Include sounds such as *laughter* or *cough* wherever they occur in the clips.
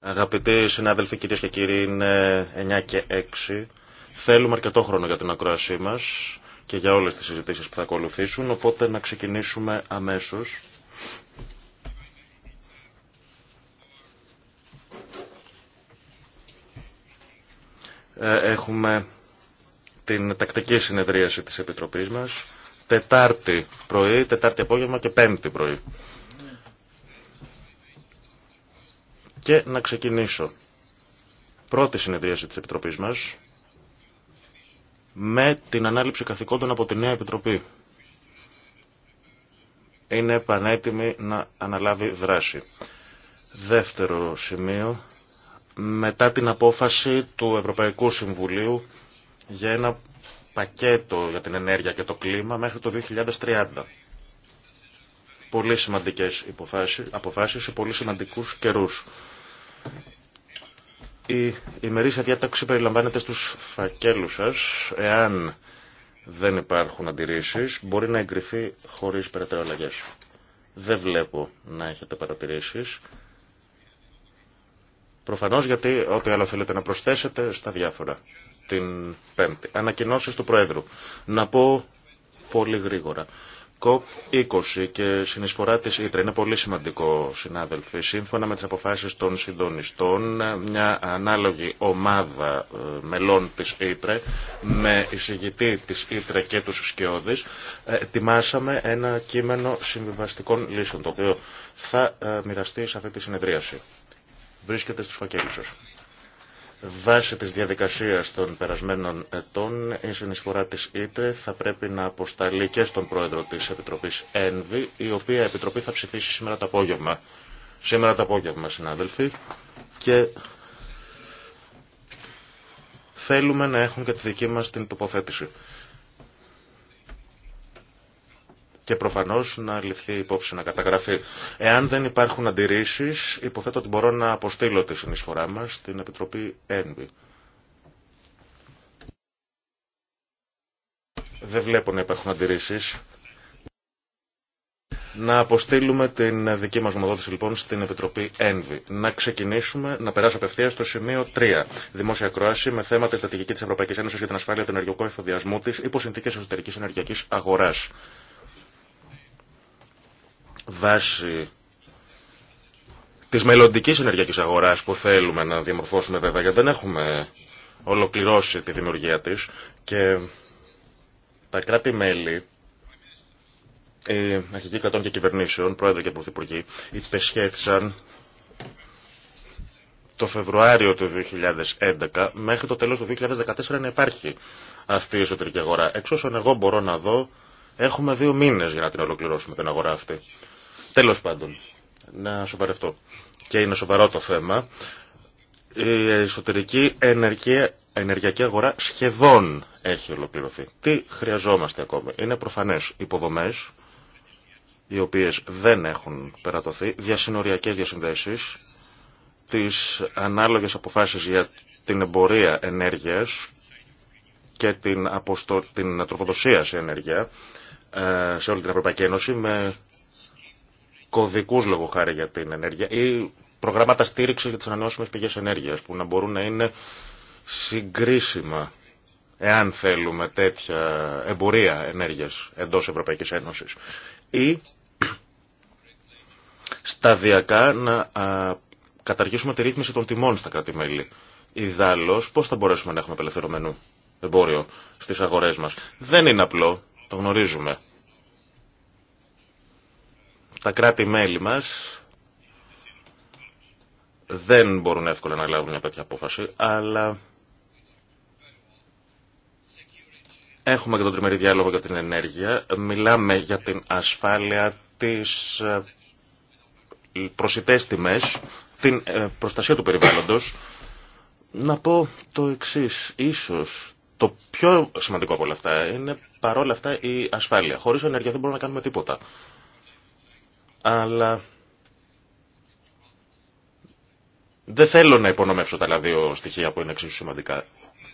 Αγαπητοί συνάδελφοι, κυρίες και κύριοι, είναι 9 και 6. Θέλουμε αρκετό χρόνο για την ακρόασή μας και για όλες τις συζητήσεις που θα ακολουθήσουν, οπότε να ξεκινήσουμε αμέσως. Ε, έχουμε την τακτική συνεδρίαση της Επιτροπής μας Τετάρτη πρωί, Τετάρτη απόγευμα και Πέμπτη πρωί. Και να ξεκινήσω. Πρώτη συνεδρίαση της Επιτροπής μας με την ανάληψη καθηκόντων από τη Νέα Επιτροπή. Είναι πανέτοιμη να αναλάβει δράση. Δεύτερο σημείο, μετά την απόφαση του Ευρωπαϊκού Συμβουλίου για ένα πακέτο για την ενέργεια και το κλίμα μέχρι το 2030. Πολύ σημαντικές αποφάσεις σε πολύ σημαντικούς καιρούς. Η ημερήσια διάταξη περιλαμβάνεται στους φακέλους σας. Εάν δεν υπάρχουν αντιρρήσεις, μπορεί να εγκριθεί χωρίς περαιτέρω αλλαγές. Δεν βλέπω να έχετε παρατηρήσεις. Προφανώς γιατί ό,τι άλλο θέλετε να προσθέσετε στα διάφορα την Πέμπτη. του Προέδρου. Να πω πολύ Κοπ COP20 και συνεισφορά της ΙΤΡΑ είναι πολύ σημαντικό συνάδελφοι. Σύμφωνα με τις αποφάσεις των συντονιστών, μια ανάλογη ομάδα ε, μελών της ΗΤΡΕ, με εισηγητή της ΙΤΡΑ και τους σκιώδης ε, ετοιμάσαμε ένα κείμενο συμβιβαστικών λύσεων το οποίο θα ε, μοιραστεί σε αυτή τη συνεδρίαση. Βρίσκεται στους φακέλους Βάσει της διαδικασίας των περασμένων ετών, η συνεισφορά της ΙΤΡΕ θα πρέπει να αποσταλεί και στον πρόεδρο της Επιτροπής ΕΝΒΗ, η οποία Επιτροπή θα ψηφίσει σήμερα το απόγευμα. Σήμερα το απόγευμα, συνάδελφοι, και θέλουμε να έχουν και τη δική μας την τοποθέτηση. και προφανώ να ληφθεί υπόψη να καταγραφεί. Εάν δεν υπάρχουν αντιρρήσει, υποθέτω ότι μπορώ να αποστείλω τη συνεισφορά μα στην Επιτροπή ΕΝΒΗ. Δεν βλέπω να υπάρχουν αντιρρήσει. Να αποστείλουμε την δική μας μοδότηση λοιπόν στην Επιτροπή ΕΝΒΗ. Να ξεκινήσουμε, να περάσω απευθεία στο σημείο 3. Δημόσια κρόαση με θέματα στρατηγική της Ευρωπαϊκής Ένωσης για την ασφάλεια του ενεργειακού εφοδιασμού τη υπό συνθήκες Εσωτερική ενεργειακής αγοράς βάση της μελλοντική ενεργειακής αγοράς που θέλουμε να διαμορφώσουμε βέβαια, γιατί δεν έχουμε ολοκληρώσει τη δημιουργία της και τα κράτη-μέλη, οι αρχικοί κρατών και κυβερνήσεων, πρόεδροι και πρωθυπουργοί, υπεσχέθησαν το Φεβρουάριο του 2011 μέχρι το τέλος του 2014 να υπάρχει αυτή η εσωτερική αγορά. Εξ όσων εγώ μπορώ να δω, έχουμε δύο μήνες για να την ολοκληρώσουμε την αγορά αυτή. Τέλος πάντων, να σοβαρευτώ. Και είναι σοβαρό το θέμα. Η εσωτερική ενεργειακή αγορά σχεδόν έχει ολοκληρωθεί. Τι χρειαζόμαστε ακόμα. Είναι προφανές υποδομές, οι οποίες δεν έχουν περατωθεί, διασυνοριακές διασυνδέσεις, τις ανάλογες αποφάσεις για την εμπορία ενέργειας και την, αποστο... την τροφοδοσία σε ενέργεια ε, σε όλη την Ευρωπαϊκή Ένωση με Κωδικού λόγω χάρη για την ενέργεια ή προγράμματα στήριξη για τι ανανεώσιμε πηγέ ενέργειας που να μπορούν να είναι συγκρίσιμα εάν θέλουμε τέτοια εμπορία ενέργειας εντός Ευρωπαϊκής Ένωσης ή σταδιακά να καταργήσουμε τη ρύθμιση των τιμών στα κράτη-μέλη. Ιδάλλως, πώς θα μπορέσουμε να έχουμε απελευθερωμένο εμπόριο στις αγορές μας. Δεν είναι απλό, το γνωρίζουμε. Τα κράτη-μέλη μας δεν μπορούν εύκολα να λάβουν μια τέτοια απόφαση, αλλά έχουμε και τον τριμερή διάλογο για την ενέργεια, μιλάμε για την ασφάλεια της ε, προσιτές τιμές, την ε, προστασία του περιβάλλοντος. Να πω το εξής, ίσως το πιο σημαντικό από όλα αυτά είναι παρόλα αυτά η ασφάλεια. Χωρίς ενέργεια δεν μπορούμε να κάνουμε τίποτα αλλά δεν θέλω να υπονομεύσω τα δύο στοιχεία που είναι εξίσου σημαντικά.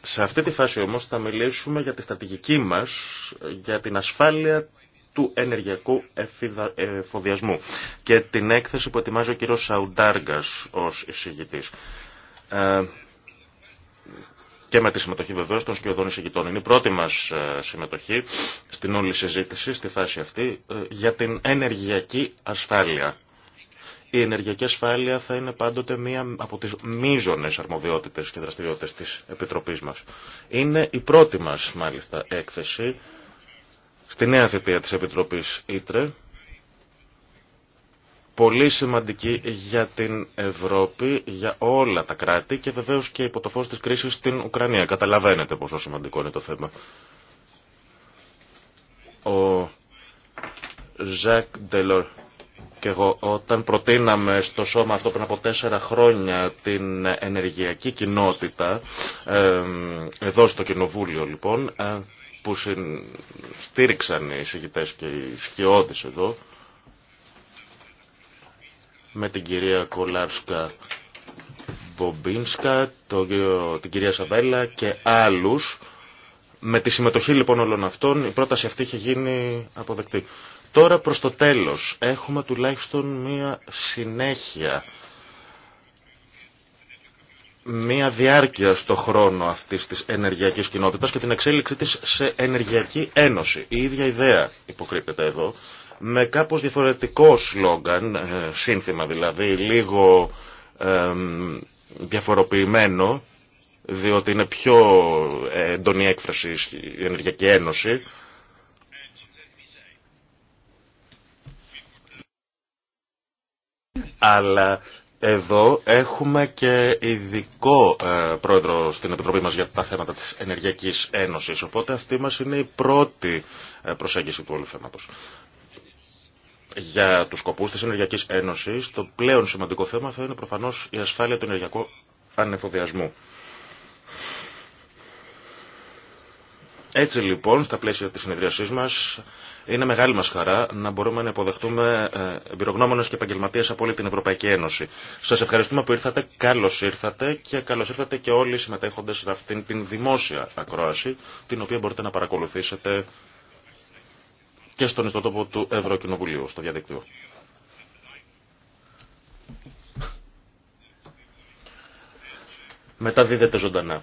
Σε αυτή τη φάση όμως θα μιλήσουμε για τη στρατηγική μας, για την ασφάλεια του ενεργειακού εφοδιασμού και την έκθεση που ετοιμάζει ο κύριος Σαουντάργας ως εισηγητής. Ε, και με τη συμμετοχή βεβαίω των σκιωδών εισηγητών. Είναι η πρώτη μα ε, συμμετοχή στην όλη συζήτηση, στη φάση αυτή, ε, για την ενεργειακή ασφάλεια. Η ενεργειακή ασφάλεια θα είναι πάντοτε μία από τις μείζονε αρμοδιότητες και δραστηριότητε της Επιτροπής μας. Είναι η πρώτη μας, μάλιστα, έκθεση στη νέα θητεία της Επιτροπής Ήτρε πολύ σημαντική για την Ευρώπη, για όλα τα κράτη και βεβαίως και υπό το φως της κρίσης στην Ουκρανία. Καταλαβαίνετε πόσο σημαντικό είναι το θέμα. Ο Ζακ Ντελόρ και εγώ όταν προτείναμε στο σώμα αυτό πριν από τέσσερα χρόνια την ενεργειακή κοινότητα, εδώ στο Κοινοβούλιο λοιπόν, ε, που στήριξαν οι συγητές και οι σκιώδεις εδώ, με την κυρία Κολάρσκα Μπομπίνσκα, τον, την κυρία Σαβέλα και άλλους. Με τη συμμετοχή λοιπόν όλων αυτών η πρόταση αυτή είχε γίνει αποδεκτή. Τώρα προς το τέλος έχουμε τουλάχιστον μία συνέχεια, μία διάρκεια στο χρόνο αυτής της ενεργειακής κοινότητας και την εξέλιξη της σε ενεργειακή ένωση. Η ίδια ιδέα υποκρύπτεται εδώ με κάπως διαφορετικό σλόγγαν, ε, σύνθημα δηλαδή, λίγο διαφοροποιημένο, διότι είναι πιο εντονή έκφραση η Ενεργειακή Ένωση. Αλλά εδώ έχουμε και ειδικό ε, πρόεδρο στην Επιτροπή μας για τα θέματα της Ενεργειακής Ένωσης. Οπότε αυτή μας είναι η πρώτη ε, προσέγγιση του όλου θέματος. Για τους σκοπούς της Ενεργειακής Ένωσης, το πλέον σημαντικό θέμα θα είναι προφανώς η ασφάλεια του ενεργειακού ανεφοδιασμού. Έτσι λοιπόν, στα πλαίσια της συνεδρίασής μας, είναι μεγάλη μας χαρά να μπορούμε να υποδεχτούμε ε, εμπειρογνώμονες και επαγγελματίες από όλη την Ευρωπαϊκή Ένωση. Σας ευχαριστούμε που ήρθατε, καλώς ήρθατε και καλώς ήρθατε και όλοι οι συμμετέχοντες σε αυτήν την δημόσια ακρόαση, την οποία μπορείτε να παρακολουθήσετε και στον ιστοτόπο του Ευρωκοινοβουλίου, στο διαδικτύο. Μετά δίδεται ζωντανά.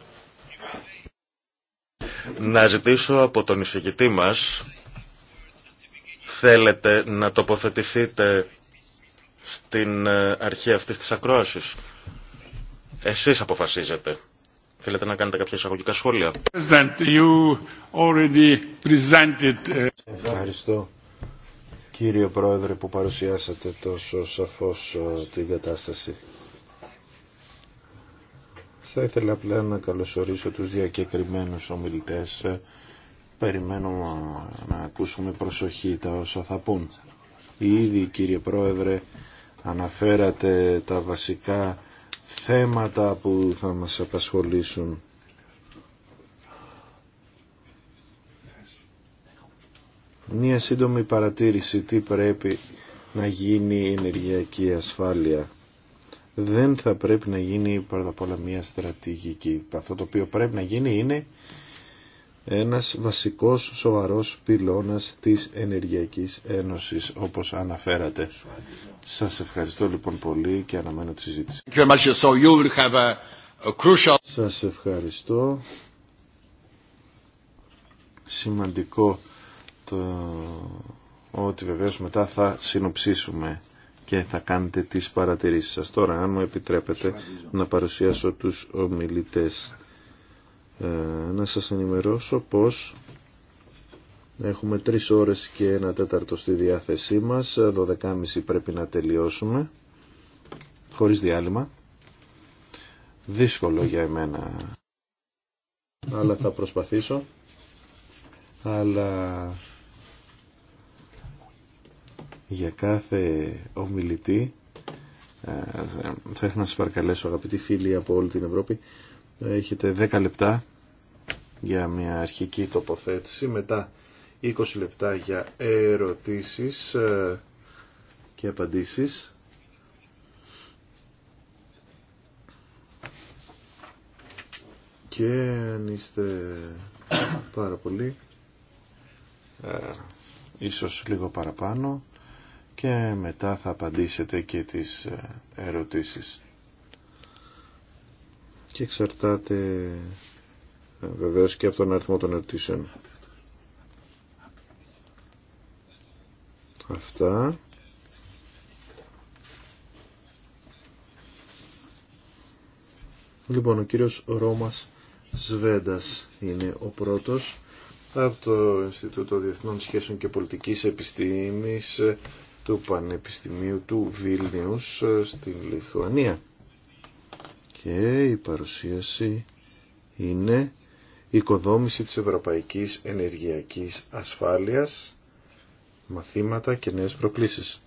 Να ζητήσω από τον εισηγητή μας, θέλετε να τοποθετηθείτε στην αρχή αυτής της ακρόασης. Εσείς αποφασίζετε. Θέλετε να κάνετε κάποια εισαγωγικά σχόλια. Ε, Ευχαριστώ κύριε Πρόεδρε που παρουσιάσατε τόσο σαφώς ε, την κατάσταση. Θα ήθελα απλά να καλωσορίσω τους διακεκριμένους ομιλητές. Ε, περιμένω να ακούσουμε προσοχή τα όσα θα πούν. Ήδη κύριε Πρόεδρε αναφέρατε τα βασικά θέματα που θα μας απασχολήσουν. Μία σύντομη παρατήρηση τι πρέπει να γίνει η ενεργειακή ασφάλεια. Δεν θα πρέπει να γίνει πρώτα απ' όλα μία στρατηγική. Αυτό το οποίο πρέπει να γίνει είναι ένας βασικός σοβαρός πυλώνας της Ενεργειακής Ένωσης όπως αναφέρατε. Σας ευχαριστώ λοιπόν πολύ και αναμένω τη συζήτηση. Σας ευχαριστώ. Σημαντικό το ότι βεβαίως μετά θα συνοψίσουμε και θα κάνετε τις παρατηρήσεις σας. Τώρα, αν μου επιτρέπετε, να παρουσιάσω τους ομιλητές να σας ενημερώσω πως έχουμε 3 ώρες και ένα τέταρτο στη διάθεσή μας 12.30 πρέπει να τελειώσουμε χωρίς διάλειμμα δύσκολο για εμένα αλλά θα προσπαθήσω αλλά για κάθε ομιλητή θα ήθελα να σας παρακαλέσω αγαπητοί φίλοι από όλη την Ευρώπη έχετε 10 λεπτά για μια αρχική τοποθέτηση, μετά 20 λεπτά για ερωτήσεις ε, και απαντήσεις. Και αν είστε πάρα πολύ, ε, ίσως λίγο παραπάνω και μετά θα απαντήσετε και τις ε, ερωτήσεις. Και εξαρτάται ε, βεβαίως και από τον αριθμό των ερωτήσεων. Αυτά. Λοιπόν, ο κύριος Ρώμας Σβέντας είναι ο πρώτος από το Ινστιτούτο Διεθνών Σχέσεων και Πολιτικής Επιστήμης του Πανεπιστημίου του Βίλνιους ε, στην Λιθουανία. Και η παρουσίαση είναι οικοδόμηση της ευρωπαϊκής ενεργειακής ασφάλειας, μαθήματα και νέες προκλήσεις.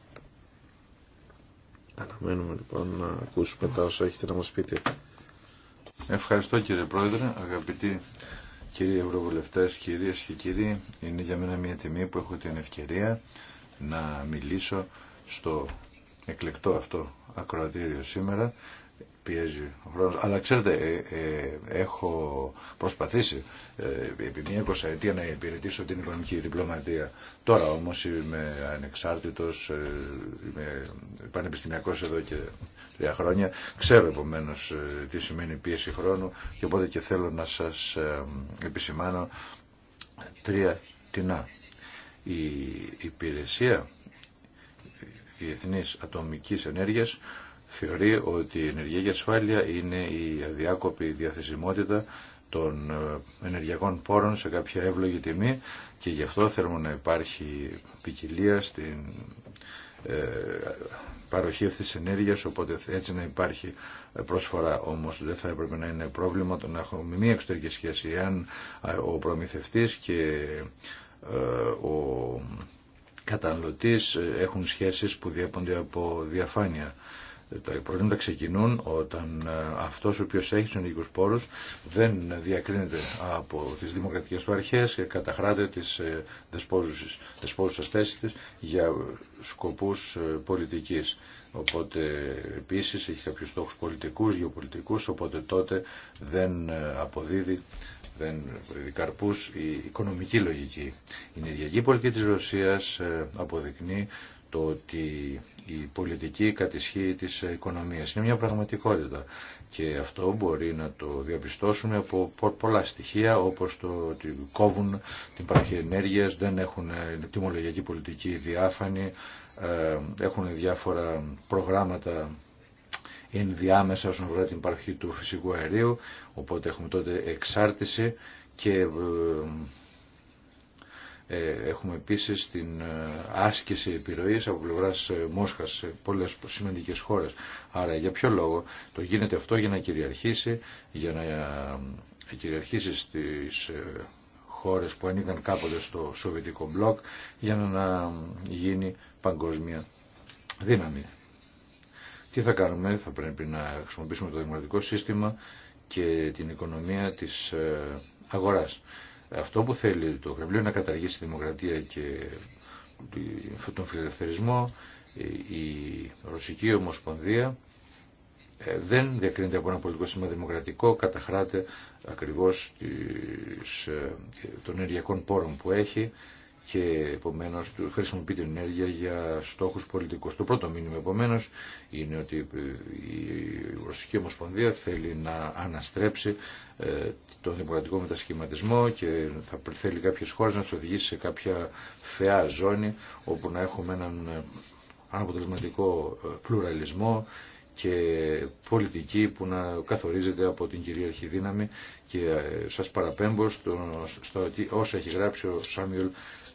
Αναμένουμε λοιπόν να ακούσουμε τα όσα έχετε να μας πείτε. Ευχαριστώ κύριε Πρόεδρε, αγαπητοί κύριοι Ευρωβουλευτές, κυρίες και κύριοι. Είναι για μένα μια τιμή που έχω την ευκαιρία να μιλήσω στο εκλεκτό αυτό ακροατήριο σήμερα πιέζει ο χρόνος. Αλλά ξέρετε, ε, ε, έχω προσπαθήσει ε, επί μια εικοσαετία να υπηρετήσω την οικονομική διπλωματία. Τώρα όμως είμαι ανεξάρτητος, ε, είμαι πανεπιστημιακός εδώ και τρία χρόνια. Ξέρω επομένω τι σημαίνει πίεση χρόνου και οπότε και θέλω να σας επισημάνω τρία τεινά. Η υπηρεσία διεθνή ατομικής ενέργειας θεωρεί ότι η ενεργειακή ασφάλεια είναι η αδιάκοπη διαθεσιμότητα των ε, ενεργειακών πόρων σε κάποια εύλογη τιμή και γι' αυτό θέλουμε να υπάρχει ποικιλία στην ε, παροχή αυτής της ενέργειας οπότε έτσι να υπάρχει πρόσφορα όμως δεν θα έπρεπε να είναι πρόβλημα το να έχουμε μία εξωτερική σχέση αν ε, ο προμηθευτής και ε, ο καταναλωτής έχουν σχέσεις που διέπονται από διαφάνεια τα προβλήματα ξεκινούν όταν ε, αυτός ο οποίος έχει τους πόρους δεν διακρίνεται από τις δημοκρατικές του αρχές και καταχράται τις ε, δεσπόζουσες θέσεις τη για σκοπούς ε, πολιτικής. Οπότε επίσης έχει κάποιους στόχους πολιτικούς, γεωπολιτικούς, οπότε τότε δεν αποδίδει δεν η οικονομική λογική. Η ενεργειακή πολιτική της Ρωσίας αποδεικνύει το ότι η πολιτική κατησχύει της οικονομίας. Είναι μια πραγματικότητα και αυτό μπορεί να το διαπιστώσουμε από πολλά στοιχεία όπως το ότι κόβουν την παραχή ενέργειας, δεν έχουν τιμολογιακή πολιτική διάφανη, ε, έχουν διάφορα προγράμματα ενδιάμεσα όσον αφορά την παροχή του φυσικού αερίου, οπότε έχουμε τότε εξάρτηση και ε, ε, έχουμε επίσης την ε, άσκηση επιρροής από πλευράς ε, Μόσχας σε πολλές σημαντικές χώρες. Άρα για ποιο λόγο το γίνεται αυτό για να κυριαρχήσει, για να κυριαρχήσει στις χώρες που ανήκαν κάποτε στο Σοβιετικό μπλοκ για να γίνει παγκόσμια δύναμη. Τι θα κάνουμε, θα πρέπει να χρησιμοποιήσουμε το δημοκρατικό σύστημα και την οικονομία της αγοράς. Αυτό που θέλει το Κρεμλίνο να καταργήσει τη δημοκρατία και τον φιλελευθερισμό, ε, η Ρωσική Ομοσπονδία ε, δεν διακρίνεται από ένα πολιτικό σύστημα δημοκρατικό, καταχράται ακριβώς ε, των ενεργειακών πόρων που έχει και επομένω χρησιμοποιεί την ενέργεια για στόχου πολιτικού. Το πρώτο μήνυμα επομένω είναι ότι η Ρωσική Ομοσπονδία θέλει να αναστρέψει ε, τον δημοκρατικό μετασχηματισμό και θα θέλει κάποιε χώρε να του οδηγήσει σε κάποια φαιά ζώνη όπου να έχουμε έναν αναποτελεσματικό ε, πλουραλισμό και πολιτική που να καθορίζεται από την κυρίαρχη δύναμη και ε, σας παραπέμπω στο, στο, όσα έχει γράψει ο Σάμιουλ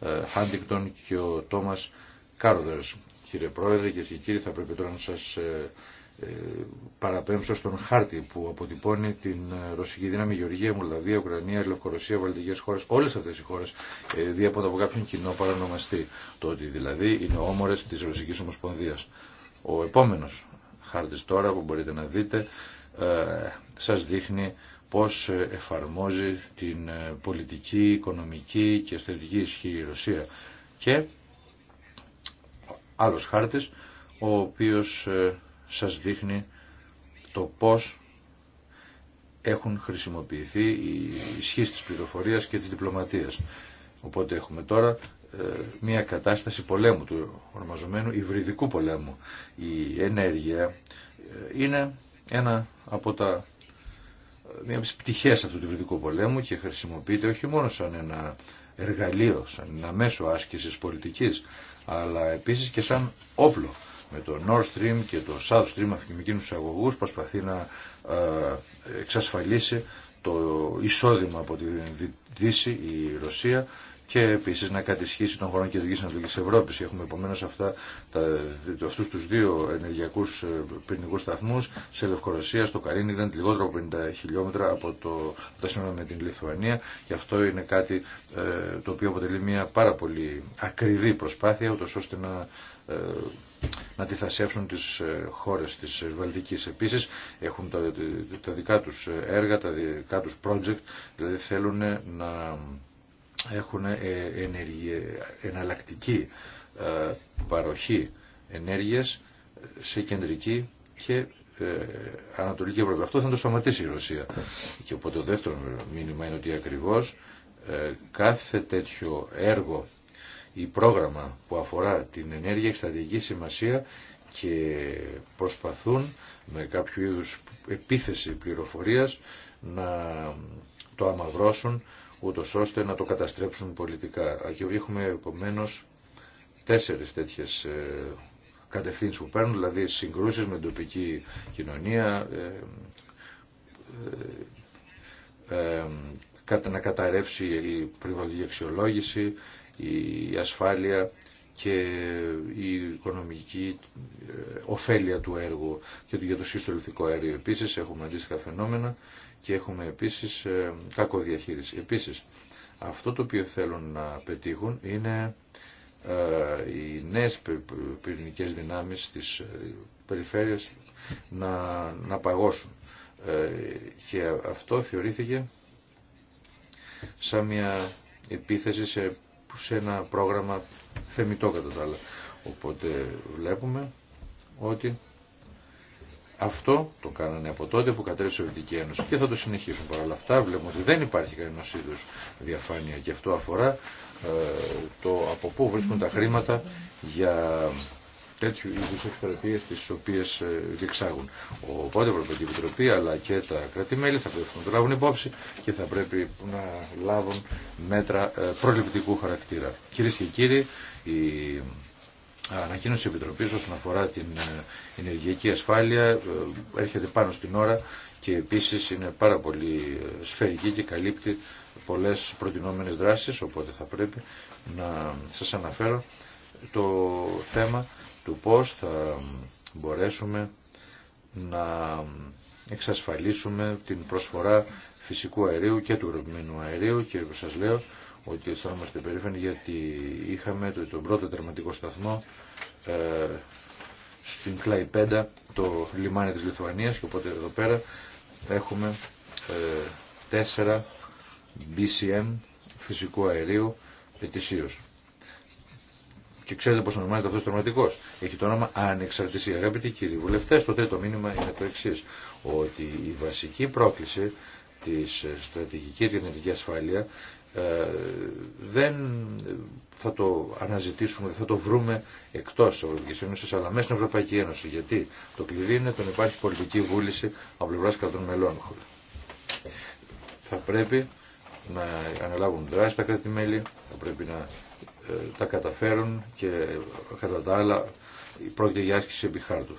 ε, Χάντικτον και ο Τόμας Κάροδερς. Κύριε Πρόεδρε και κύριοι θα πρέπει τώρα να σας ε, ε, παραπέμψω στον χάρτη που αποτυπώνει την ρωσική δύναμη Γεωργία, Μολδαβία, Ουκρανία, Λευκορωσία, Βαλτικέ χώρε. Όλε αυτέ οι χώρε διέπονται από κάποιον κοινό παρανομαστή. Το ότι δηλαδή είναι όμορε τη Ρωσική Ομοσπονδία. Ο επόμενο χάρτη τώρα που μπορείτε να δείτε σας δείχνει πώς εφαρμόζει την πολιτική, οικονομική και στρατηγική ισχύ η Ρωσία. Και άλλος χάρτης, ο οποίος ε, σας δείχνει το πώς έχουν χρησιμοποιηθεί οι ισχύς της πληροφορίας και της διπλωματίας. Οπότε έχουμε τώρα ε, μια κατάσταση πολέμου του ορμαζομένου υβριδικού πολέμου. Η ενέργεια ε, είναι ένα από τα μία από τις πτυχές αυτού του βρυδικού πολέμου και χρησιμοποιείται όχι μόνο σαν ένα εργαλείο, σαν ένα μέσο άσκησης πολιτικής, αλλά επίσης και σαν όπλο. Με το Nord Stream και το South Stream αφημικίνους αγωγούς προσπαθεί να ε, εξασφαλίσει το εισόδημα από τη Δύση η Ρωσία και επίση να κατησχίσει των χωρών κεντρική Ανατολική Ευρώπη. Έχουμε επομένω αυτού του δύο ενεργειακού ε, πυρηνικού σταθμού σε Λευκορωσία, στο ήταν λιγότερο από 50 χιλιόμετρα από το, τα σύνορα με την Λιθουανία. Και αυτό είναι κάτι ε, το οποίο αποτελεί μια πάρα πολύ ακριβή προσπάθεια, ούτω ώστε να ε, να αντιθασέψουν τις ε, χώρες της Βαλτικής. Επίσης έχουν τα, τα δικά τους έργα, τα δικά τους project, δηλαδή θέλουν να έχουν ε, εναλλακτική ε, παροχή ενέργειας σε κεντρική και ε, Ανατολική Ευρώπη. Αυτό θα το σταματήσει η Ρωσία. Και οπότε το δεύτερο μήνυμα είναι ότι ακριβώς κάθε τέτοιο έργο ή πρόγραμμα που αφορά την ενέργεια έχει σταδιακή σημασία και προσπαθούν με κάποιο είδους επίθεση πληροφορίας να το αμαυρώσουν ούτως ώστε να το καταστρέψουν πολιτικά. Και έχουμε επομένω τέσσερις τέτοιες ε, κατευθύνσεις που παίρνουν, δηλαδή συγκρούσεις με την τοπική κοινωνία, ε, ε, να καταρρεύσει η πριβολική αξιολόγηση, η ασφάλεια και η οικονομική ωφέλεια του έργου και για το συστολιθικό αέριο. Επίσης έχουμε αντίστοιχα φαινόμενα και έχουμε επίσης ε, κακοδιαχείριση. Επίσης, αυτό το οποίο θέλουν να πετύχουν είναι ε, οι νέες πυρηνικές δυνάμεις της ε, περιφέρειας να, να παγώσουν. Και αυτό θεωρήθηκε σαν μια επίθεση σε, σε ένα πρόγραμμα θεμητό κατά τα άλλα. Οπότε βλέπουμε ότι αυτό το κάνανε από τότε που κατέρευσε η Σοβιετική Ένωση και θα το συνεχίσουν. Παρ' όλα αυτά βλέπουμε ότι δεν υπάρχει κανένα είδου διαφάνεια και αυτό αφορά ε, το από πού βρίσκουν τα χρήματα για τέτοιου είδους εκστρατείε τις οποίες ε, διεξάγουν. Οπότε η Ευρωπαϊκή Επιτροπή αλλά και τα κρατημέλη θα πρέπει να το λάβουν υπόψη και θα πρέπει να λάβουν μέτρα ε, προληπτικού χαρακτήρα. Κυρίε και κύριοι, η ανακοίνωση επιτροπή όσον αφορά την ε, ενεργειακή ασφάλεια ε, έρχεται πάνω στην ώρα και επίσης είναι πάρα πολύ ε, σφαιρική και καλύπτει πολλές προτινόμενες δράσεις οπότε θα πρέπει να σας αναφέρω το θέμα του πώς θα μπορέσουμε να εξασφαλίσουμε την προσφορά φυσικού αερίου και του ρομπινού αερίου και σας λέω ότι αισθανόμαστε περήφανοι γιατί είχαμε τον πρώτο τερματικό σταθμό ε, στην στην Πέντα, το λιμάνι της Λιθουανίας και οπότε εδώ πέρα έχουμε ε, 4 BCM φυσικού αερίου ετησίως. Και ξέρετε πώς ονομάζεται αυτός ο τερματικός. Έχει το όνομα Ανεξαρτησία. Αγαπητοί κύριοι βουλευτές, το το μήνυμα είναι το εξή ότι η βασική πρόκληση της στρατηγικής για την ασφάλεια ε, δεν θα το αναζητήσουμε, θα το βρούμε εκτό τη Ευρωπαϊκή Ένωση, αλλά μέσα στην Ευρωπαϊκή Ένωση. Γιατί το κλειδί είναι το υπάρχει πολιτική βούληση από πλευρά κρατών μελών. Θα πρέπει να αναλάβουν δράση τα κράτη-μέλη, θα πρέπει να ε, τα καταφέρουν και ε, κατά τα άλλα πρόκειται για άσκηση επιχάρτου.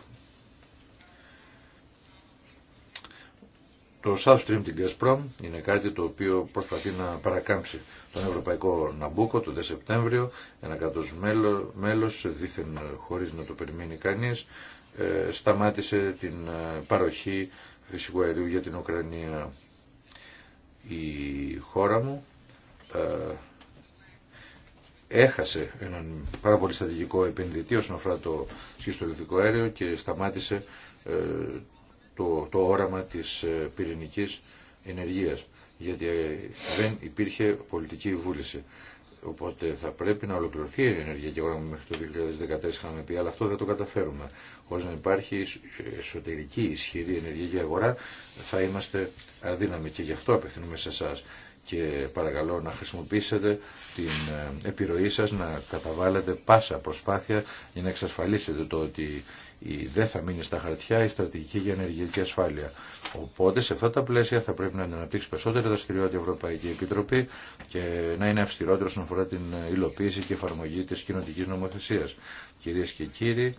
το South Stream την Gazprom είναι κάτι το οποίο προσπαθεί να παρακάμψει τον Ευρωπαϊκό Ναμπούκο το 10 Σεπτέμβριο, ένα κράτος μέλος, δήθεν χωρίς να το περιμένει κανείς, ε, σταμάτησε την ε, παροχή φυσικού αερίου για την Ουκρανία. Η χώρα μου ε, έχασε έναν πάρα πολύ στρατηγικό επενδυτή όσον αφορά το σχιστολιθικό αέριο και σταμάτησε το, το όραμα της ε, πυρηνικής ενεργείας. Γιατί ε, δεν υπήρχε πολιτική βούληση. Οπότε θα πρέπει να ολοκληρωθεί η ενεργειακή αγορά μέχρι το 2014, είχαμε πει, αλλά αυτό δεν το καταφέρουμε. Ώστε να υπάρχει εσωτερική ισχυρή ενεργειακή αγορά, θα είμαστε αδύναμοι και γι' αυτό απευθύνουμε σε εσά. Και παρακαλώ να χρησιμοποιήσετε την ε, επιρροή σας, να καταβάλλετε πάσα προσπάθεια για να εξασφαλίσετε το ότι δεν θα μείνει στα χαρτιά η στρατηγική για ενεργειακή ασφάλεια. Οπότε σε αυτά τα πλαίσια θα πρέπει να αναπτύξει περισσότερη δραστηριότητα η Ευρωπαϊκή Επιτροπή και να είναι αυστηρότερο όσον αφορά την υλοποίηση και εφαρμογή τη κοινοτική νομοθεσία. Κυρίε και κύριοι,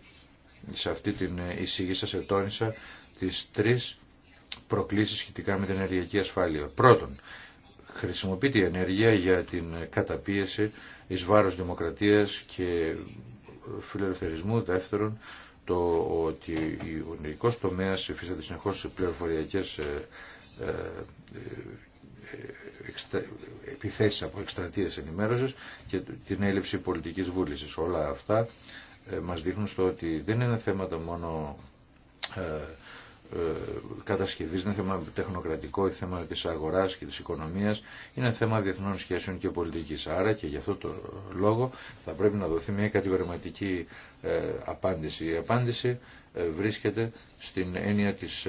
σε αυτή την εισήγηση σα ετώνησα τι τρει προκλήσει σχετικά με την ενεργειακή ασφάλεια. Πρώτον, χρησιμοποιείται η ενέργεια για την καταπίεση ει βάρο δημοκρατία και φιλελευθερισμού. Δεύτερον, το ότι ο ενεργικός τομέας υφίσταται συνεχώς σε πληροφοριακές ε, ε, ε, επιθέσεις από εκστρατείες ενημέρωσης και την έλλειψη πολιτικής βούλησης. Όλα αυτά μας δείχνουν στο ότι δεν είναι θέματα μόνο ε, Κατασκευή, είναι θέμα τεχνοκρατικό, είναι θέμα της αγοράς και της οικονομίας, είναι θέμα διεθνών σχέσεων και πολιτική. Άρα και γι' αυτό το λόγο θα πρέπει να δοθεί μια κατηγορηματική ε, απάντηση. Η απάντηση ε, βρίσκεται στην έννοια της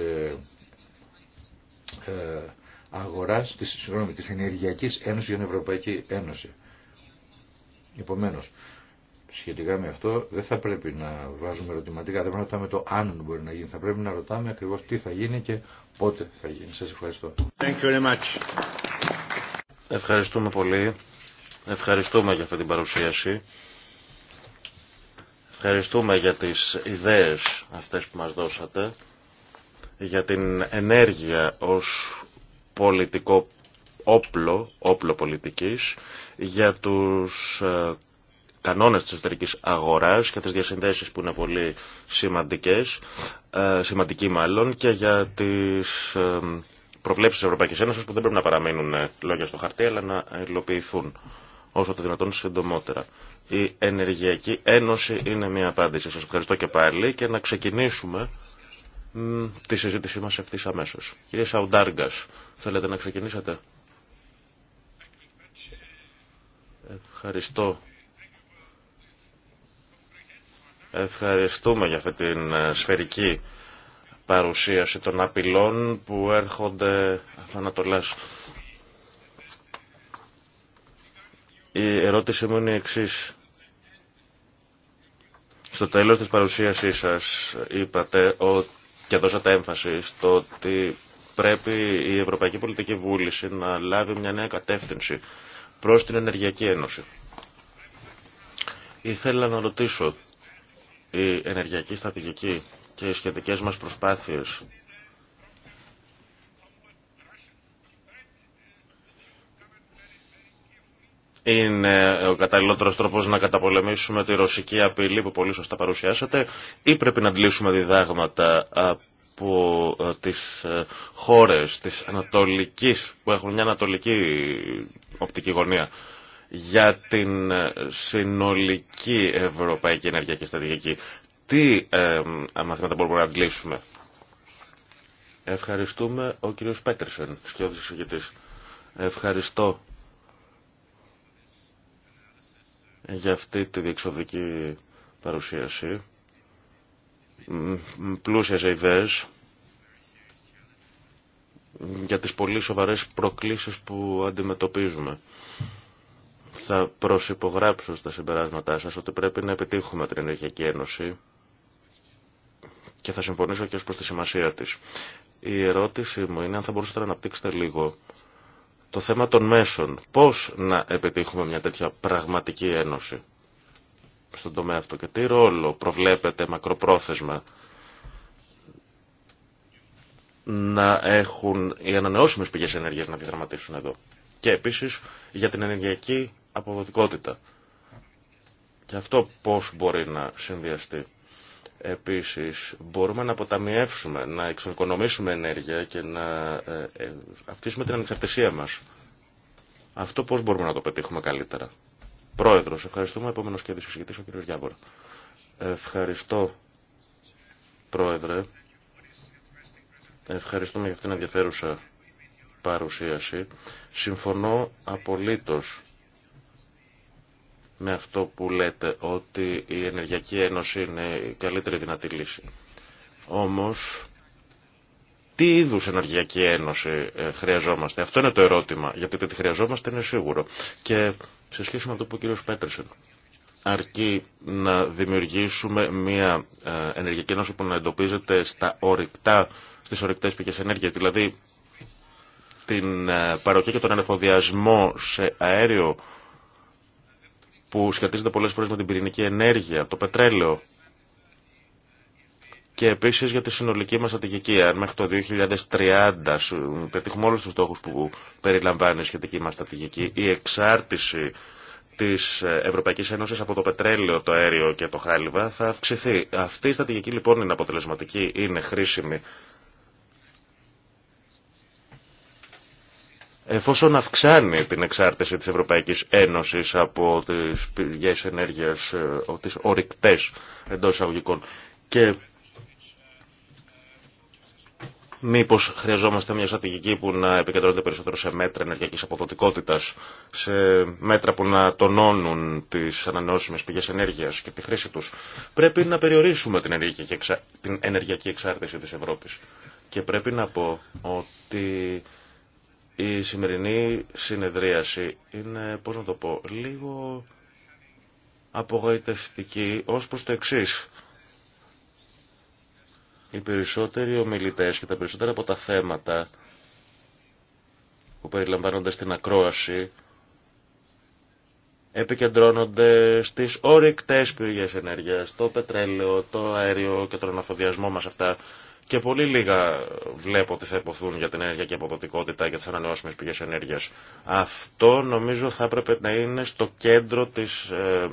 αγοράς, της, συγγνώμη, της Ενεργειακής Ένωσης για την Ευρωπαϊκή Ένωση. Επομένως, σχετικά με αυτό δεν θα πρέπει να βάζουμε ερωτηματικά, δεν πρέπει να ρωτάμε το αν μπορεί να γίνει. Θα πρέπει να ρωτάμε ακριβώ τι θα γίνει και πότε θα γίνει. Σα ευχαριστώ. Thank you very much. Ευχαριστούμε πολύ. Ευχαριστούμε για αυτή την παρουσίαση. Ευχαριστούμε για τις ιδέες αυτές που μας δώσατε, για την ενέργεια ως πολιτικό όπλο, όπλο πολιτικής, για τους ε, κανόνες της εσωτερικής αγοράς και τις διασυνδέσεις που είναι πολύ σημαντικές, ε, σημαντικοί μάλλον, και για τις ε, προβλέψεις της Ευρωπαϊκής Ένωσης που δεν πρέπει να παραμείνουν ε, λόγια στο χαρτί, αλλά να υλοποιηθούν όσο το δυνατόν συντομότερα. Η Ενεργειακή Ένωση είναι μια απάντηση. Σας ευχαριστώ και πάλι και να ξεκινήσουμε τη συζήτησή μας ευθύς αμέσως. Κύριε Σαουντάργκας, θέλετε να ξεκινήσετε. Ευχαριστώ Ευχαριστούμε για αυτή την ε, σφαιρική παρουσίαση των απειλών που έρχονται από Ανατολές. Η ερώτηση μου είναι η εξής. Στο τέλος της παρουσίασής σας είπατε ο και δώσατε έμφαση στο ότι πρέπει η Ευρωπαϊκή Πολιτική Βούληση να λάβει μια νέα κατεύθυνση προς την Ενεργειακή Ένωση. Ήθελα να ρωτήσω η ενεργειακή στρατηγική και οι σχετικές μας προσπάθειες είναι ο καταλληλότερος τρόπος να καταπολεμήσουμε τη ρωσική απειλή που πολύ σωστά παρουσιάσατε ή πρέπει να αντλήσουμε διδάγματα από ε, τις ε, χώρες της ανατολικής, που έχουν μια ανατολική οπτική γωνία για την ε, συνολική ευρωπαϊκή ενεργειακή στρατηγική. Τι ε, μαθήματα μπορούμε να αντλήσουμε. Ευχαριστούμε ο κύριος Πέτερσεν, σκιώδης εισηγητής. Ευχαριστώ για αυτή τη διεξοδική παρουσίαση. Πλούσιες ιδέες για τις πολύ σοβαρές προκλήσεις που αντιμετωπίζουμε. Θα προσυπογράψω στα συμπεράσματά σας ότι πρέπει να επιτύχουμε την Ενεργειακή Ένωση και θα συμφωνήσω και ως προς τη σημασία της. Η ερώτηση μου είναι αν θα μπορούσατε να αναπτύξετε λίγο το θέμα των μέσων. Πώς να επιτύχουμε μια τέτοια πραγματική ένωση στον τομέα αυτό και τι ρόλο προβλέπετε μακροπρόθεσμα να έχουν οι ανανεώσιμες πηγές ενέργειας να διαδραματίσουν εδώ. Και επίσης για την ενεργειακή αποδοτικότητα. Και αυτό πώς μπορεί να συνδυαστεί. Επίσης, μπορούμε να αποταμιεύσουμε, να εξοικονομήσουμε ενέργεια και να ε, ε, αυξήσουμε την ανεξαρτησία μας. Αυτό πώς μπορούμε να το πετύχουμε καλύτερα. Πρόεδρος, ευχαριστούμε. Επόμενος και δυσυσυγητής ο κ. Γιάβορα. Ευχαριστώ, Πρόεδρε. Ευχαριστούμε για αυτήν την ενδιαφέρουσα παρουσίαση. Συμφωνώ απολύτως με αυτό που λέτε, ότι η Ενεργειακή Ένωση είναι η καλύτερη δυνατή λύση. Όμως, τι είδους Ενεργειακή Ένωση ε, χρειαζόμαστε. Αυτό είναι το ερώτημα, γιατί το χρειαζόμαστε είναι σίγουρο. Και σε σχέση με αυτό που ο κύριος Πέτρεσεν, αρκεί να δημιουργήσουμε μια ε, Ενεργειακή Ένωση που να εντοπίζεται στα ορυκτά, στις ορυκτές πηγές ενέργειας, δηλαδή την ε, παροχή και τον ανεφοδιασμό σε αέριο που σχετίζεται πολλές φορές με την πυρηνική ενέργεια, το πετρέλαιο και επίσης για τη συνολική μας στρατηγική. Αν μέχρι το 2030 πετύχουμε όλους τους στόχους που περιλαμβάνει η σχετική μας στρατηγική, η εξάρτηση της Ευρωπαϊκής Ένωσης από το πετρέλαιο, το αέριο και το χάλιβα θα αυξηθεί. Αυτή η στρατηγική λοιπόν είναι αποτελεσματική, είναι χρήσιμη εφόσον αυξάνει την εξάρτηση της Ευρωπαϊκής Ένωσης από τις πηγές ενέργειας, ε, τις ορυκτές εντός εισαγωγικών. Και μήπως χρειαζόμαστε μια στρατηγική που να επικεντρώνεται περισσότερο σε μέτρα ενεργειακής αποδοτικότητας, σε μέτρα που να τονώνουν τις ανανεώσιμες πηγές ενέργειας και τη χρήση τους. Πρέπει να περιορίσουμε την ενεργειακή, εξάρτηση της Ευρώπης. Και πρέπει να πω ότι η σημερινή συνεδρίαση είναι, πώς να το πω, λίγο απογοητευτική ως προς το εξής. Οι περισσότεροι ομιλητές και τα περισσότερα από τα θέματα που περιλαμβάνονται στην ακρόαση επικεντρώνονται στις ορυκτές πηγές ενέργειας, το πετρέλαιο, το αέριο και τον αναφοδιασμό μας αυτά και πολύ λίγα βλέπω ότι θα υποθούν για την ενέργεια και αποδοτικότητα και τι ανανεώσιμε πηγέ ενέργεια. Αυτό νομίζω θα έπρεπε να είναι στο κέντρο της ε,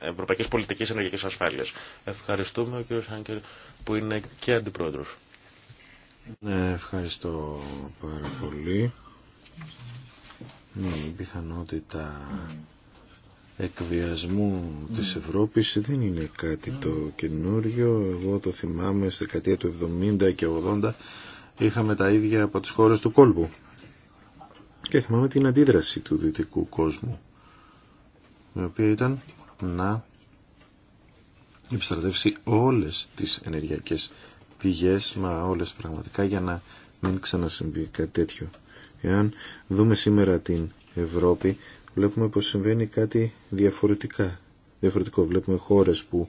Ευρωπαϊκής Πολιτικής Ενεργειακής Ασφάλειας. Ευχαριστούμε ο κύριο Χάνκερ που είναι και αντιπρόεδρος. Ναι, ευχαριστώ πάρα πολύ. Ναι, η πιθανότητα εκβιασμού mm. της Ευρώπης δεν είναι κάτι το mm. καινούριο. Εγώ το θυμάμαι στη δεκαετία του 70 και 80 είχαμε τα ίδια από τις χώρες του κόλπου. Και θυμάμαι την αντίδραση του δυτικού κόσμου η οποία ήταν να επιστρατεύσει όλες τις ενεργειακές πηγές, μα όλες πραγματικά για να μην ξανασυμβεί κάτι τέτοιο. Εάν δούμε σήμερα την Ευρώπη βλέπουμε πως συμβαίνει κάτι διαφορετικά. Διαφορετικό. Βλέπουμε χώρες που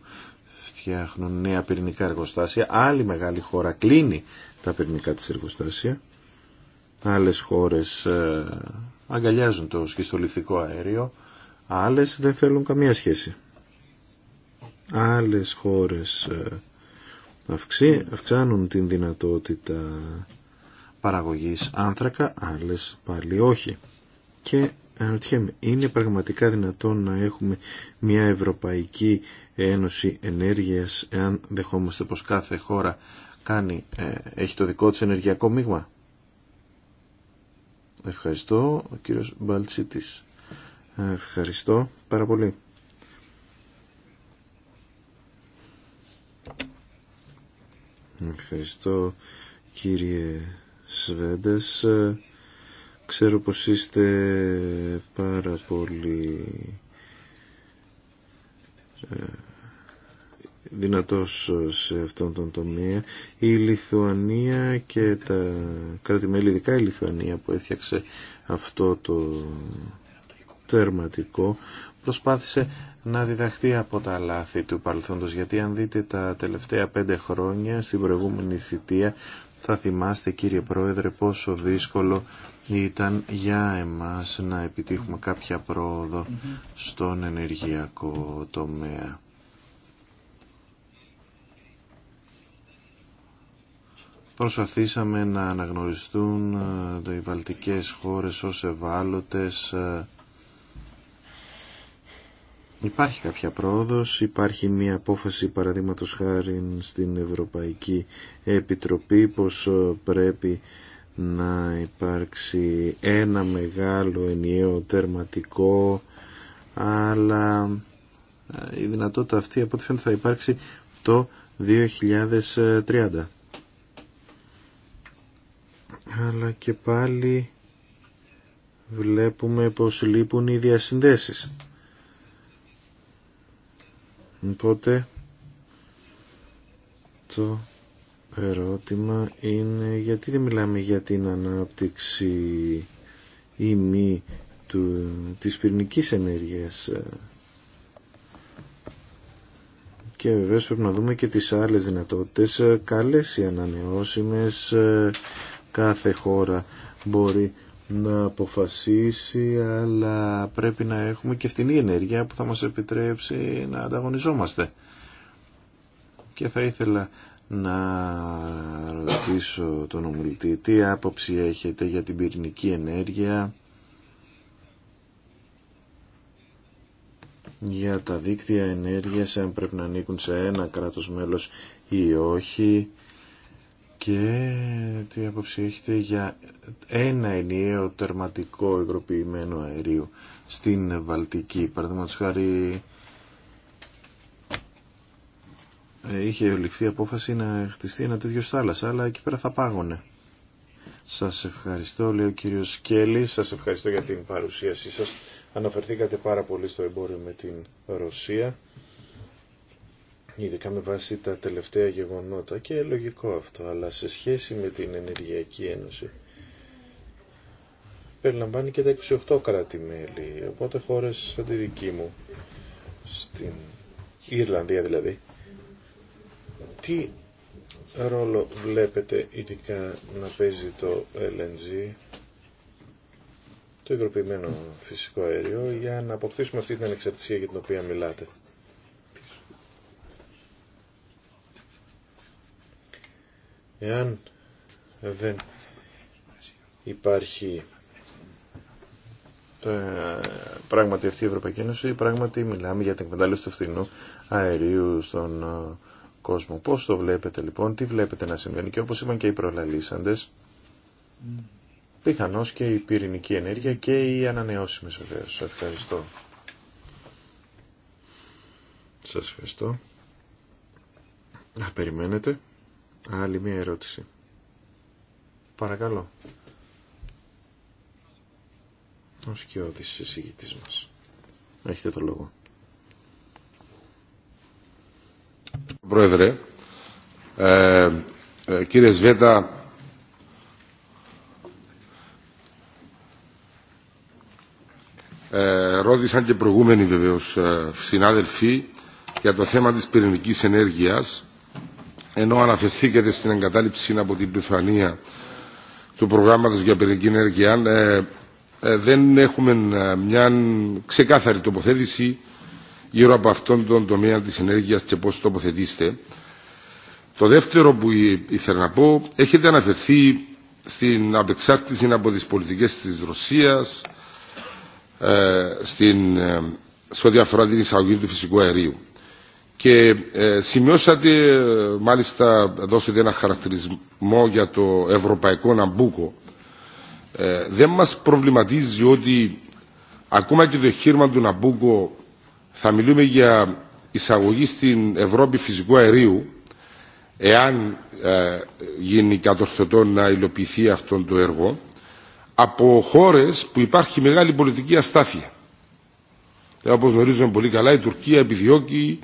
φτιάχνουν νέα πυρηνικά εργοστάσια. Άλλη μεγάλη χώρα κλείνει τα πυρηνικά της εργοστάσια. Άλλες χώρες ε, αγκαλιάζουν το σχιστολιθικό αέριο. Άλλες δεν θέλουν καμία σχέση. Άλλες χώρες ε, αυξάνουν την δυνατότητα παραγωγής άνθρακα, άλλες πάλι όχι. Και αναρωτιέμαι, είναι πραγματικά δυνατόν να έχουμε μια Ευρωπαϊκή Ένωση Ενέργειας εάν δεχόμαστε πως κάθε χώρα κάνει, ε, έχει το δικό της ενεργειακό μείγμα. Ευχαριστώ, ο κύριος Μπαλτσίτης. Ευχαριστώ πάρα πολύ. Ευχαριστώ κύριε Σβέντες Ξέρω πως είστε πάρα πολύ ε, δυνατός σε αυτόν τον τομέα. Η Λιθουανία και τα κράτη-μέλη, ειδικά η Λιθουανία που έφτιαξε αυτό το τερματικό, προσπάθησε να διδαχτεί από τα λάθη του παρελθόντος. Γιατί αν δείτε τα τελευταία πέντε χρόνια στην προηγούμενη θητεία θα θυμάστε κύριε Πρόεδρε πόσο δύσκολο ήταν για εμάς να επιτύχουμε κάποια πρόοδο στον ενεργειακό τομέα. Προσπαθήσαμε να αναγνωριστούν ε, οι βαλτικές χώρες ως ευάλωτες ε, Υπάρχει κάποια πρόοδος, υπάρχει μια απόφαση παραδείγματος χάρη στην Ευρωπαϊκή Επιτροπή πως ε, πρέπει να υπάρξει ένα μεγάλο ενιαίο τερματικό αλλά ε, η δυνατότητα αυτή από ό,τι φαίνεται θα υπάρξει το 2030. Αλλά και πάλι βλέπουμε πως λείπουν οι διασυνδέσεις. Οπότε το ερώτημα είναι γιατί δεν μιλάμε για την ανάπτυξη ή μη του, της πυρνικής ενέργειας και βεβαίως πρέπει να δούμε και τις άλλες δυνατότητες καλές οι ανανεώσιμες κάθε χώρα μπορεί να αποφασίσει, αλλά πρέπει να έχουμε και φτηνή ενέργεια που θα μας επιτρέψει να ανταγωνιζόμαστε. Και θα ήθελα να ρωτήσω τον ομιλητή τι άποψη έχετε για την πυρηνική ενέργεια, για τα δίκτυα ενέργειας, αν πρέπει να ανήκουν σε ένα κράτος μέλος ή όχι, και τι άποψη έχετε για ένα ενιαίο τερματικό υγροποιημένο αερίο στην Βαλτική. Παραδείγματος χάρη ε, είχε ληφθεί απόφαση να χτιστεί ένα τέτοιο θάλασσα, αλλά εκεί πέρα θα πάγωνε. Σας ευχαριστώ, λέει ο κύριος Κέλλη. Σας ευχαριστώ για την παρουσίασή σας. Αναφερθήκατε πάρα πολύ στο εμπόριο με την Ρωσία ειδικά με βάση τα τελευταία γεγονότα και λογικό αυτό, αλλά σε σχέση με την Ενεργειακή Ένωση περιλαμβάνει και τα 28 κράτη-μέλη, οπότε χώρες σαν τη δική μου, στην Ιρλανδία δηλαδή. Τι ρόλο βλέπετε ειδικά να παίζει το LNG, το υγροποιημένο φυσικό αέριο, για να αποκτήσουμε αυτή την ανεξαρτησία για την οποία μιλάτε. Εάν δεν υπάρχει ε, πράγματι αυτή η Ευρωπαϊκή Ένωση, πράγματι μιλάμε για την εκμετάλλευση του φθηνού αερίου στον ε, κόσμο. Πώς το βλέπετε λοιπόν, τι βλέπετε να συμβαίνει και όπως είπαν και οι προλαλήσαντες, πιθανώς και η πυρηνική ενέργεια και οι ανανεώσιμες βεβαίως. Ευχαριστώ. Σας ευχαριστώ. Να περιμένετε. Άλλη μία ερώτηση. Παρακαλώ. Ο Σκιώδης, εισηγητής μας. Έχετε το λόγο. Πρόεδρε, ε, ε, κύριε Σβέτα, ε, ρώτησαν και προηγούμενοι βεβαίως ε, συνάδελφοι για το θέμα της πυρηνικής ενέργειας ενώ αναφερθήκατε στην εγκατάλειψη από την Λιθουανία του προγράμματος για παιδική ενέργεια, ε, ε, δεν έχουμε ε, μια ξεκάθαρη τοποθέτηση γύρω από αυτόν τον τομέα της ενέργειας και πώς τοποθετήσετε. Το δεύτερο που ήθελα να πω, έχετε αναφερθεί στην απεξάρτηση από τις πολιτικές της Ρωσίας, στην, σε ό,τι αφορά την εισαγωγή του φυσικού αερίου. Και ε, σημειώσατε, ε, μάλιστα δώσετε ένα χαρακτηρισμό για το ευρωπαϊκό Ναμπούκο. Ε, δεν μας προβληματίζει ότι ακόμα και το εγχείρημα του Ναμπούκο θα μιλούμε για εισαγωγή στην Ευρώπη φυσικού αερίου εάν γίνει κατορθωτό να υλοποιηθεί αυτό το έργο από χώρες που υπάρχει μεγάλη πολιτική αστάθεια. Ε, όπως γνωρίζουμε πολύ καλά η Τουρκία επιδιώκει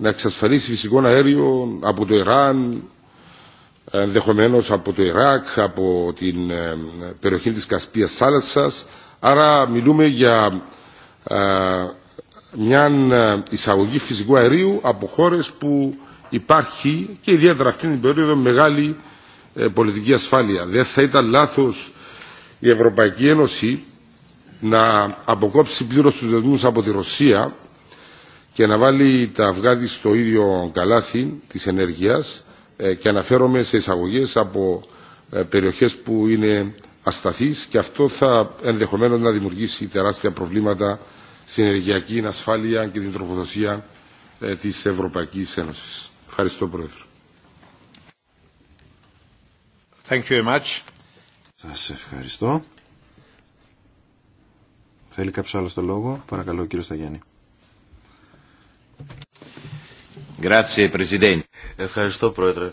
να εξασφαλίσει φυσικό αέριο από το Ιράν, ενδεχομένω από το Ιράκ, από την ε, περιοχή της Κασπίας Σάλασσας. Άρα μιλούμε για ε, μια ε, εισαγωγή φυσικού αερίου από χώρες που υπάρχει και ιδιαίτερα αυτή την περίοδο μεγάλη πολιτική ασφάλεια. Δεν θα ήταν λάθος η Ευρωπαϊκή Ένωση να αποκόψει πλήρως τους δεσμούς από τη Ρωσία και να βάλει τα αυγά της στο ίδιο καλάθι της ενέργειας ε, και αναφέρομαι σε εισαγωγές από ε, περιοχές που είναι ασταθείς και αυτό θα ενδεχομένως να δημιουργήσει τεράστια προβλήματα στην ενεργειακή ασφάλεια και την τροφοδοσία ε, της Ευρωπαϊκής Ένωσης. Ευχαριστώ Πρόεδρε. Thank you very much. Σας ευχαριστώ. Θέλει κάποιος άλλο το λόγο. Παρακαλώ κύριο Σταγιάννη. Ευχαριστώ Πρόεδρε.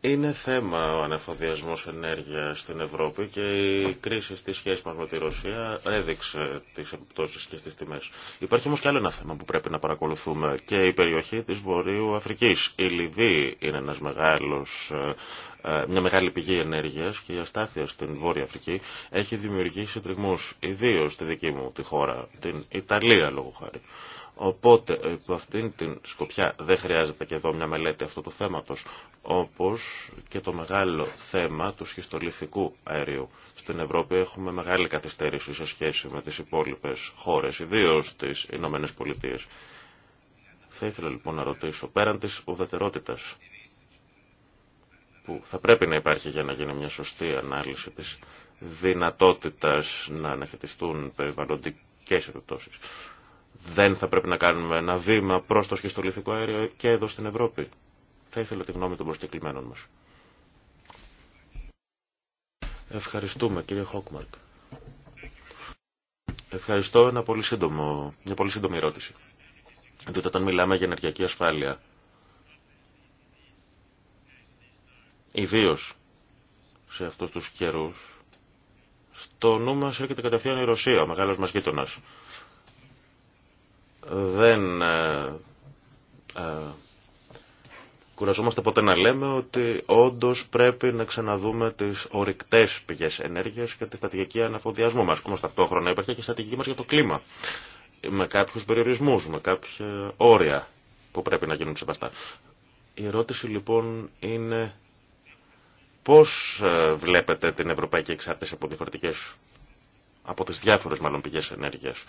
Είναι θέμα ο ανεφοδιασμός ενέργειας στην Ευρώπη και η κρίση στη σχέση μας με τη Ρωσία έδειξε τις επιπτώσεις και στις τιμές. Υπάρχει όμως και άλλο ένα θέμα που πρέπει να παρακολουθούμε και η περιοχή της Βορείου Αφρικής. Η Λιβύη είναι ένας μεγάλος ε, ε, μια μεγάλη πηγή ενέργειας και η αστάθεια στην Βόρεια Αφρική έχει δημιουργήσει τριγμούς, ιδίω στη δική μου τη χώρα, την Ιταλία λόγω χάρη. Οπότε, από αυτήν την σκοπιά δεν χρειάζεται και εδώ μια μελέτη αυτού του θέματος, όπως και το μεγάλο θέμα του σχιστολιθικού αερίου. Στην Ευρώπη έχουμε μεγάλη καθυστέρηση σε σχέση με τις υπόλοιπες χώρες, ιδίως τις Ηνωμένες Πολιτείες. Θα ήθελα λοιπόν να ρωτήσω, πέραν τη που θα πρέπει να υπάρχει για να γίνει μια σωστή ανάλυση της δυνατότητας να αναχαιτιστούν περιβαλλοντικές επιπτώσεις. Δεν θα πρέπει να κάνουμε ένα βήμα προς το σχιστολιθικό αέριο και εδώ στην Ευρώπη. Θα ήθελα τη γνώμη των προσκεκλημένων μας. Ευχαριστούμε κύριε Χόκμαρκ. Ευχαριστώ ένα πολύ σύντομο, μια πολύ σύντομη ερώτηση. Διότι όταν μιλάμε για ενεργειακή ασφάλεια, Ιδίως σε αυτούς τους καιρούς, στο νου μας έρχεται κατευθείαν η Ρωσία, ο μεγάλος μας γείτονας. Δεν ε, ε, κουραζόμαστε ποτέ να λέμε ότι όντως πρέπει να ξαναδούμε τις ορυκτές πηγές ενέργειας και τη στρατηγική αναφοδιασμού μας. Όμως ταυτόχρονα υπάρχει και η μας για το κλίμα, με κάποιους περιορισμούς, με κάποια όρια που πρέπει να γίνουν σεβαστά. Η ερώτηση λοιπόν είναι Πώς ε, βλέπετε την ευρωπαϊκή εξάρτηση από διαφορετικές, από τις διάφορες μάλλον πηγές ενέργειας,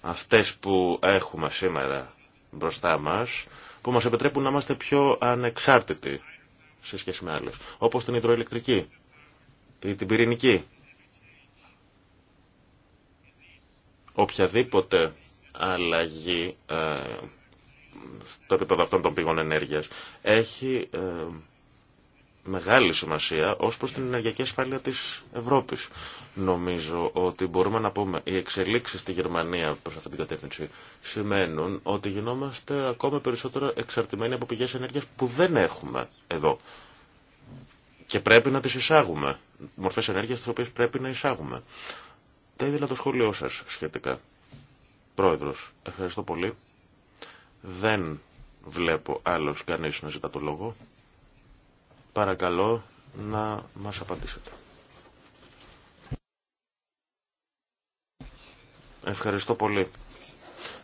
αυτές που έχουμε σήμερα μπροστά μας, που μας επιτρέπουν να είμαστε πιο ανεξάρτητοι σε σχέση με άλλες, όπως την υδροελεκτρική ή την πυρηνική. Οποιαδήποτε αλλαγή ε, στο επίπεδο αυτών των πηγών ενέργειας έχει ε, μεγάλη σημασία ως προς την ενεργειακή ασφάλεια της Ευρώπης. Νομίζω ότι μπορούμε να πούμε οι εξελίξεις στη Γερμανία προς αυτή την κατεύθυνση σημαίνουν ότι γινόμαστε ακόμα περισσότερο εξαρτημένοι από πηγές ενέργειας που δεν έχουμε εδώ. Και πρέπει να τις εισάγουμε. Μορφές ενέργειας τις οποίες πρέπει να εισάγουμε. Τα ήθελα το σχόλιο σας σχετικά. Πρόεδρος, ευχαριστώ πολύ. Δεν βλέπω άλλος κανεί να ζητά το λόγο. Παρακαλώ να μας απαντήσετε. Ευχαριστώ πολύ.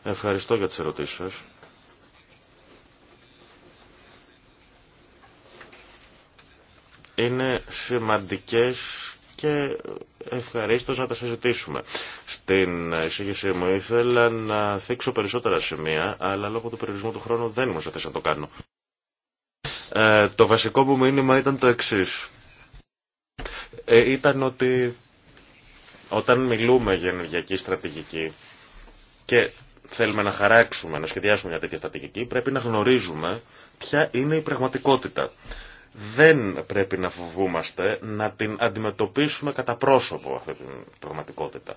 Ευχαριστώ για τις ερωτήσεις σας. Είναι σημαντικές και ευχαρίστως να τα συζητήσουμε. Στην εισήγησή μου ήθελα να θίξω περισσότερα σημεία, αλλά λόγω του περιορισμού του χρόνου δεν μου να το κάνω. Ε, το βασικό μου μήνυμα ήταν το εξής. Ε, ήταν ότι όταν μιλούμε για ενεργειακή στρατηγική και θέλουμε να χαράξουμε, να σχεδιάσουμε μια τέτοια στρατηγική, πρέπει να γνωρίζουμε ποια είναι η πραγματικότητα. Δεν πρέπει να φοβούμαστε να την αντιμετωπίσουμε κατά πρόσωπο αυτή την πραγματικότητα.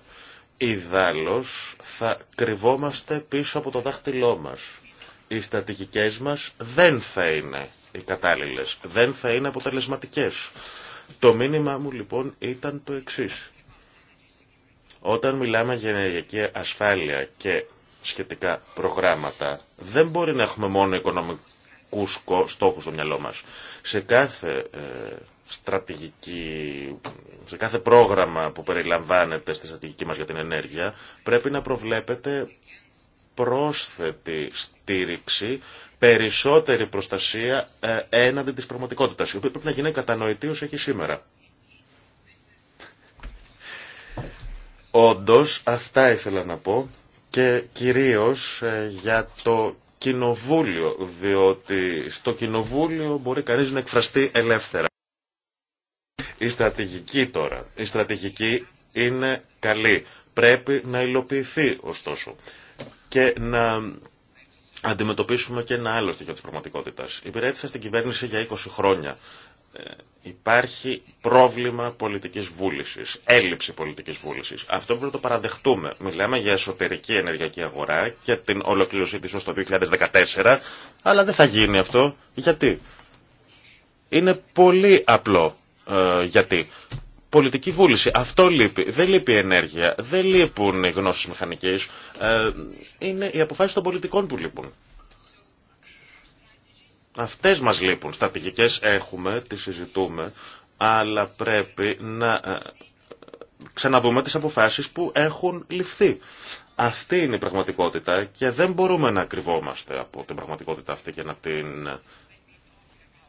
Ιδάλλως θα κρυβόμαστε πίσω από το δάχτυλό μας. Οι στρατηγικές μας δεν θα είναι οι Δεν θα είναι αποτελεσματικές. Το μήνυμα μου λοιπόν ήταν το εξής. Όταν μιλάμε για ενεργειακή ασφάλεια και σχετικά προγράμματα, δεν μπορεί να έχουμε μόνο οικονομικούς στόχους στο μυαλό μας. Σε κάθε ε, στρατηγική, σε κάθε πρόγραμμα που περιλαμβάνεται στη στρατηγική μας για την ενέργεια, πρέπει να προβλέπεται πρόσθετη στήριξη περισσότερη προστασία ε, έναντι της πραγματικότητας, η οποία πρέπει να γίνει κατανοητή όσο έχει σήμερα. Όντως, αυτά ήθελα να πω και κυρίως ε, για το κοινοβούλιο, διότι στο κοινοβούλιο μπορεί κανείς να εκφραστεί ελεύθερα. Η στρατηγική τώρα, η στρατηγική είναι καλή, πρέπει να υλοποιηθεί ωστόσο και να αντιμετωπίσουμε και ένα άλλο στοιχείο της πραγματικότητας. Υπηρέτησα στην κυβέρνηση για 20 χρόνια. Ε, υπάρχει πρόβλημα πολιτικής βούλησης, έλλειψη πολιτικής βούλησης. Αυτό πρέπει να το παραδεχτούμε. Μιλάμε για εσωτερική ενεργειακή αγορά και την ολοκλήρωσή της ως το 2014, αλλά δεν θα γίνει αυτό. Γιατί? Είναι πολύ απλό. Ε, γιατί πολιτική βούληση. Αυτό λείπει. Δεν λείπει η ενέργεια, δεν λείπουν οι γνώσεις μηχανικής. Ε, είναι οι αποφάσει των πολιτικών που λείπουν. Αυτές μας λείπουν. στρατηγικέ έχουμε, Τι συζητούμε, αλλά πρέπει να ε, ξαναδούμε τις αποφάσεις που έχουν ληφθεί. Αυτή είναι η πραγματικότητα και δεν μπορούμε να κρυβόμαστε από την πραγματικότητα αυτή και να την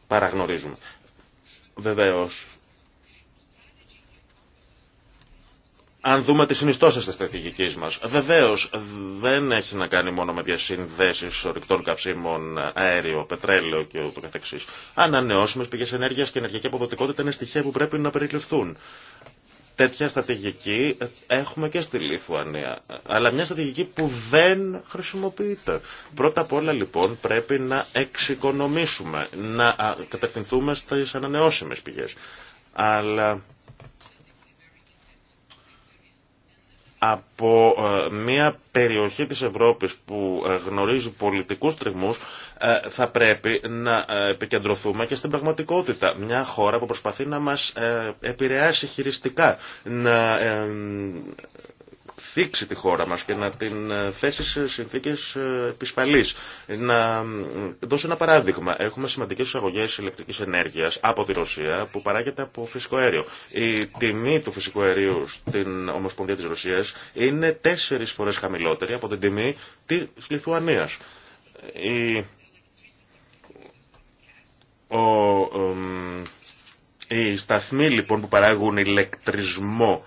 παραγνωρίζουμε. Βεβαίως, αν δούμε τις συνιστώσεις της στρατηγικής μας. Βεβαίω, δεν έχει να κάνει μόνο με διασυνδέσεις ορυκτών καυσίμων, αέριο, πετρέλαιο και ούτω καθεξής. Ανανεώσιμες πηγές ενέργειας και ενεργειακή αποδοτικότητα είναι στοιχεία που πρέπει να περιληφθούν. Τέτοια στρατηγική έχουμε και στη Λιθουανία, αλλά μια στρατηγική που δεν χρησιμοποιείται. Πρώτα απ' όλα λοιπόν πρέπει να εξοικονομήσουμε, να κατευθυνθούμε στις ανανεώσιμες πηγές. Αλλά από ε, μια περιοχή της Ευρώπης που ε, γνωρίζει πολιτικούς τριγμούς ε, θα πρέπει να επικεντρωθούμε και στην πραγματικότητα. Μια χώρα που προσπαθεί να μας επηρεάσει χειριστικά, να θίξει τη χώρα μας και να την ε, θέσει σε συνθήκες ε, επισφαλής. Να δώσω ένα παράδειγμα. Έχουμε σημαντικές εισαγωγές ηλεκτρικής ενέργειας από τη Ρωσία που παράγεται από φυσικό αέριο. Η τιμή του φυσικού αερίου στην Ομοσπονδία της Ρωσίας είναι τέσσερις φορές χαμηλότερη από την τιμή της Λιθουανίας. Η... Ο... Οι σταθμοί λοιπόν που παράγουν ηλεκτρισμό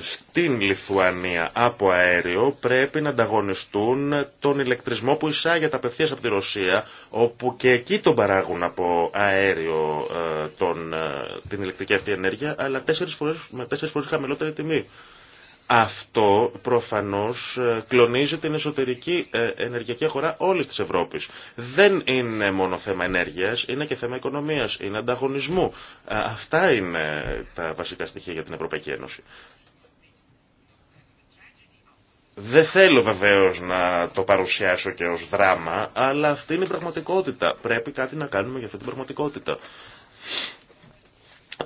στην Λιθουανία από αέριο πρέπει να ανταγωνιστούν τον ηλεκτρισμό που εισάγεται απευθείας από τη Ρωσία όπου και εκεί τον παράγουν από αέριο ε, τον, ε, την ηλεκτρική αυτή ενέργεια αλλά τέσσερις φορές, με τέσσερις φορές χαμηλότερη τιμή. Αυτό προφανώς ε, κλονίζει την εσωτερική ε, ενεργειακή αγορά όλης της Ευρώπης. Δεν είναι μόνο θέμα ενέργειας, είναι και θέμα οικονομίας, είναι ανταγωνισμού. Ε, αυτά είναι τα βασικά στοιχεία για την Ευρωπαϊκή Ένωση. Δεν θέλω βεβαίως να το παρουσιάσω και ως δράμα, αλλά αυτή είναι η πραγματικότητα. Πρέπει κάτι να κάνουμε για αυτή την πραγματικότητα.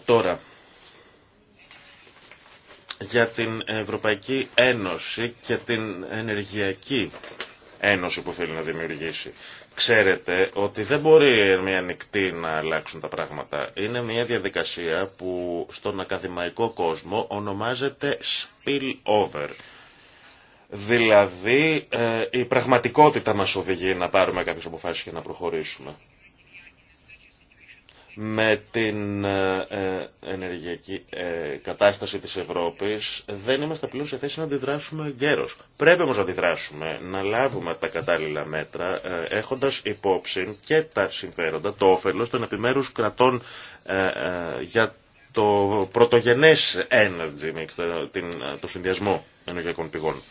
Τώρα, για την Ευρωπαϊκή Ένωση και την Ενεργειακή Ένωση που θέλει να δημιουργήσει. Ξέρετε ότι δεν μπορεί μια νυχτή να αλλάξουν τα πράγματα. Είναι μια διαδικασία που στον ακαδημαϊκό κόσμο ονομάζεται spill over. Δηλαδή ε, η πραγματικότητα μας οδηγεί να πάρουμε κάποιες αποφάσεις και να προχωρήσουμε με την ε, ε, ενεργειακή ε, κατάσταση της Ευρώπης δεν είμαστε πλέον σε θέση να αντιδράσουμε γέρος. Πρέπει όμως να αντιδράσουμε, να λάβουμε τα κατάλληλα μέτρα έχοντας υπόψη και τα συμφέροντα, το όφελος των επιμέρους κρατών για το πρωτογενές energy, το συνδυασμό ενεργειακών πηγών.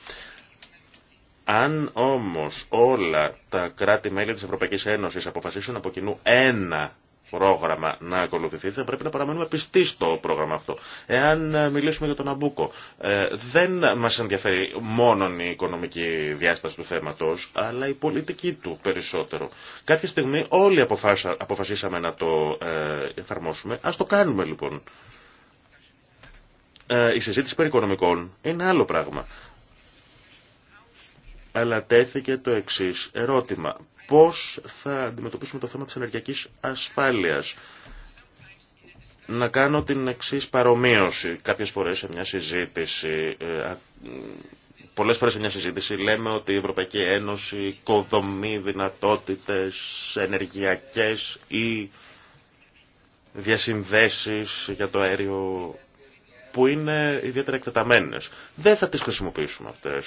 Αν όμως όλα τα κράτη-μέλη της Ευρωπαϊκής Ένωσης αποφασίσουν από κοινού ένα πρόγραμμα να ακολουθηθεί, θα πρέπει να παραμένουμε πιστοί στο πρόγραμμα αυτό. Εάν μιλήσουμε για τον Αμπούκο, ε, δεν μας ενδιαφέρει μόνο η οικονομική διάσταση του θέματος, αλλά η πολιτική του περισσότερο. Κάποια στιγμή όλοι αποφασίσαμε να το ε, εφαρμόσουμε, ας το κάνουμε λοιπόν. Ε, η συζήτηση περί οικονομικών είναι άλλο πράγμα. Αλλά τέθηκε το εξής ερώτημα πώς θα αντιμετωπίσουμε το θέμα της ενεργειακής ασφάλειας. Να κάνω την εξή παρομοίωση. Κάποιες φορές σε μια συζήτηση, ε, πολλές φορές σε μια συζήτηση λέμε ότι η Ευρωπαϊκή Ένωση οικοδομεί δυνατότητες ενεργειακές ή διασυνδέσεις για το αέριο που είναι ιδιαίτερα εκτεταμένες. Δεν θα τις χρησιμοποιήσουμε αυτές.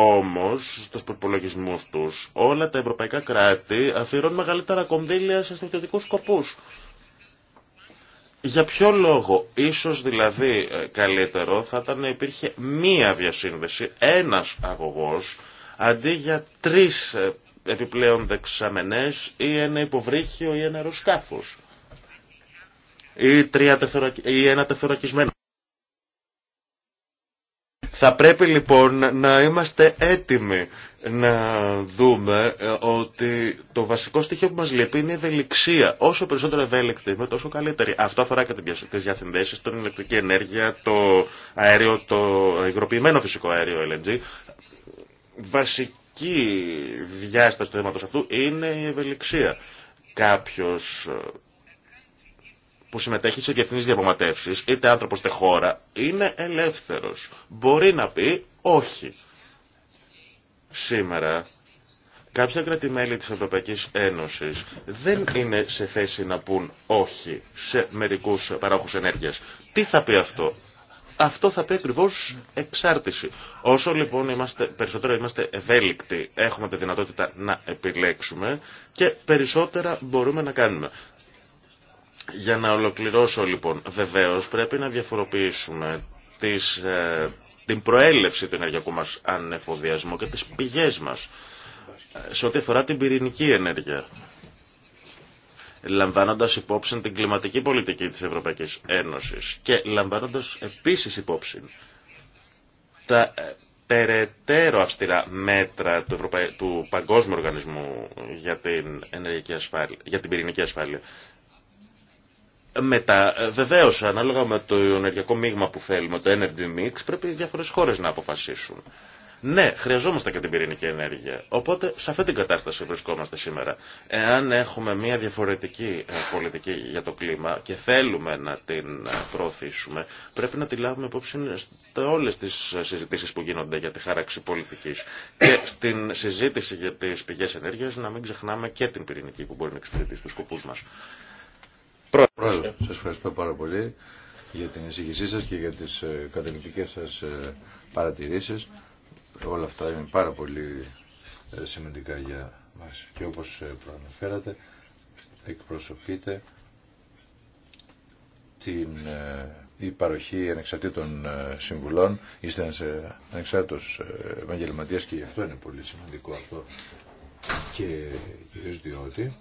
Όμως, στους προπολογισμούς τους, όλα τα ευρωπαϊκά κράτη αφιερώνουν μεγαλύτερα κονδύλια σε στρατιωτικούς σκοπούς. Για ποιο λόγο, ίσως δηλαδή ε, καλύτερο θα ήταν να υπήρχε μία διασύνδεση, ένας αγωγός, αντί για τρεις ε, επιπλέον δεξαμενές ή ένα υποβρύχιο ή ένα αεροσκάφος ή, τρία ή ένα τεθωρακισμένο. Θα πρέπει λοιπόν να είμαστε έτοιμοι να δούμε ε, ότι το βασικό στοιχείο που μας λείπει είναι η ευελιξία. Όσο περισσότερο ευέλικτη είμαι, τόσο καλύτερη. Αυτό αφορά και τις διαθυνδέσεις, την ηλεκτρική ενέργεια, το αέριο, το υγροποιημένο φυσικό αέριο LNG. Βασική διάσταση του θέματος αυτού είναι η ευελιξία. Κάποιος ε, που συμμετέχει σε διεθνεί διαπραγματεύσει, είτε άνθρωπο είτε χώρα, είναι ελεύθερο. Μπορεί να πει όχι. Σήμερα, κάποια κρατημέλη τη Ευρωπαϊκή Ένωσης δεν είναι σε θέση να πούν όχι σε μερικού παράγοντε ενέργεια. Τι θα πει αυτό. Αυτό θα πει ακριβώ εξάρτηση. Όσο λοιπόν είμαστε, περισσότερο είμαστε ευέλικτοι, έχουμε τη δυνατότητα να επιλέξουμε και περισσότερα μπορούμε να κάνουμε. Για να ολοκληρώσω λοιπόν, βεβαίω πρέπει να διαφοροποιήσουμε τις, ε, την προέλευση του ενεργειακού μας ανεφοδιασμού και τις πηγές μας ε, σε ό,τι αφορά την πυρηνική ενέργεια λαμβάνοντα υπόψη την κλιματική πολιτική της Ευρωπαϊκής Ένωσης και λαμβάνοντας επίσης υπόψη τα ε, περαιτέρω αυστηρά μέτρα του, Παγκόσμιου Οργανισμού για την, ενεργειακή ασφάλεια, για την πυρηνική ασφάλεια. Μετά, ε, βεβαίω, ανάλογα με το ενεργειακό μείγμα που θέλουμε, το energy mix, πρέπει οι διάφορε χώρε να αποφασίσουν. Ναι, χρειαζόμαστε και την πυρηνική ενέργεια. Οπότε σε αυτή την κατάσταση βρισκόμαστε σήμερα. Εάν έχουμε μια διαφορετική ε, πολιτική για το κλίμα και θέλουμε να την ε, προωθήσουμε, πρέπει να τη λάβουμε υπόψη σε όλε τι συζητήσει που γίνονται για τη χάραξη πολιτική Και στην συζήτηση για τι πηγέ ενέργεια να μην ξεχνάμε και την πυρηνική που μπορεί να εξυπηρετήσει του σκοπού μα. Πρόεδρε, σας ευχαριστώ πάρα πολύ για την εισηγησή σας και για τις ε, κατανοητικές σας ε, παρατηρήσεις. Όλα αυτά είναι πάρα πολύ ε, σημαντικά για μας. Και όπως προαναφέρατε, εκπροσωπείτε την η παροχή ανεξαρτήτων συμβουλών. Είστε ένας ανεξάρτητος και γι' αυτό είναι πολύ σημαντικό αυτό. Και κυρίως διότι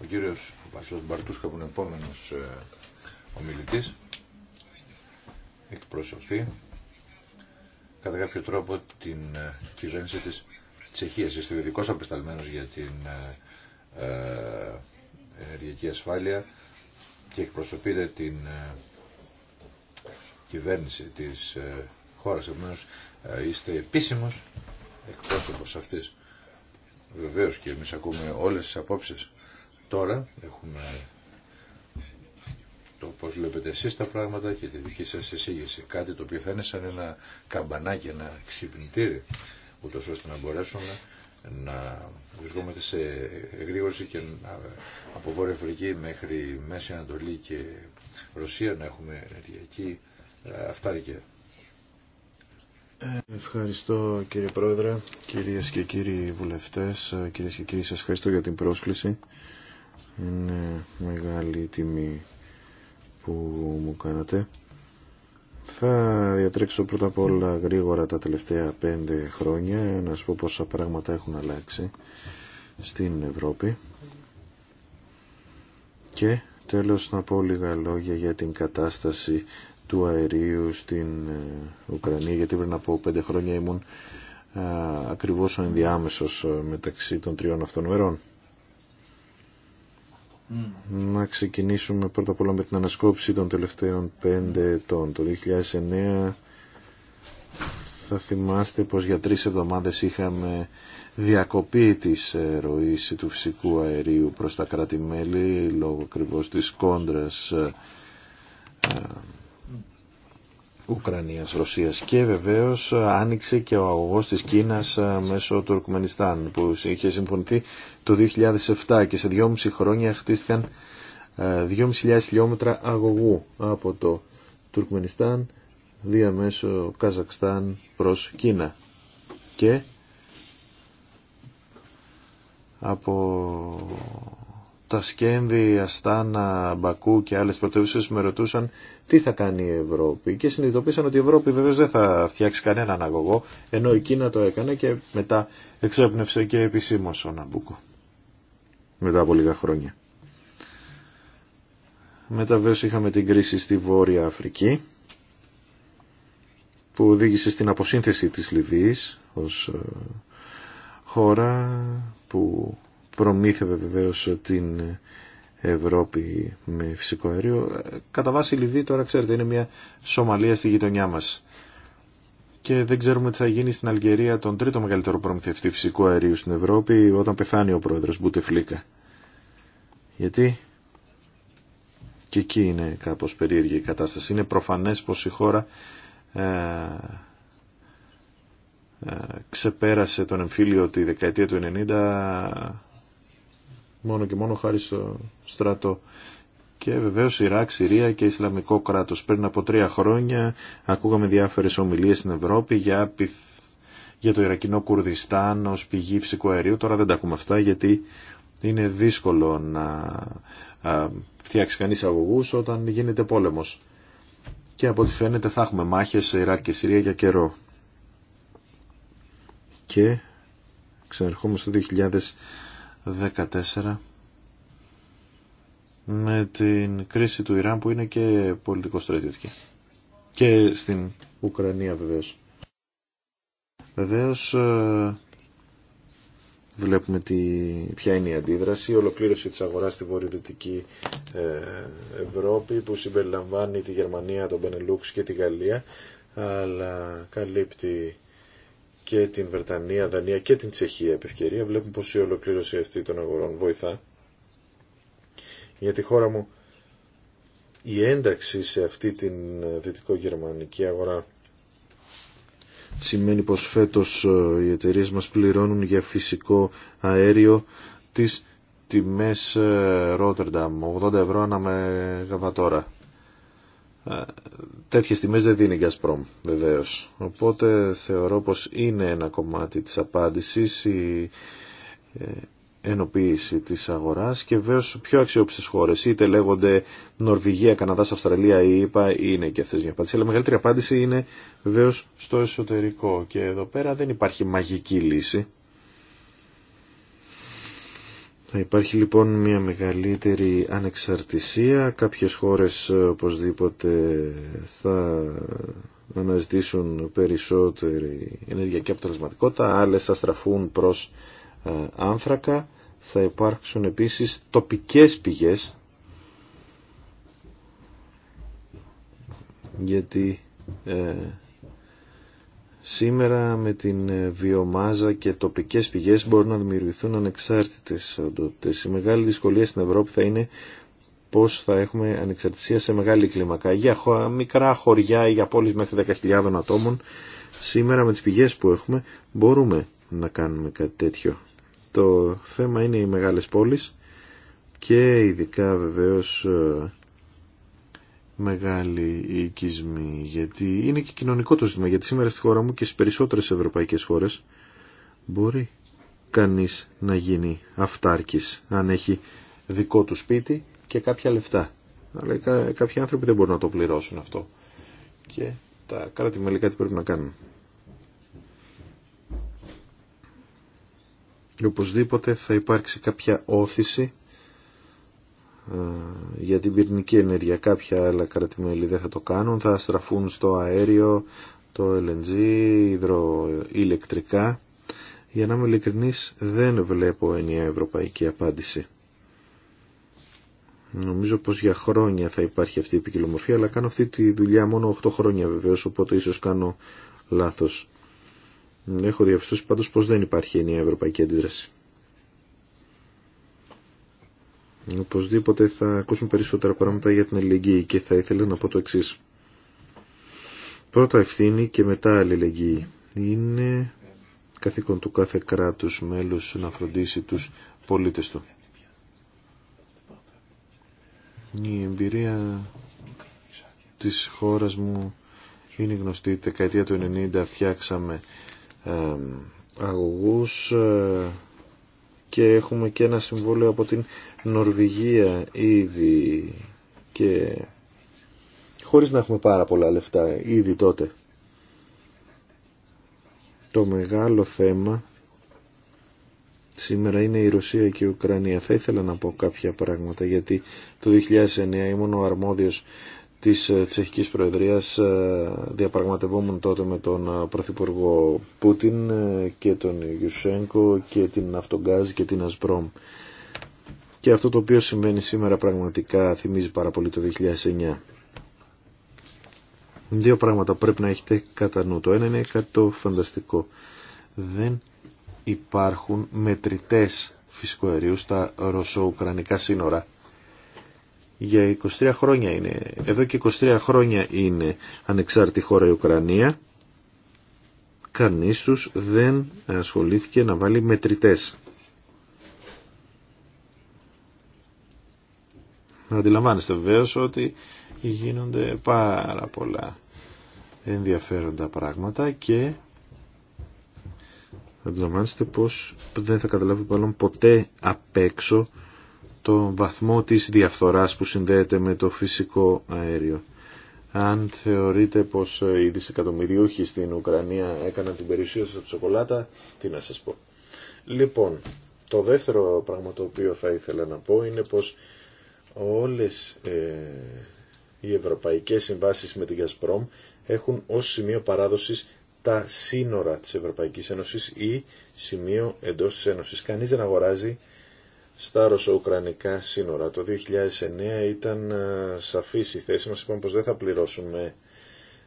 ο κύριος Βασίλος Μπαρτούσκα που είναι επόμενος ε, ομιλητής εκπροσωπεί κατά κάποιο τρόπο την ε, κυβέρνηση της Τσεχίας. Είστε ο ειδικός απεσταλμένος για την ε, ενεργειακή ασφάλεια και εκπροσωπείτε την κυβέρνηση της χώρας. Επομένως είστε επίσημος εκπρόσωπος αυτής. Βεβαίως και εμείς ακούμε όλες τις απόψεις Τώρα έχουμε το πώ βλέπετε εσεί τα πράγματα και τη δική σα εισήγηση. Κάτι το οποίο θα είναι σαν ένα καμπανάκι, ένα ξυπνητήρι, ούτω ώστε να μπορέσουμε να βρισκόμαστε σε εγρήγορση και από Βόρεια Αφρική μέχρι Μέση Ανατολή και Ρωσία να έχουμε ενεργειακή ε, αυτάρκεια. Ευχαριστώ κύριε Πρόεδρε, κυρίες και κύριοι βουλευτές, ε, κυρίες και κύριοι σας ευχαριστώ για την πρόσκληση. Είναι μεγάλη τιμή που μου κάνατε. Θα διατρέξω πρώτα απ' όλα γρήγορα τα τελευταία πέντε χρόνια να σου πω πόσα πράγματα έχουν αλλάξει στην Ευρώπη και τέλος να πω λίγα λόγια για την κατάσταση του αερίου στην ε, Ουκρανία γιατί πριν από πέντε χρόνια ήμουν α, ακριβώς ο ενδιάμεσος ε, μεταξύ των τριών αυτών μερών. Να ξεκινήσουμε πρώτα απ' όλα με την ανασκόπηση των τελευταίων πέντε ετών. Το 2009 θα θυμάστε πως για τρεις εβδομάδες είχαμε διακοπή της ροής του φυσικού αερίου προς τα κρατη λόγω ακριβώ της κόντρας ε, Ουκρανίας, Ρωσίας και βεβαίως άνοιξε και ο αγωγός της Κίνας ε, μέσω του που είχε συμφωνηθεί το 2007 και σε 2,5 χρόνια χτίστηκαν 2.500 ε, χιλιόμετρα αγωγού από το Τουρκμενιστάν διαμέσω Καζακστάν προς Κίνα και από τα Σκένδη, Αστάνα, Μπακού και άλλες πρωτεύουσες με ρωτούσαν τι θα κάνει η Ευρώπη και συνειδητοποίησαν ότι η Ευρώπη βέβαια δεν θα φτιάξει κανέναν αγωγό ενώ η Κίνα το έκανε και μετά εξέπνευσε και επισήμως ο Ναμπούκο μετά από λίγα χρόνια. Μετά βέβαια είχαμε την κρίση στη Βόρεια Αφρική που οδήγησε στην αποσύνθεση της Λιβύης ως ε, χώρα που προμήθευε βεβαίως την Ευρώπη με φυσικό αέριο. Κατά βάση η Λιβύη τώρα ξέρετε είναι μια Σομαλία στη γειτονιά μας. Και δεν ξέρουμε τι θα γίνει στην Αλγερία τον τρίτο μεγαλύτερο προμηθευτή φυσικού αερίου στην Ευρώπη όταν πεθάνει ο πρόεδρος Μπουτεφλίκα. Γιατί και εκεί είναι κάπως περίεργη η κατάσταση. Είναι προφανές πως η χώρα ε, ε, ξεπέρασε τον εμφύλιο τη δεκαετία του 90 μόνο και μόνο χάρη στο στρατό. Και βεβαίω Ιράκ, Συρία και Ισλαμικό κράτος. Πριν από τρία χρόνια ακούγαμε διάφορες ομιλίες στην Ευρώπη για, για το Ιρακινό Κουρδιστάν ω πηγή φυσικού αερίου. Τώρα δεν τα ακούμε αυτά γιατί είναι δύσκολο να φτιάξει κανείς αγωγούς όταν γίνεται πόλεμος. Και από ό,τι φαίνεται θα έχουμε μάχε σε Ιράκ και Συρία για καιρό. Και ξαναρχόμαστε στο 14 με την κρίση του Ιράν που είναι και πολιτικό Και στην Ουκρανία βεβαίως. Βεβαίως ε, βλέπουμε τι, ποια είναι η αντίδραση. Η ολοκλήρωση της αγοράς στη βορειοδυτική ε, Ευρώπη που συμπεριλαμβάνει τη Γερμανία, τον Πενελούξ και τη Γαλλία αλλά καλύπτει και την Βρετανία, Δανία και την Τσεχία επευκαιρία. Βλέπουμε πως η ολοκλήρωση αυτή των αγορών βοηθά. Για τη χώρα μου η ένταξη σε αυτή την ε, γερμανική αγορά σημαίνει πως φέτος ε, οι εταιρείες μας πληρώνουν για φυσικό αέριο τις τιμές ε, Ρότερνταμ, 80 ευρώ ανά μεγαβατόρα. Ε, τέτοιες τιμές δεν δίνει η Gazprom βεβαίως. Οπότε θεωρώ πως είναι ένα κομμάτι της απάντησης η ε, ενοποίηση της αγοράς και βέβαιως πιο αξιόπιστες χώρες είτε λέγονται Νορβηγία, Καναδάς, Αυστραλία ή είπα είναι και αυτές μια απάντηση αλλά μεγαλύτερη απάντηση είναι βεβαίως στο εσωτερικό και εδώ πέρα δεν υπάρχει μαγική λύση θα υπάρχει λοιπόν μια μεγαλύτερη ανεξαρτησία. Κάποιες χώρες ε, οπωσδήποτε θα αναζητήσουν περισσότερη ενεργειακή αποτελεσματικότητα, άλλες θα στραφούν προς ε, άνθρακα. Θα υπάρξουν επίσης τοπικές πηγές γιατί ε, Σήμερα με την ε, βιομάζα και τοπικές πηγές μπορούν να δημιουργηθούν ανεξάρτητες οντότητες. Η μεγάλη δυσκολία στην Ευρώπη θα είναι πώς θα έχουμε ανεξαρτησία σε μεγάλη κλίμακα. Για μικρά χωριά ή για πόλεις μέχρι 10.000 ατόμων, σήμερα με τις πηγές που έχουμε μπορούμε να κάνουμε κάτι τέτοιο. Το θέμα είναι οι μεγάλες πόλεις και ειδικά βεβαίως ε, μεγάλη οικισμή γιατί είναι και κοινωνικό το ζήτημα, γιατί σήμερα στη χώρα μου και στις περισσότερες ευρωπαϊκές χώρες μπορεί κανείς να γίνει αυτάρκης, αν έχει δικό του σπίτι και κάποια λεφτά. Αλλά κάποιοι άνθρωποι δεν μπορούν να το πληρώσουν αυτό. Και τα κράτη μέλη τι πρέπει να κάνουν. Οπωσδήποτε θα υπάρξει κάποια όθηση για την πυρηνική ενέργεια. Κάποια άλλα κρατημέλη δεν θα το κάνουν, θα στραφούν στο αέριο, το LNG, υδροηλεκτρικά. Για να είμαι ειλικρινής δεν βλέπω ενιαία ευρωπαϊκή απάντηση. Νομίζω πως για χρόνια θα υπάρχει αυτή η επικοινομορφία αλλά κάνω αυτή τη δουλειά μόνο 8 χρόνια βεβαίως, οπότε ίσως κάνω λάθος. Έχω διαπιστώσει πάντως πως δεν υπάρχει ενιαία ευρωπαϊκή αντίδραση. Οπωσδήποτε θα ακούσουμε περισσότερα πράγματα για την αλληλεγγύη και θα ήθελα να πω το εξή. Πρώτα ευθύνη και μετά αλληλεγγύη. Είναι καθήκον του κάθε κράτους μέλους να φροντίσει τους πολίτες του. Η εμπειρία της χώρας μου είναι γνωστή. Τη δεκαετία του 90 φτιάξαμε ε, αγωγούς, και έχουμε και ένα συμβόλαιο από την Νορβηγία ήδη και χωρίς να έχουμε πάρα πολλά λεφτά ήδη τότε. Το μεγάλο θέμα σήμερα είναι η Ρωσία και η Ουκρανία. Θα ήθελα να πω κάποια πράγματα γιατί το 2009 ήμουν ο αρμόδιος της ε, Τσεχικής Προεδρίας ε, διαπραγματευόμουν τότε με τον ε, Πρωθυπουργό Πούτιν και τον Γιουσένκο και την Αυτογκάζ και την Ασπρόμ. Και αυτό το οποίο συμβαίνει σήμερα πραγματικά θυμίζει πάρα πολύ το 2009. Δύο πράγματα πρέπει να έχετε κατά νου. Το ένα είναι κάτι το φανταστικό. Δεν υπάρχουν μετρητές φυσικού αερίου στα ρωσο-ουκρανικά σύνορα για 23 χρόνια είναι. Εδώ και 23 χρόνια είναι ανεξάρτητη χώρα η Ουκρανία. Κανείς τους δεν ασχολήθηκε να βάλει μετρητές. Αντιλαμβάνεστε βεβαίως ότι γίνονται πάρα πολλά ενδιαφέροντα πράγματα και αντιλαμβάνεστε πως δεν θα καταλάβει παρόν ποτέ απ' έξω το βαθμό της διαφθοράς που συνδέεται με το φυσικό αέριο. Αν θεωρείτε πως οι δισεκατομμυριούχοι στην Ουκρανία έκαναν την περιουσία τη σοκολάτα, τι να σας πω. Λοιπόν, το δεύτερο πράγμα το οποίο θα ήθελα να πω είναι πως όλες ε, οι ευρωπαϊκές συμβάσεις με την Gazprom έχουν ως σημείο παράδοσης τα σύνορα της Ευρωπαϊκής Ένωσης ή σημείο εντός της Ένωσης. Κανείς δεν αγοράζει στα ρωσο-ουκρανικά σύνορα. Το 2009 ήταν ε, σαφής η θέση μας, είπαμε πως δεν θα πληρώσουμε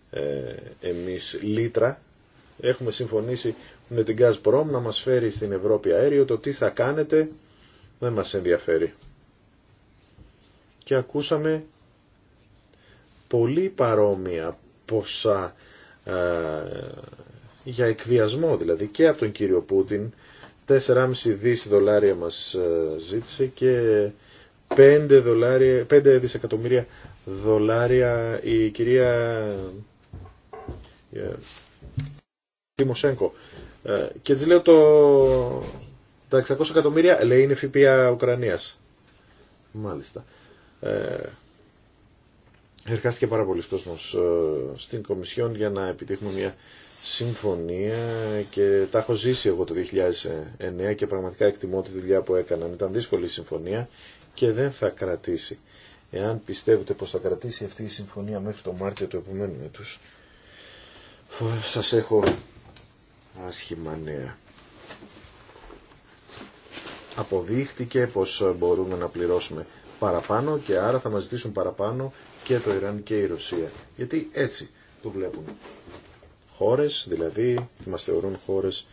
ε, εμείς λίτρα. Έχουμε συμφωνήσει με την Gazprom να μας φέρει στην Ευρώπη αέριο, το τι θα κάνετε δεν μας ενδιαφέρει. Και ακούσαμε πολύ παρόμοια ποσά ε, για εκβιασμό δηλαδή και από τον κύριο Πούτιν 4,5 δις δολάρια μας ε, ζήτησε και 5, δολάρια, 5 δισεκατομμύρια δολάρια η κυρία ε, Τιμοσέγκο. Ε, και της λέω το... τα 600 εκατομμύρια λέει είναι ΦΠΑ Ουκρανίας. Μάλιστα. Ε, πάρα πολλοί κόσμος στην Κομισιόν για να επιτύχουμε μια συμφωνία και τα έχω ζήσει εγώ το 2009 και πραγματικά εκτιμώ τη δουλειά που έκαναν. Ήταν δύσκολη η συμφωνία και δεν θα κρατήσει. Εάν πιστεύετε πως θα κρατήσει αυτή η συμφωνία μέχρι το Μάρτιο του επομένου έτους, σας έχω άσχημα νέα. Αποδείχτηκε πως μπορούμε να πληρώσουμε παραπάνω και άρα θα μας ζητήσουν παραπάνω και το Ιράν και η Ρωσία. Γιατί έτσι το βλέπουν χώρες, δηλαδή μας θεωρούν χώρες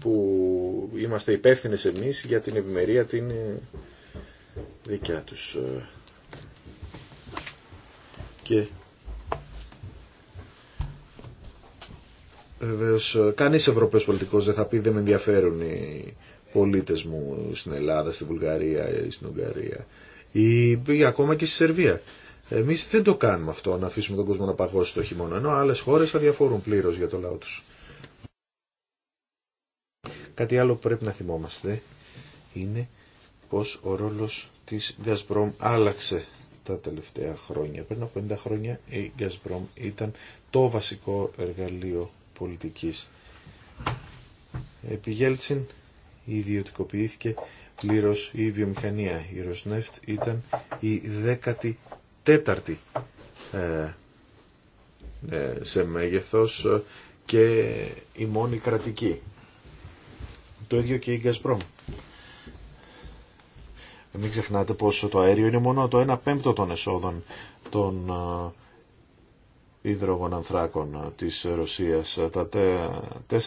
που είμαστε υπεύθυνε εμείς για την ευημερία την ε, δικιά τους. Ε, και Βεβαίω, ε, κανεί Ευρωπαίο πολιτικό δεν θα πει δεν με ενδιαφέρουν οι πολίτε μου στην Ελλάδα, στην Βουλγαρία ή στην Ουγγαρία ή ακόμα και στη Σερβία. Εμεί δεν το κάνουμε αυτό, να αφήσουμε τον κόσμο να παγώσει το χειμώνα, ενώ άλλες χώρες αδιαφορούν πλήρως για το λαό τους. Κάτι άλλο που πρέπει να θυμόμαστε είναι πως ο ρόλος της Gazprom άλλαξε τα τελευταία χρόνια. Πριν από 50 χρόνια η Gazprom ήταν το βασικό εργαλείο πολιτικής. Επί Γέλτσιν ιδιωτικοποιήθηκε πλήρως η βιομηχανία. Η Rosneft ήταν η δέκατη τέταρτη ε, ε, σε μέγεθος και η μόνη κρατική. Το ίδιο και η Γκάσπρομ. Μην ξεχνάτε πως το αέριο είναι μόνο το 1 πέμπτο των εσόδων των ε, ανθράκων της Ρωσίας. Τα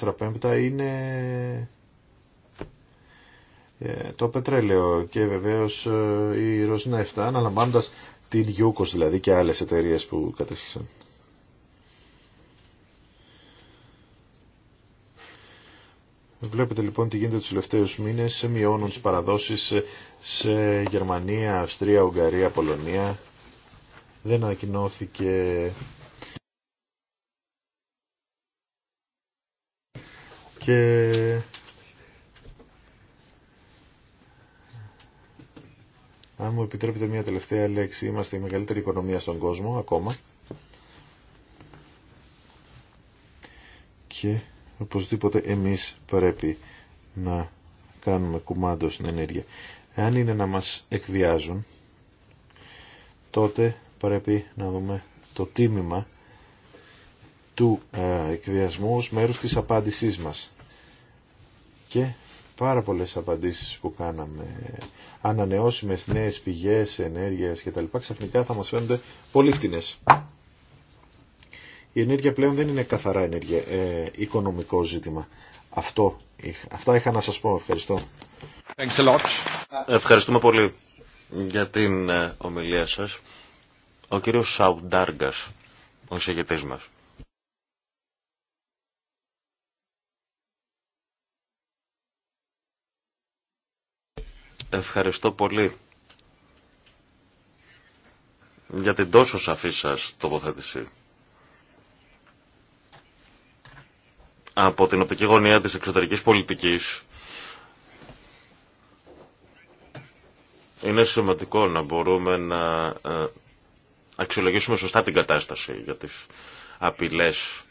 4 πέμπτα είναι το πετρέλαιο και βεβαίως η Ρωσνέφτα αναλαμβάνοντας την Γιούκος δηλαδή και άλλες εταιρείες που κατέσχισαν. Βλέπετε λοιπόν τι γίνεται τους τελευταίους μήνες, σε μειώνουν τις παραδόσεις σε Γερμανία, Αυστρία, Ουγγαρία, Πολωνία. Δεν ανακοινώθηκε και Αν μου επιτρέπετε μια τελευταία λέξη, είμαστε η μεγαλύτερη οικονομία στον κόσμο ακόμα. Και οπωσδήποτε εμείς πρέπει να κάνουμε κουμάντο στην ενέργεια. Αν είναι να μας εκβιάζουν, τότε πρέπει να δούμε το τίμημα του ε, εκβιασμού ως μέρους της απάντησής μας. Και πάρα πολλές απαντήσεις που κάναμε, ανανεώσιμες νέες πηγές, ενέργειας κτλ. ξαφνικά θα μας φαίνονται πολύ φτηνές. Η ενέργεια πλέον δεν είναι καθαρά ενέργεια, ε, οικονομικό ζήτημα. Αυτό, αυτά είχα να σας πω. Ευχαριστώ. Thanks a lot. Ευχαριστούμε πολύ για την ε, ομιλία σας. Ο κύριος Σαουντάργας, ο εισηγητής μας. ευχαριστώ πολύ για την τόσο σαφή σας τοποθέτηση. Από την οπτική γωνία της εξωτερικής πολιτικής είναι σημαντικό να μπορούμε να ε, αξιολογήσουμε σωστά την κατάσταση για τις απειλές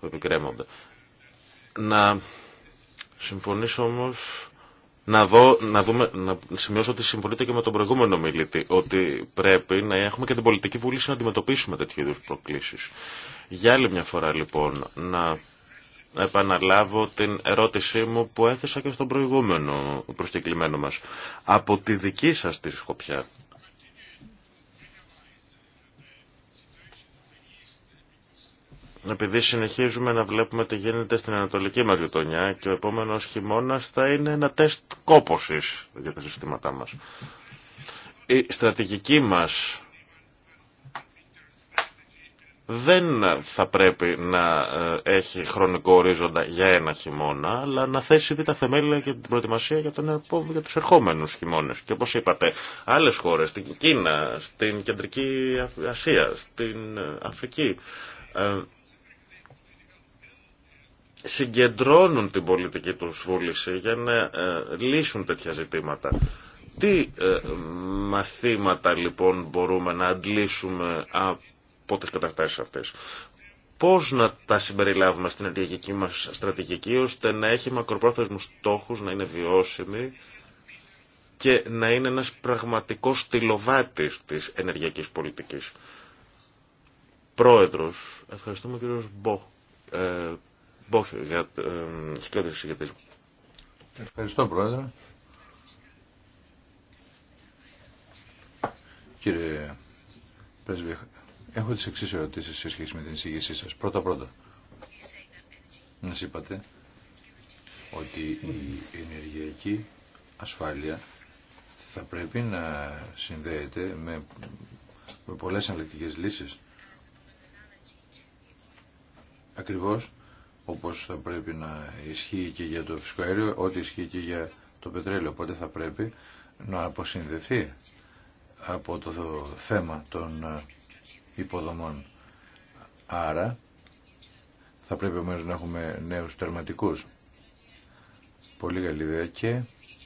που επικρέμονται. Να συμφωνήσω όμως να, δω, να, δούμε, να σημειώσω ότι συμφωνείτε και με τον προηγούμενο μιλήτη, ότι πρέπει να έχουμε και την πολιτική βούληση να αντιμετωπίσουμε τέτοιου είδου προκλήσει. Για άλλη μια φορά λοιπόν, να επαναλάβω την ερώτησή μου που έθεσα και στον προηγούμενο προσκεκλημένο μας. Από τη δική σας τη σκοπιά, επειδή συνεχίζουμε να βλέπουμε τι γίνεται στην ανατολική μας γειτονιά και ο επόμενος χειμώνας θα είναι ένα τεστ κόπωσης για τα συστήματά μας. Η στρατηγική μας δεν θα πρέπει να ε, έχει χρονικό ορίζοντα για ένα χειμώνα, αλλά να θέσει δίτα θεμέλια και την προετοιμασία για, τον, για τους ερχόμενους χειμώνες. Και όπως είπατε, άλλες χώρες, στην Κίνα, στην Κεντρική Ασία, στην ε, Αφρική, ε, συγκεντρώνουν την πολιτική τους βούληση για να ε, λύσουν τέτοια ζητήματα. Τι ε, μαθήματα λοιπόν μπορούμε να αντλήσουμε από τις καταστάσεις αυτές. Πώς να τα συμπεριλάβουμε στην ενεργειακή μας στρατηγική ώστε να έχει μακροπρόθεσμους στόχους, να είναι βιώσιμη και να είναι ένας πραγματικός στυλοβάτης της ενεργειακής πολιτικής. Πρόεδρος, ευχαριστούμε κύριο Μπό. Ε, για, ε, Ευχαριστώ Πρόεδρε. Κύριε Πρέσβη, έχω τις εξής ερωτήσεις σε σχέση με την εισηγήσή σας. Πρώτα πρώτα, να είπατε ότι η ενεργειακή ασφάλεια θα πρέπει να συνδέεται με, με πολλές αναλυτικές λύσεις. Ακριβώς όπως θα πρέπει να ισχύει και για το φυσικό αέριο, ό,τι ισχύει και για το πετρέλαιο. Οπότε θα πρέπει να αποσυνδεθεί από το θέμα των ε, υποδομών. Άρα θα πρέπει ομένως να έχουμε νέους τερματικούς. Πολύ καλή ιδέα και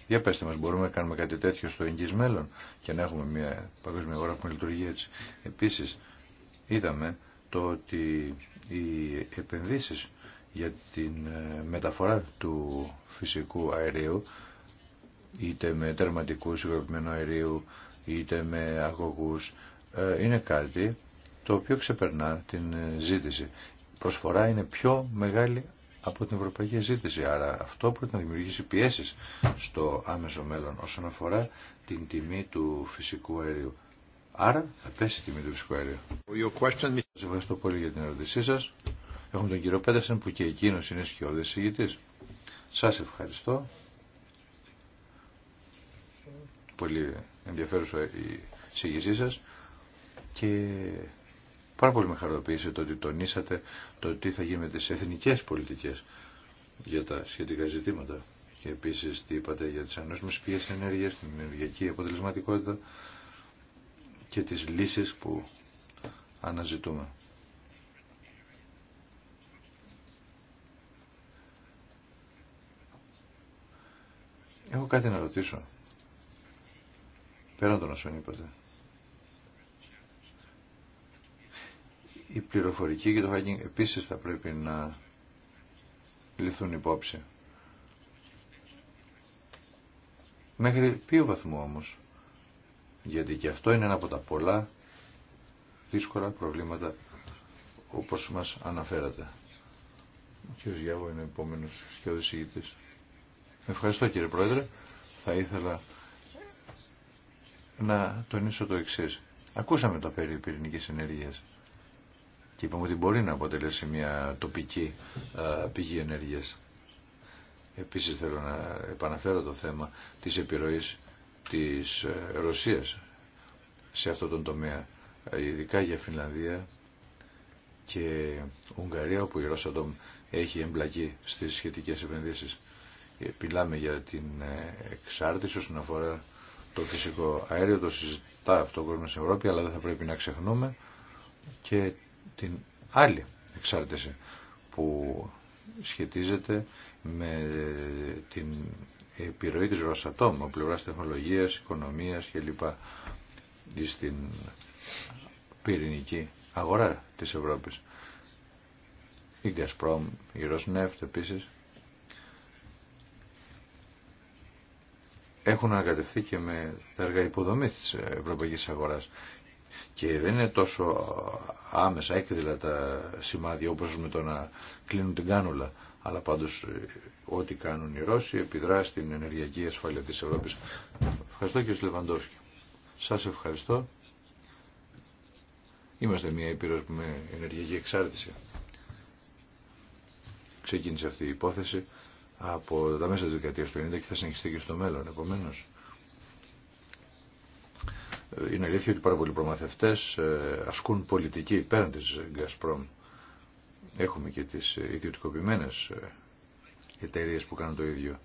για πέστε μας μπορούμε να κάνουμε κάτι τέτοιο στο εγγύς μέλλον και να έχουμε μια παγκόσμια αγορά που λειτουργεί έτσι. Επίσης είδαμε το ότι οι επενδύσεις για την ε, μεταφορά του φυσικού αερίου είτε με τερματικού συγκροπημένου αερίου είτε με αγωγούς ε, είναι κάτι το οποίο ξεπερνά την ε, ζήτηση. Προσφορά είναι πιο μεγάλη από την ευρωπαϊκή ζήτηση. Άρα αυτό πρέπει να δημιουργήσει πιέσεις στο άμεσο μέλλον όσον αφορά την τιμή του φυσικού αερίου. Άρα θα πέσει η τιμή του φυσικού αερίου. Σας ευχαριστώ πολύ για την ερώτησή σας. Έχουμε τον κύριο Πέτερσεν που και εκείνο είναι σκιώδης συγγητή. Σας ευχαριστώ. Πολύ ενδιαφέρουσα η συγγυσή σας και πάρα πολύ με χαροποίησε το ότι τονίσατε το τι θα γίνει με τις εθνικές πολιτικές για τα σχετικά ζητήματα και επίση τι είπατε για τις ανώσιμε πηγές ενέργεια, την ενεργειακή αποτελεσματικότητα και τι λύσει που αναζητούμε. Έχω κάτι να ρωτήσω. Πέραν των όσων είπατε. Η πληροφορική και το hacking επίσης θα πρέπει να ληφθούν υπόψη. Μέχρι ποιο βαθμό όμως. Γιατί και αυτό είναι ένα από τα πολλά δύσκολα προβλήματα όπως μας αναφέρατε. Ο κ. Γιάβο είναι ο επόμενος Ευχαριστώ κύριε Πρόεδρε. Θα ήθελα να τονίσω το εξή. Ακούσαμε τα περί πυρηνική ενέργειας και είπαμε ότι μπορεί να αποτελέσει μια τοπική πηγή ενέργειας. Επίσης θέλω να επαναφέρω το θέμα της επιρροής της ε, Ρωσίας σε αυτόν τον τομέα, ε, ειδικά για Φινλανδία και Ουγγαρία, όπου η Ρωσαντόμ έχει εμπλακεί στις σχετικές επενδύσεις. Επιλάμε για την ε, εξάρτηση όσον αφορά το φυσικό αέριο, το συζητά αυτό ο κόσμος στην Ευρώπη, αλλά δεν θα πρέπει να ξεχνούμε και την άλλη εξάρτηση που σχετίζεται με ε, την επιρροή της Ρωσατόμ ο πλευράς τεχνολογίας, οικονομίας κλπ. στην πυρηνική αγορά της Ευρώπης. Η Gazprom, η Rosneft επίσης έχουν ανακατευθεί και με τα έργα της ευρωπαϊκής αγοράς. Και δεν είναι τόσο άμεσα έκδηλα τα σημάδια όπως με το να κλείνουν την κάνουλα. Αλλά πάντως ε, ό,τι κάνουν οι Ρώσοι επιδρά στην ενεργειακή ασφάλεια της Ευρώπης. Ευχαριστώ κύριε Λεβαντόφσκι. Σας ευχαριστώ. Είμαστε μια ήπειρος με ενεργειακή εξάρτηση. Ξεκίνησε αυτή η υπόθεση από τα μέσα της δεκαετίας του 90 και θα συνεχιστεί και στο μέλλον. Επομένως, είναι αλήθεια ότι πάρα πολλοί προμαθευτές ε, ασκούν πολιτική πέραν της Gazprom. Έχουμε και τις ιδιωτικοποιημένες ε, εταιρείε που κάνουν το ίδιο.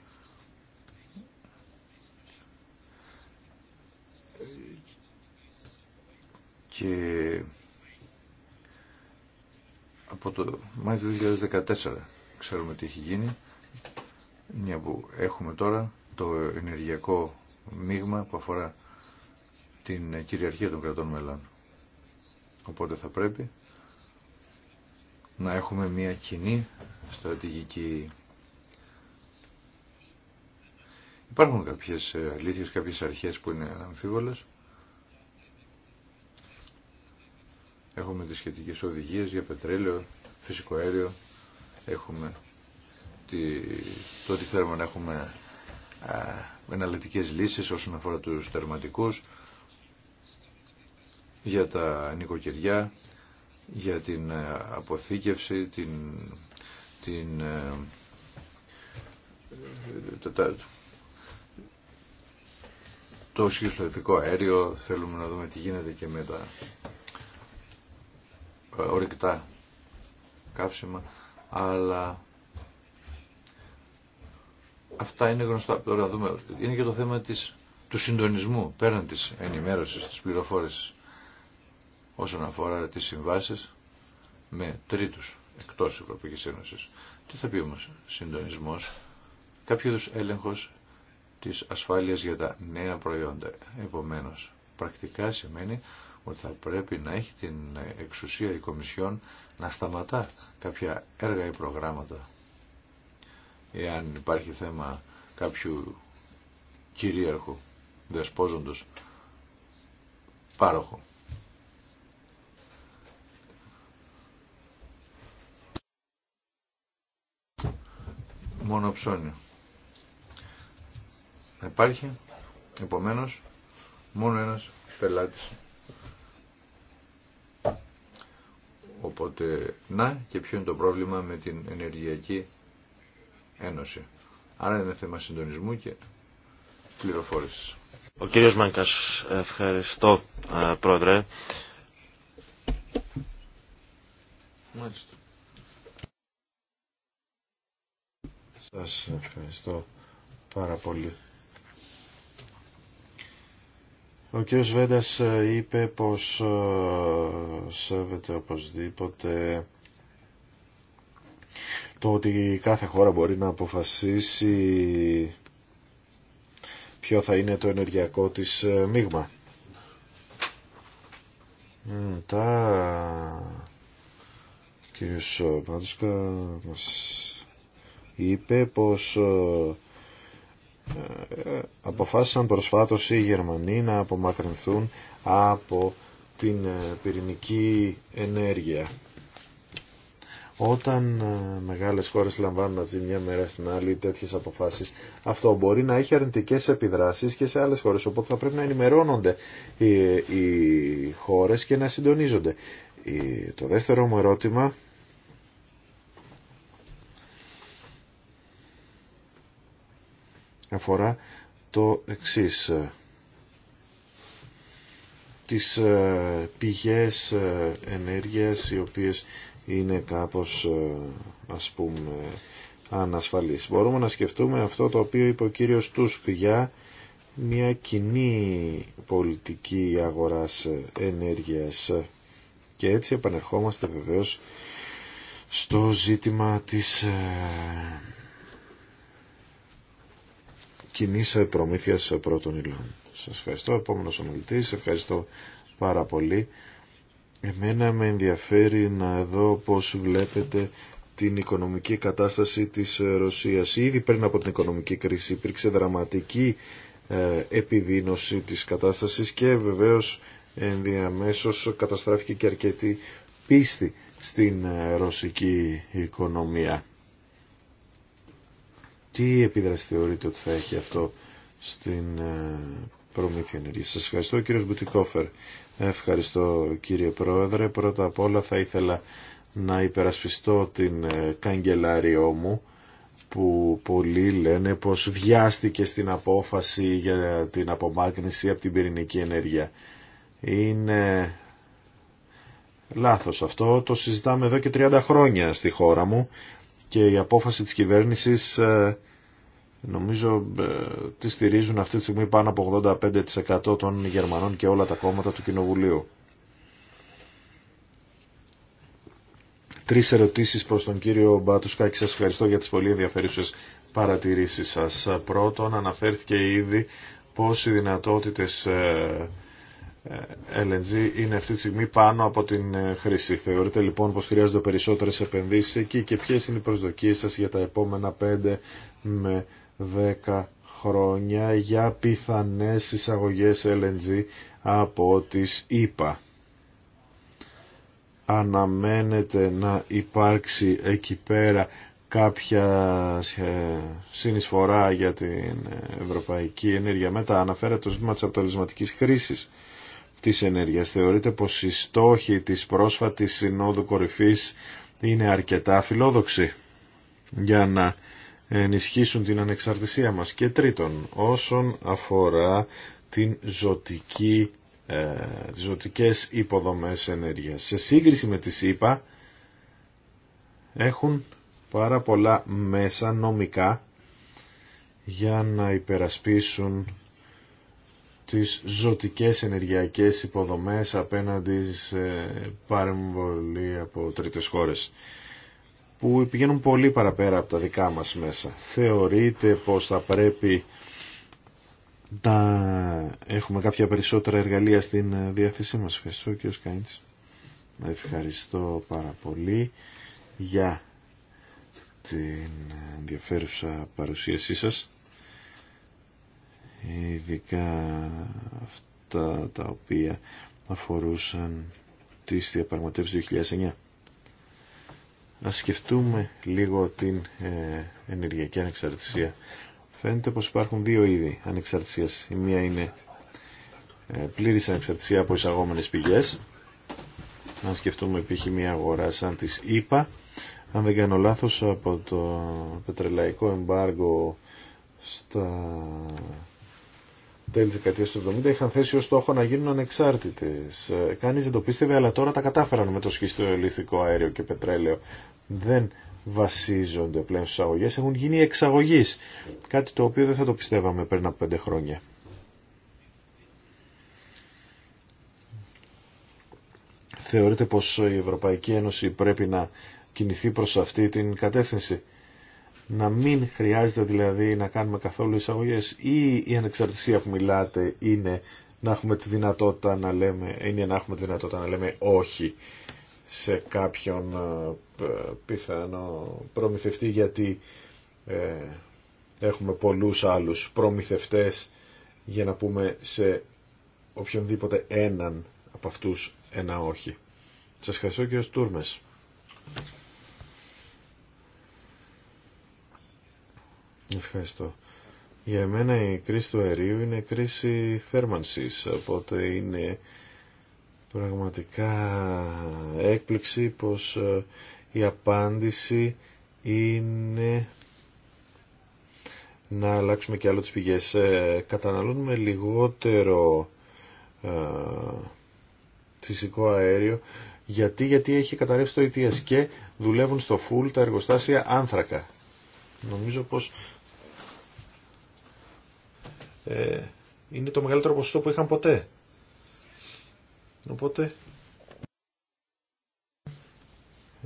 Και από το Μάιο του 2014 ξέρουμε τι έχει γίνει μια που έχουμε τώρα το ενεργειακό μείγμα που αφορά την κυριαρχία των κρατών μελών. Οπότε θα πρέπει να έχουμε μια κοινή στρατηγική. Υπάρχουν κάποιες ε, αλήθειες, κάποιες αρχές που είναι αμφίβολες. Έχουμε τις σχετικές οδηγίες για πετρέλαιο, φυσικό αέριο, έχουμε ότι το ότι θέλουμε να έχουμε εναλλακτικές λύσεις όσον αφορά τους τερματικούς για τα νοικοκυριά, για την ε, αποθήκευση, την, την, ε, το, το αέριο, θέλουμε να δούμε τι γίνεται και με τα ορυκτά καύσιμα, αλλά Αυτά είναι γνωστά. Τώρα δούμε. Είναι και το θέμα της, του συντονισμού πέραν της ενημέρωσης, της πληροφόρησης όσον αφορά τις συμβάσεις με τρίτους εκτός Ευρωπαϊκής Ένωσης. Τι θα πει όμως συντονισμός, κάποιο έλεγχος της ασφάλειας για τα νέα προϊόντα. Επομένως, πρακτικά σημαίνει ότι θα πρέπει να έχει την εξουσία η Κομισιόν να σταματά κάποια έργα ή προγράμματα εάν υπάρχει θέμα κάποιου κυρίαρχου, δεσπόζοντος, πάροχο. Μόνο ψώνιο. Υπάρχει, επομένως, μόνο ένας πελάτης. Οπότε, να και ποιο είναι το πρόβλημα με την ενεργειακή Ένωση. Άρα είναι θέμα συντονισμού και πληροφόρησης. Ο κύριος Μάνκας, ευχαριστώ πρόεδρε. Μάλιστα. Σας ευχαριστώ πάρα πολύ. Ο κ. Βέντας είπε πως σέβεται οπωσδήποτε το ότι κάθε χώρα μπορεί να αποφασίσει ποιο θα είναι το ενεργειακό της ε, μείγμα. Τα κ. Πάντουσκα ε, μας είπε πως ε, αποφάσισαν προσφάτως οι Γερμανοί να απομακρυνθούν από την πυρηνική ενέργεια. Όταν ε, μεγάλες χώρες λαμβάνουν από τη μια μέρα στην άλλη τέτοιες αποφάσεις, αυτό μπορεί να έχει αρνητικές επιδράσεις και σε άλλες χώρες, οπότε θα πρέπει να ενημερώνονται οι, ε, οι χώρες και να συντονίζονται. Ε, το δεύτερο μου ερώτημα αφορά το εξής τις πηγές ενέργειας οι οποίες είναι κάπως ε, ας πούμε ανασφαλής. Μπορούμε να σκεφτούμε αυτό το οποίο είπε ο κύριος Τούσκ για μια κοινή πολιτική αγοράς ενέργειας και έτσι επανερχόμαστε βεβαίως στο ζήτημα της ε, κοινής προμήθειας πρώτων υλών. Σας ευχαριστώ, επόμενος ομιλητής, ευχαριστώ πάρα πολύ. Εμένα με ενδιαφέρει να δω πώς βλέπετε την οικονομική κατάσταση της Ρωσίας. Ήδη πριν από την οικονομική κρίση υπήρξε δραματική ε, επιδείνωση της κατάστασης και βεβαίως ενδιαμέσως καταστράφηκε και αρκετή πίστη στην ε, ρωσική οικονομία. Τι επίδραση ότι θα έχει αυτό στην ε, προμήθεια ενέργεια. Σας ευχαριστώ κύριος Μπουτικόφερ. Ευχαριστώ κύριε Πρόεδρε. Πρώτα απ' όλα θα ήθελα να υπερασπιστώ την ε, καγκελάριό μου που πολλοί λένε πως βιάστηκε στην απόφαση για την απομάκρυνση από την πυρηνική ενέργεια. Είναι λάθος αυτό. Το συζητάμε εδώ και 30 χρόνια στη χώρα μου και η απόφαση της κυβέρνησης ε, νομίζω ε, τη στηρίζουν αυτή τη στιγμή πάνω από 85% των Γερμανών και όλα τα κόμματα του Κοινοβουλίου. Τρεις ερωτήσεις προς τον κύριο και Σας ευχαριστώ για τις πολύ ενδιαφέρουσες παρατηρήσεις σας. Πρώτον, αναφέρθηκε ήδη πώς οι δυνατότητες ε, ε, LNG είναι αυτή τη στιγμή πάνω από την χρήση. Θεωρείτε λοιπόν πως χρειάζονται περισσότερες επενδύσεις εκεί και ποιες είναι οι προσδοκίες σας για τα επόμενα πέντε με 10 χρόνια για πιθανές εισαγωγές LNG από τις ΗΠΑ. Αναμένεται να υπάρξει εκεί πέρα κάποια συνεισφορά για την ευρωπαϊκή ενέργεια. Μετά αναφέρεται το ζήτημα της αποτελεσματικής χρήσης της ενέργειας. Θεωρείται πως οι στόχοι της πρόσφατης συνόδου κορυφής είναι αρκετά φιλόδοξοι για να ενισχύσουν την ανεξαρτησία μας. Και τρίτον, όσον αφορά την ζωτική, ε, τις ζωτικές υποδομές ενέργειας. Σε σύγκριση με τις ΗΠΑ έχουν πάρα πολλά μέσα νομικά για να υπερασπίσουν τις ζωτικές ενεργειακές υποδομές απέναντι σε παρεμβολή από τρίτες χώρες που πηγαίνουν πολύ παραπέρα από τα δικά μας μέσα. Θεωρείτε πως θα πρέπει να έχουμε κάποια περισσότερα εργαλεία στην ε, διάθεσή μας. Ευχαριστώ ο Σκάιντς. Ευχαριστώ πάρα πολύ για την ενδιαφέρουσα παρουσίασή σας. Ειδικά αυτά τα οποία αφορούσαν τις διαπραγματεύσεις του 2009 να σκεφτούμε λίγο την ε, ενεργειακή ανεξαρτησία. Φαίνεται πως υπάρχουν δύο είδη ανεξαρτησίας. Η μία είναι ε, πλήρης ανεξαρτησία από εισαγόμενες πηγές. Να σκεφτούμε π.χ. μια αγορά σαν της ΕΠΑ. Αν δεν κάνω λάθος από το πετρελαϊκό εμπάργο στα τέλη δεκαετίας του 70 είχαν θέσει ως στόχο να γίνουν ανεξάρτητες. Ε, κανείς δεν το πίστευε, αλλά τώρα τα κατάφεραν με το σχιστοελιστικό αέριο και πετρέλαιο. Δεν βασίζονται πλέον στις αγωγές, έχουν γίνει εξαγωγείς. Κάτι το οποίο δεν θα το πιστεύαμε πριν από πέντε χρόνια. Θεωρείτε πως η Ευρωπαϊκή Ένωση πρέπει να κινηθεί προς αυτή την κατεύθυνση να μην χρειάζεται δηλαδή να κάνουμε καθόλου εισαγωγές ή η ανεξαρτησία που μιλάτε είναι να έχουμε τη δυνατότητα να λέμε, είναι να έχουμε τη δυνατότητα να λέμε όχι σε κάποιον ε, πιθανό προμηθευτή γιατί ε, έχουμε πολλούς άλλους προμηθευτές για να πούμε σε οποιονδήποτε έναν από αυτούς ένα όχι. Σας ευχαριστώ κύριος Τούρμες. Ευχαριστώ. Για μένα η κρίση του αερίου είναι κρίση θέρμανσης, οπότε είναι πραγματικά έκπληξη πως ε, η απάντηση είναι να αλλάξουμε και άλλο τις πηγές. Ε, καταναλώνουμε λιγότερο ε, φυσικό αέριο γιατί, γιατί έχει καταρρεύσει το ETS και δουλεύουν στο full τα εργοστάσια άνθρακα. Νομίζω πως ε, είναι το μεγαλύτερο ποσοστό που είχαν ποτέ. Οπότε,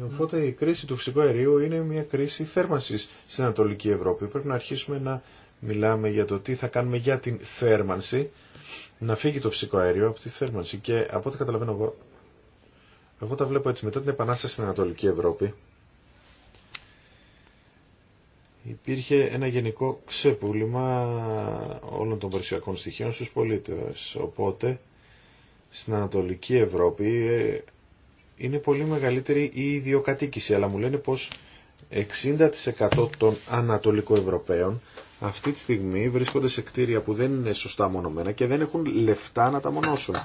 οπότε η κρίση του φυσικού αερίου είναι μια κρίση θέρμανσης στην Ανατολική Ευρώπη. Πρέπει να αρχίσουμε να μιλάμε για το τι θα κάνουμε για την θέρμανση, να φύγει το φυσικό αέριο από τη θέρμανση. Και από ό,τι καταλαβαίνω εγώ, εγώ τα βλέπω έτσι μετά την επανάσταση στην Ανατολική Ευρώπη, υπήρχε ένα γενικό ξεπούλημα όλων των περισσιακών στοιχείων στους πολίτες. Οπότε στην Ανατολική Ευρώπη ε, είναι πολύ μεγαλύτερη η ιδιοκατοίκηση, αλλά μου λένε πως 60% των Ανατολικοευρωπαίων αυτή τη στιγμή βρίσκονται σε κτίρια που δεν είναι σωστά μονομένα και δεν έχουν λεφτά να τα μονώσουν.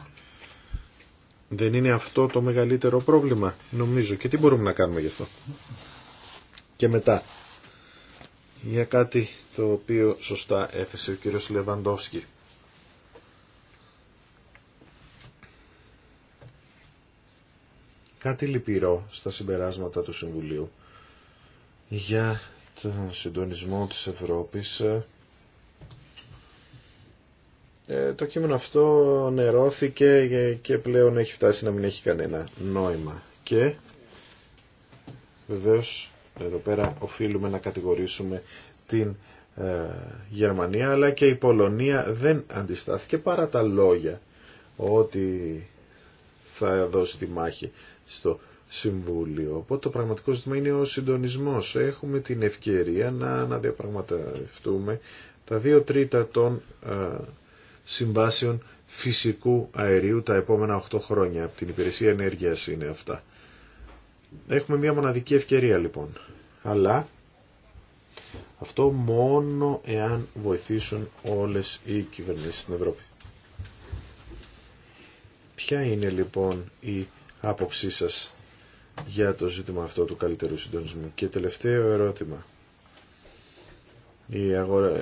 Δεν είναι αυτό το μεγαλύτερο πρόβλημα, νομίζω. Και τι μπορούμε να κάνουμε γι' αυτό. Και μετά, για κάτι το οποίο σωστά έθεσε ο κύριος Λεβαντόφσκι. Κάτι λυπηρό στα συμπεράσματα του Συμβουλίου για τον συντονισμό της Ευρώπης. Ε, το κείμενο αυτό νερώθηκε και πλέον έχει φτάσει να μην έχει κανένα νόημα. Και βεβαίως εδώ πέρα οφείλουμε να κατηγορήσουμε την ε, Γερμανία αλλά και η Πολωνία δεν αντιστάθηκε παρά τα λόγια ότι θα δώσει τη μάχη στο Συμβούλιο. Οπότε το πραγματικό ζήτημα είναι ο συντονισμός. Έχουμε την ευκαιρία να, να διαπραγματευτούμε τα δύο τρίτα των ε, συμβάσεων φυσικού αερίου τα επόμενα 8 χρόνια. Από την υπηρεσία ενέργειας είναι αυτά. Έχουμε μία μοναδική ευκαιρία λοιπόν. Αλλά αυτό μόνο εάν βοηθήσουν όλες οι κυβερνήσεις στην Ευρώπη. Ποια είναι λοιπόν η άποψή σας για το ζήτημα αυτό του καλύτερου συντονισμού. Και τελευταίο ερώτημα. Οι, αγορα...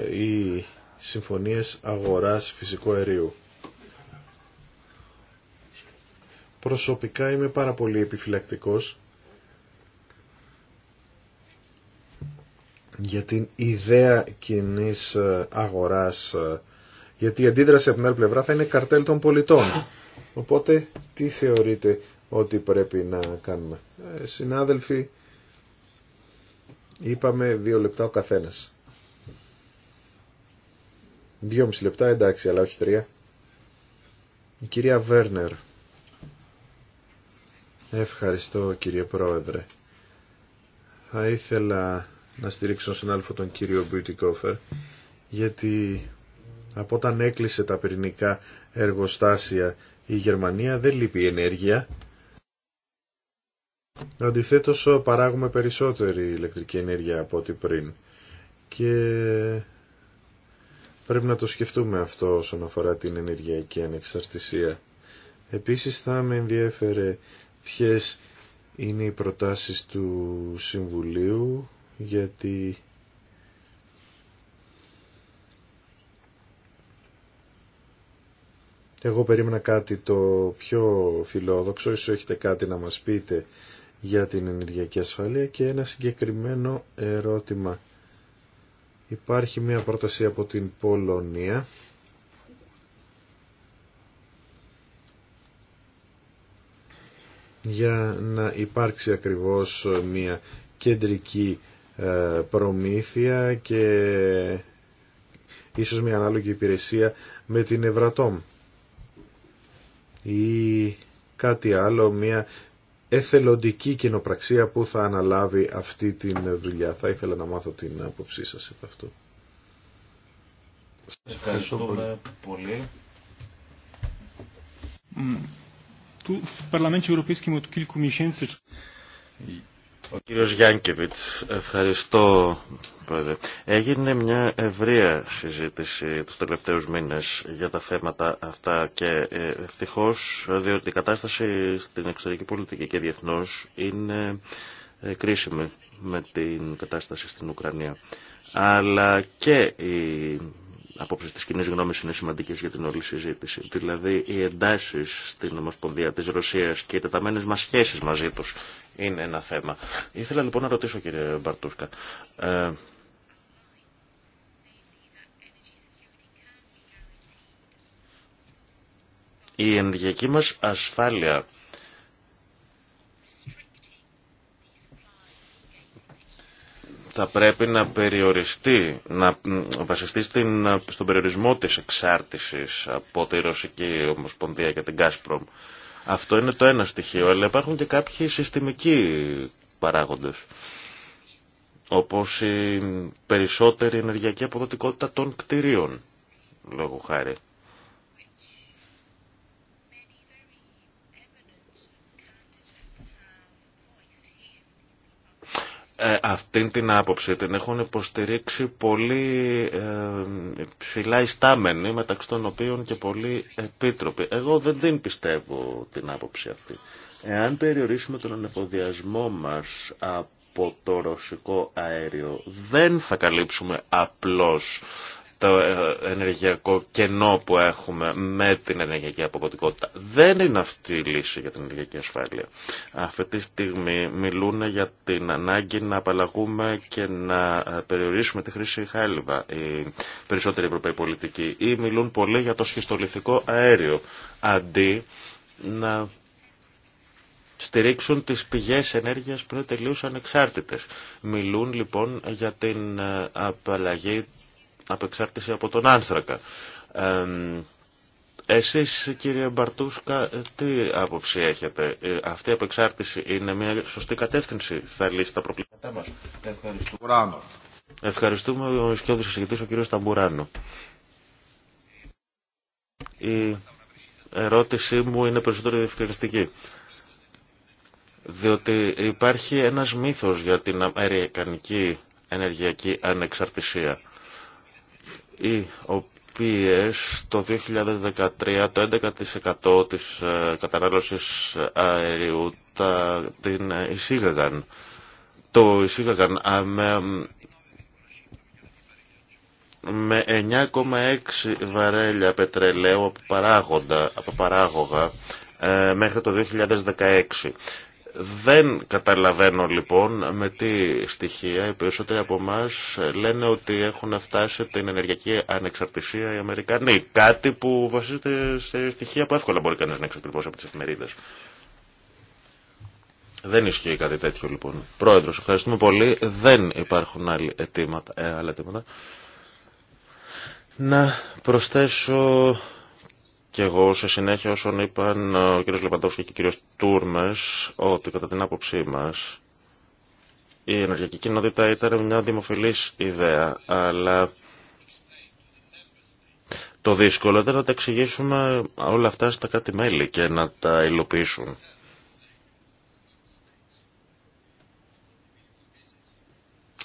συμφωνίες αγοράς φυσικού αερίου. Προσωπικά είμαι πάρα πολύ επιφυλακτικός για την ιδέα κοινή ε, αγοράς ε, γιατί η αντίδραση από την άλλη πλευρά θα είναι καρτέλ των πολιτών. Οπότε τι θεωρείτε ότι πρέπει να κάνουμε. Ε, συνάδελφοι, είπαμε δύο λεπτά ο καθένας. μισή λεπτά εντάξει αλλά όχι τρία. Η κυρία Βέρνερ. Ευχαριστώ κύριε Πρόεδρε. Θα ήθελα να στηρίξω στον άλφο τον κύριο Μπιουτικόφερ, γιατί από όταν έκλεισε τα πυρηνικά εργοστάσια η Γερμανία δεν λείπει ενέργεια. Αντιθέτως παράγουμε περισσότερη ηλεκτρική ενέργεια από ό,τι πριν. Και πρέπει να το σκεφτούμε αυτό όσον αφορά την ενεργειακή ανεξαρτησία. Επίσης θα με ενδιέφερε ποιες είναι οι προτάσεις του Συμβουλίου γιατί εγώ περίμενα κάτι το πιο φιλόδοξο, ίσως έχετε κάτι να μας πείτε για την ενεργειακή ασφάλεια και ένα συγκεκριμένο ερώτημα. Υπάρχει μια πρόταση από την Πολωνία για να υπάρξει ακριβώς μια κεντρική ε, προμήθεια και ίσως μια ανάλογη υπηρεσία με την Ευρατόμ ή κάτι άλλο, μια εθελοντική κοινοπραξία που θα αναλάβει αυτή τη δουλειά. Θα ήθελα να μάθω την άποψή σας επ' αυτό. Ευχαριστούμε πολύ. Mm. Ο κύριος Γιάνκεβιτς, ευχαριστώ πρόεδρε. Έγινε μια ευρεία συζήτηση τους τελευταίους μήνες για τα θέματα αυτά και ε, ευτυχώς διότι η κατάσταση στην εξωτερική πολιτική και διεθνώς είναι ε, κρίσιμη με την κατάσταση στην Ουκρανία. Αλλά και απόψεις της κοινή γνώμη είναι σημαντικές για την όλη συζήτηση. Δηλαδή οι εντάσεις στην Ομοσπονδία της Ρωσίας και οι τεταμένες μας σχέσεις μαζί τους είναι ένα θέμα. Ήθελα λοιπόν να ρωτήσω κύριε Μπαρτούσκα. Ε, η ενεργειακή μας ασφάλεια θα πρέπει να περιοριστεί, να βασιστεί στην, στον περιορισμό της εξάρτησης από τη Ρωσική Ομοσπονδία και την Gazprom. Αυτό είναι το ένα στοιχείο, αλλά υπάρχουν και κάποιοι συστημικοί παράγοντες, όπως η περισσότερη ενεργειακή αποδοτικότητα των κτηρίων, λόγω χάρη. Ε, αυτή την άποψη την έχουν υποστηρίξει πολύ ε, ψηλά ιστάμενοι μεταξύ των οποίων και πολλοί επίτροποι. Εγώ δεν την πιστεύω την άποψη αυτή. Εάν περιορίσουμε τον ανεφοδιασμό μας από το ρωσικό αέριο δεν θα καλύψουμε απλώς το ε, ενεργειακό κενό που έχουμε με την ενεργειακή αποδοτικότητα. Δεν είναι αυτή η λύση για την ενεργειακή ασφάλεια. Αυτή τη στιγμή μιλούν για την ανάγκη να απαλλαγούμε και να ε, περιορίσουμε τη χρήση χάλιβα οι περισσότεροι ευρωπαίοι πολιτικοί ή μιλούν πολύ για το σχιστολιθικό αέριο αντί να στηρίξουν τις πηγές ενέργειας που είναι τελείως ανεξάρτητες. Μιλούν λοιπόν για την ε, απαλλαγή Απεξάρτηση από τον άνθρακα. Εσείς κύριε Μπαρτούσκα τι άποψη έχετε. Ε, αυτή η απεξάρτηση είναι μια σωστή κατεύθυνση. Θα λύσει τα προβλήματά μας. Ευχαριστούμε. Ευχαριστούμε ο Ισκιώδης εισηγητής ο κύριος Ταμπουράνο. Η ερώτησή μου είναι περισσότερο διευκρινιστική. Διότι υπάρχει ένας μύθος για την αμερικανική ενεργειακή ανεξαρτησία οι οποίες το 2013 το 11% της ε, κατανάλωσης αερίου τα, την ε, εισήγαγαν. Το εισήγαγαν με, 9,6 βαρέλια πετρελαίου από, παράγοντα, από παράγωγα ε, μέχρι το 2016. Δεν καταλαβαίνω λοιπόν με τι στοιχεία οι περισσότεροι από εμά λένε ότι έχουν φτάσει την ενεργειακή ανεξαρτησία οι Αμερικανοί. Κάτι που βασίζεται σε στοιχεία που εύκολα μπορεί κανείς να εξακριβώσει από τις εφημερίδες. Δεν ισχύει κάτι τέτοιο λοιπόν. Πρόεδρος, ευχαριστούμε πολύ. Δεν υπάρχουν ε, άλλα αιτήματα. Να προσθέσω και εγώ σε συνέχεια όσων είπαν ε, ο κ. Λεπαντόφσκι και ο κ. Τούρμες ότι κατά την άποψή μας η ενεργειακή κοινότητα ήταν μια δημοφιλής ιδέα αλλά το δύσκολο ήταν να τα εξηγήσουμε όλα αυτά στα κράτη-μέλη και να τα υλοποιήσουν.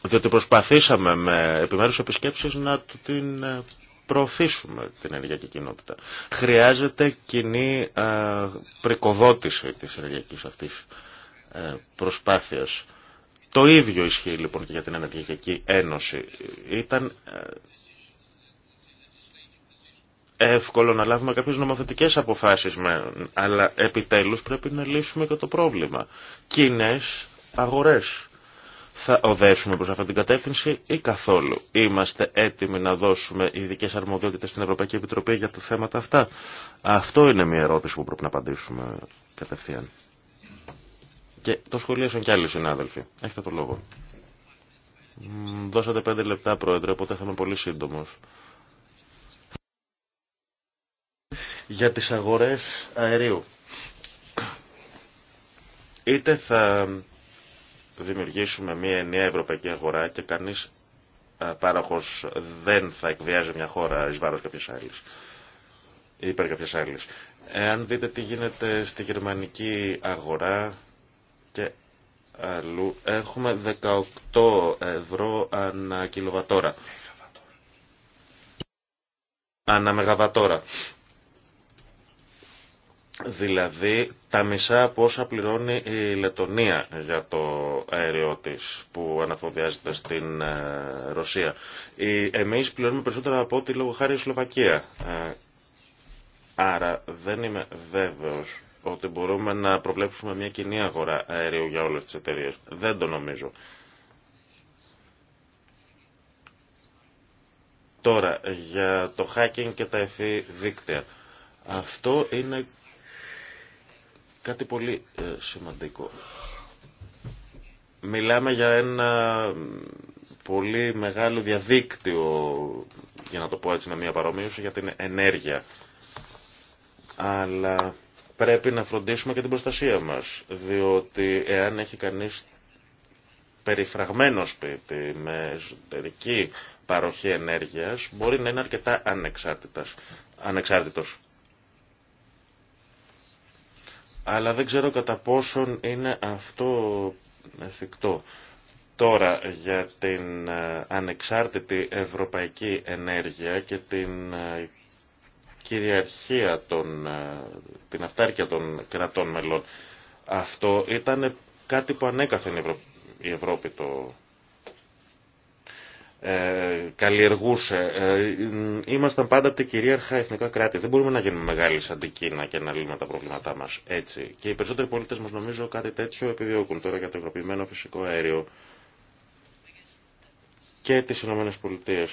Διότι προσπαθήσαμε με επιμέρους επισκέψεις να την ε, προωθήσουμε την ενεργειακή κοινότητα. Χρειάζεται κοινή ε, πρικοδότηση της ενεργειακής αυτής ε, προσπάθειας. Το ίδιο ισχύει λοιπόν και για την Ενεργειακή Ένωση. Ήταν ε, εύκολο να λάβουμε κάποιες νομοθετικές αποφάσεις, αλλά επιτέλους πρέπει να λύσουμε και το πρόβλημα. Κοινές αγορές θα οδεύσουμε προς αυτή την κατεύθυνση ή καθόλου. Είμαστε έτοιμοι να δώσουμε ειδικέ αρμοδιότητες στην Ευρωπαϊκή Επιτροπή για τα θέματα αυτά. Αυτό είναι μια ερώτηση που πρέπει να απαντήσουμε κατευθείαν. Και το σχολίασαν κι άλλοι συνάδελφοι. Έχετε το λόγο. Δώσατε πέντε λεπτά, Πρόεδρε, οπότε θα είμαι πολύ σύντομο. Για τις αγορές αερίου. Είτε θα δημιουργήσουμε μια χώρα ισβαρος κάποια έργης ευρωπαϊκή αγορά και κανείς ε, πάροχος δεν θα εκβιάζει μια χώρα εις βάρος κάποιες άλλες ή υπέρ κάποιες άλλες. Εάν δείτε τι γίνεται στη γερμανική αγορά και αλλού έχουμε 18 ευρώ ανά κιλοβατόρα. Ανά μεγαβατόρα. Δηλαδή τα μισά από όσα πληρώνει η Λετωνία για το αέριό τη που αναφοδιάζεται στην ε, Ρωσία. Εμείς πληρώνουμε περισσότερα από ό,τι λόγω χάρη η Σλοβακία. Ε, άρα δεν είμαι βέβαιος ότι μπορούμε να προβλέψουμε μια κοινή αγορά αέριου για όλες τις εταιρείε. Δεν το νομίζω. Τώρα, για το hacking και τα εφή δίκτυα. Αυτό είναι Κάτι πολύ ε, σημαντικό. Μιλάμε για ένα πολύ μεγάλο διαδίκτυο, για να το πω έτσι με μια παρομοίωση, για την ενέργεια. Αλλά πρέπει να φροντίσουμε και την προστασία μας, διότι εάν έχει κανείς περιφραγμένο σπίτι με εσωτερική παροχή ενέργειας, μπορεί να είναι αρκετά ανεξάρτητος αλλά δεν ξέρω κατά πόσον είναι αυτό εφικτό. Τώρα για την ε, ανεξάρτητη ευρωπαϊκή ενέργεια και την ε, κυριαρχία των, ε, την αυτάρκεια των κρατών μελών. Αυτό ήταν κάτι που ανέκαθεν η Ευρώπη το ε, καλλιεργούσε. Ε, ήμασταν πάντα τα κυρίαρχα εθνικά κράτη. Δεν μπορούμε να γίνουμε μεγάλη σαν την Κίνα και να λύνουμε τα προβλήματά μα έτσι. Και οι περισσότεροι πολίτε μα νομίζω κάτι τέτοιο επιδιώκουν τώρα για το υγροποιημένο φυσικό αέριο και τι Ηνωμένε Πολιτείε.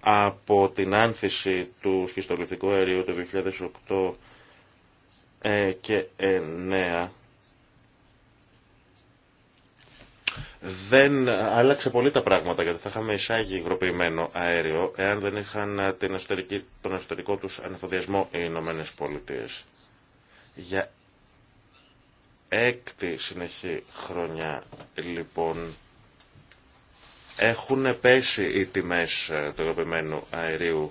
Από την άνθηση του σχιστολιθικού αερίου το 2008 ε, και 2009 δεν άλλαξε πολύ τα πράγματα γιατί θα είχαμε εισάγει υγροποιημένο αέριο εάν δεν είχαν την τον εσωτερικό τους ανεφοδιασμό οι Ηνωμένε Πολιτείε. Για έκτη συνεχή χρονιά λοιπόν έχουν πέσει οι τιμές του υγροποιημένου αερίου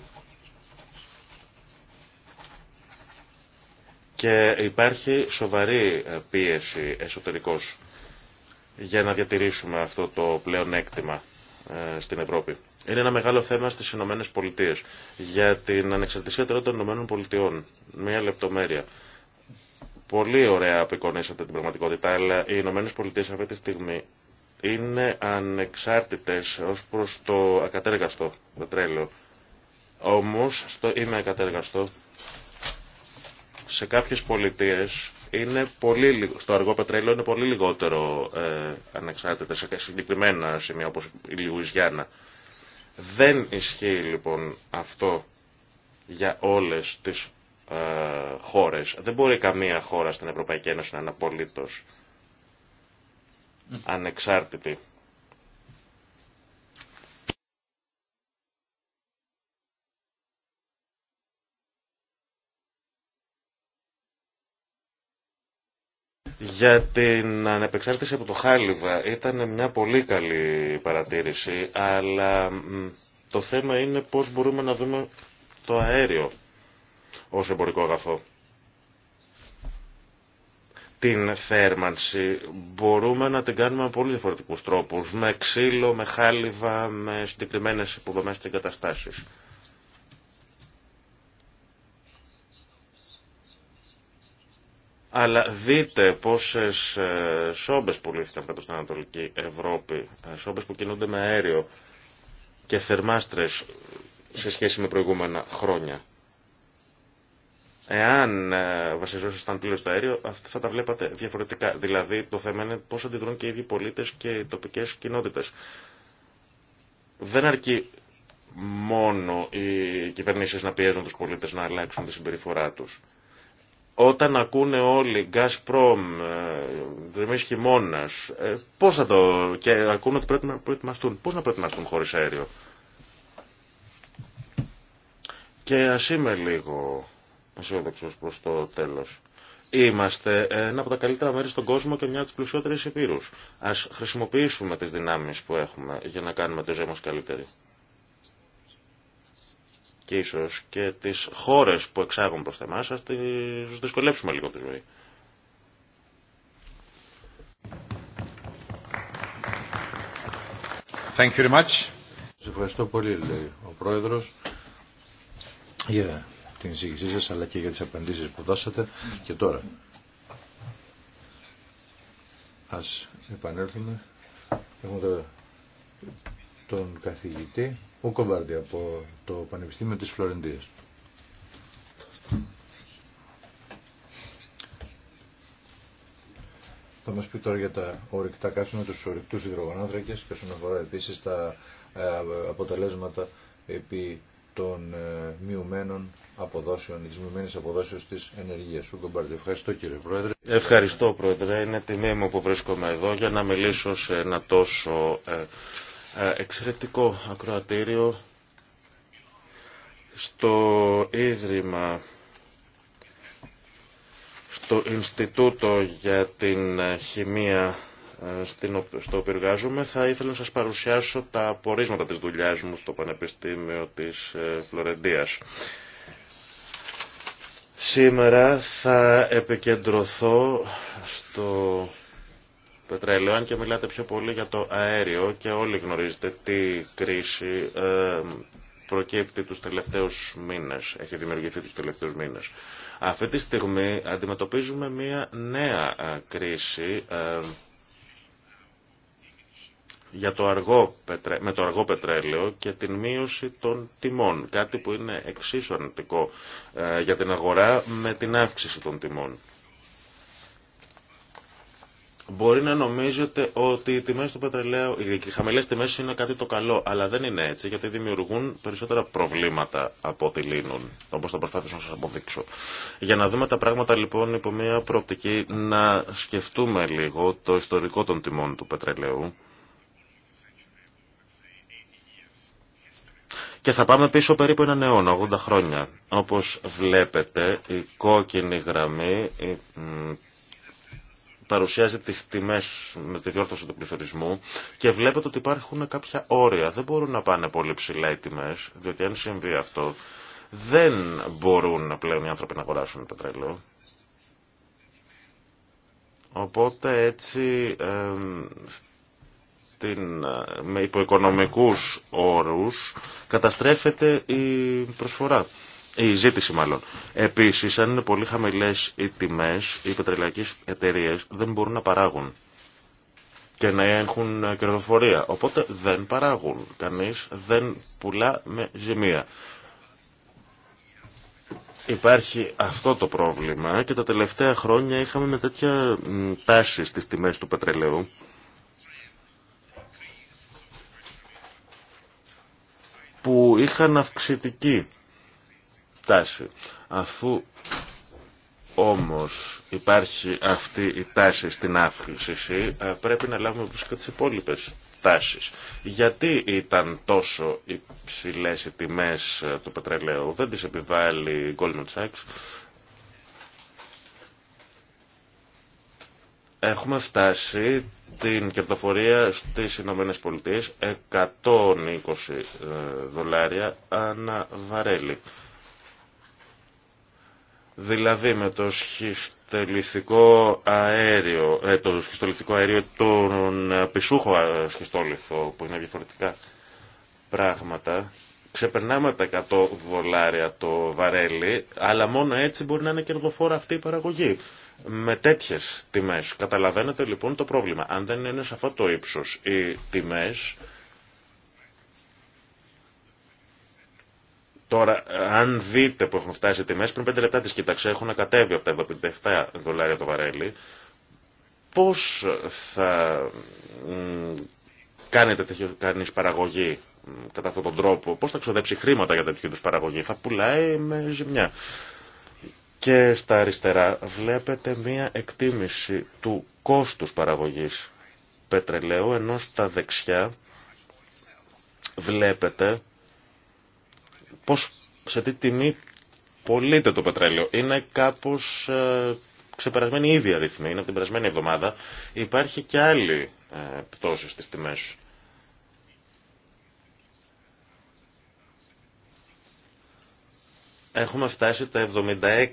και υπάρχει σοβαρή πίεση εσωτερικός για να διατηρήσουμε αυτό το πλέον έκτημα ε, στην Ευρώπη. Είναι ένα μεγάλο θέμα στι Ηνωμένε Πολιτείε για την ανεξαρτησία τώρα των Ηνωμένων Πολιτειών. Μία λεπτομέρεια. Πολύ ωραία απεικονίσατε την πραγματικότητα, αλλά οι Ηνωμένε Πολιτείε αυτή τη στιγμή είναι ανεξάρτητε ω προς το ακατέργαστο πετρέλαιο. Όμω στο είμαι ακατέργαστο, σε κάποιε πολιτείε είναι πολύ, στο αργό πετρέλαιο είναι πολύ λιγότερο ε, ανεξάρτητα σε συγκεκριμένα σημεία όπως η Λιουιζιάννα. Δεν ισχύει λοιπόν αυτό για όλες τις ε, χώρες. Δεν μπορεί καμία χώρα στην Ευρωπαϊκή Ένωση να είναι απολύτως ανεξάρτητη Για την ανεπεξάρτηση από το Χάλιβα ήταν μια πολύ καλή παρατήρηση, αλλά το θέμα είναι πώς μπορούμε να δούμε το αέριο ως εμπορικό αγαθό. Την θέρμανση μπορούμε να την κάνουμε με πολύ διαφορετικούς τρόπους, με ξύλο, με χάλιβα, με συγκεκριμένες υποδομές και εγκαταστάσεις. Αλλά δείτε πόσες ε, σόμπες πουλήθηκαν κάτω στην Ανατολική Ευρώπη, σόμπες που κινούνται με αέριο και θερμάστρες σε σχέση με προηγούμενα χρόνια. Εάν ε, βασιζόσασταν πλήρω στο αέριο, αυτά θα τα βλέπατε διαφορετικά. Δηλαδή, το θέμα είναι πώ αντιδρούν και οι ίδιοι πολίτε και οι τοπικέ κοινότητε. Δεν αρκεί μόνο οι κυβερνήσει να πιέζουν του πολίτε να αλλάξουν τη συμπεριφορά του. Όταν ακούνε όλοι Gazprom, ε, δρυμής χειμώνας, ε, πώς θα το... και ακούνε ότι πρέπει να προετοιμαστούν. Πώς να προετοιμαστούν χωρίς αέριο. Και ας είμαι λίγο ασύνδεξος προς το τέλος. Είμαστε ένα από τα καλύτερα μέρη στον κόσμο και μια από τι πλουσιότερες επίρους. Α χρησιμοποιήσουμε τις δυνάμεις που έχουμε για να κάνουμε τη ζωή μα καλύτερη και ίσως και τις χώρες που εξάγουν προς εμάς, ας τις δυσκολέψουμε λίγο τη ζωή. Thank you very much. Σας ευχαριστώ πολύ, λέει ο Πρόεδρος, για την εισήγησή σας, αλλά και για τις απαντήσεις που δώσατε. Και τώρα, ας επανέλθουμε. Έχουμε τον καθηγητή ο Κομπάρντι από το Πανεπιστήμιο της Φλωρεντίας. Θα μας πει τώρα για τα ορυκτά κάψιμα, τους ορυκτούς υδρογονάνθρακες και όσον αφορά επίσης τα ε, αποτελέσματα επί των ε, μειωμένων αποδόσεων, της μειωμένης αποδόσεως της Κομπάρντι, Ευχαριστώ κύριε Πρόεδρε. Ευχαριστώ Πρόεδρε. Είναι τιμή μου που βρίσκομαι εδώ για να μιλήσω σε ένα τόσο ε, ε, εξαιρετικό ακροατήριο στο Ίδρυμα στο Ινστιτούτο για την ε, Χημεία ε, στο οποίο εργάζομαι θα ήθελα να σας παρουσιάσω τα απορίσματα της δουλειάς μου στο Πανεπιστήμιο της Φλωρεντίας. Σήμερα θα επικεντρωθώ στο πετρέλαιο, αν και μιλάτε πιο πολύ για το αέριο και όλοι γνωρίζετε τι κρίση ε, προκύπτει τους τελευταίους μήνες, έχει δημιουργηθεί τους τελευταίους μήνες. Αυτή τη στιγμή αντιμετωπίζουμε μια νέα ε, κρίση ε, για το αργό με το αργό πετρέλαιο και την μείωση των τιμών, κάτι που είναι εξίσου αρνητικό για την αγορά με την αύξηση των τιμών μπορεί να νομίζετε ότι οι τιμέ του πετρελαίου, οι χαμηλέ τιμέ είναι κάτι το καλό, αλλά δεν είναι έτσι γιατί δημιουργούν περισσότερα προβλήματα από ό,τι λύνουν, όπως θα προσπάθησα να σας αποδείξω. Για να δούμε τα πράγματα λοιπόν υπό μια προοπτική να σκεφτούμε λίγο το ιστορικό των τιμών του πετρελαίου. Και θα πάμε πίσω περίπου έναν αιώνα, 80 χρόνια. Όπως βλέπετε, η κόκκινη γραμμή, παρουσιάζει τις τιμές με τη διόρθωση του πληθωρισμού και βλέπετε ότι υπάρχουν κάποια όρια. Δεν μπορούν να πάνε πολύ ψηλά οι τιμές, διότι αν συμβεί αυτό δεν μπορούν πλέον οι άνθρωποι να αγοράσουν πετρέλαιο. Οπότε έτσι ε, την, με υποοικονομικούς όρους καταστρέφεται η προσφορά η ζήτηση μάλλον. Επίσης, αν είναι πολύ χαμηλέ οι τιμέ, οι πετρελαϊκές εταιρείε δεν μπορούν να παράγουν και να έχουν κερδοφορία. Οπότε δεν παράγουν. Κανείς δεν πουλά με ζημία. Υπάρχει αυτό το πρόβλημα και τα τελευταία χρόνια είχαμε με τέτοια τάση στις τιμές του πετρελαίου. που είχαν αυξητική τάση. Αφού όμως υπάρχει αυτή η τάση στην αύξηση, ε, πρέπει να λάβουμε φυσικά τις υπόλοιπες τάσεις. Γιατί ήταν τόσο υψηλές οι τιμές ε, του πετρελαίου, δεν τις επιβάλλει η Goldman Sachs. Έχουμε φτάσει την κερδοφορία στις Ηνωμένε Πολιτείες 120 ε, δολάρια ανά βαρέλι. Δηλαδή με το σχιστολιθικό αέριο, ε, το σχιστολιθικό αέριο, τον ε, πισούχο ε, σχιστόλιθο που είναι διαφορετικά πράγματα, ξεπερνάμε τα 100 δολάρια το βαρέλι, αλλά μόνο έτσι μπορεί να είναι κερδοφόρα αυτή η παραγωγή. Με τέτοιες τιμές. Καταλαβαίνετε λοιπόν το πρόβλημα. Αν δεν είναι σε αυτό το ύψος οι τιμές, Τώρα, αν δείτε που έχουν φτάσει οι τιμέ, πριν 5 λεπτά τι κοίταξα, έχουν κατέβει από τα 57 δολάρια το βαρέλι. Πώ θα κάνετε κανεί παραγωγή κατά αυτόν τον τρόπο, πώ θα ξοδέψει χρήματα για τέτοιου είδου παραγωγή, θα πουλάει με ζημιά. Και στα αριστερά βλέπετε μία εκτίμηση του κόστους παραγωγής πετρελαίου, ενώ στα δεξιά βλέπετε πώς, σε τι τιμή πωλείται το πετρέλαιο. Είναι κάπως ε, ξεπερασμένη ίδια αριθμή, είναι από την περασμένη εβδομάδα. Υπάρχει και άλλη ε, πτώση στις τιμές. Έχουμε φτάσει τα 76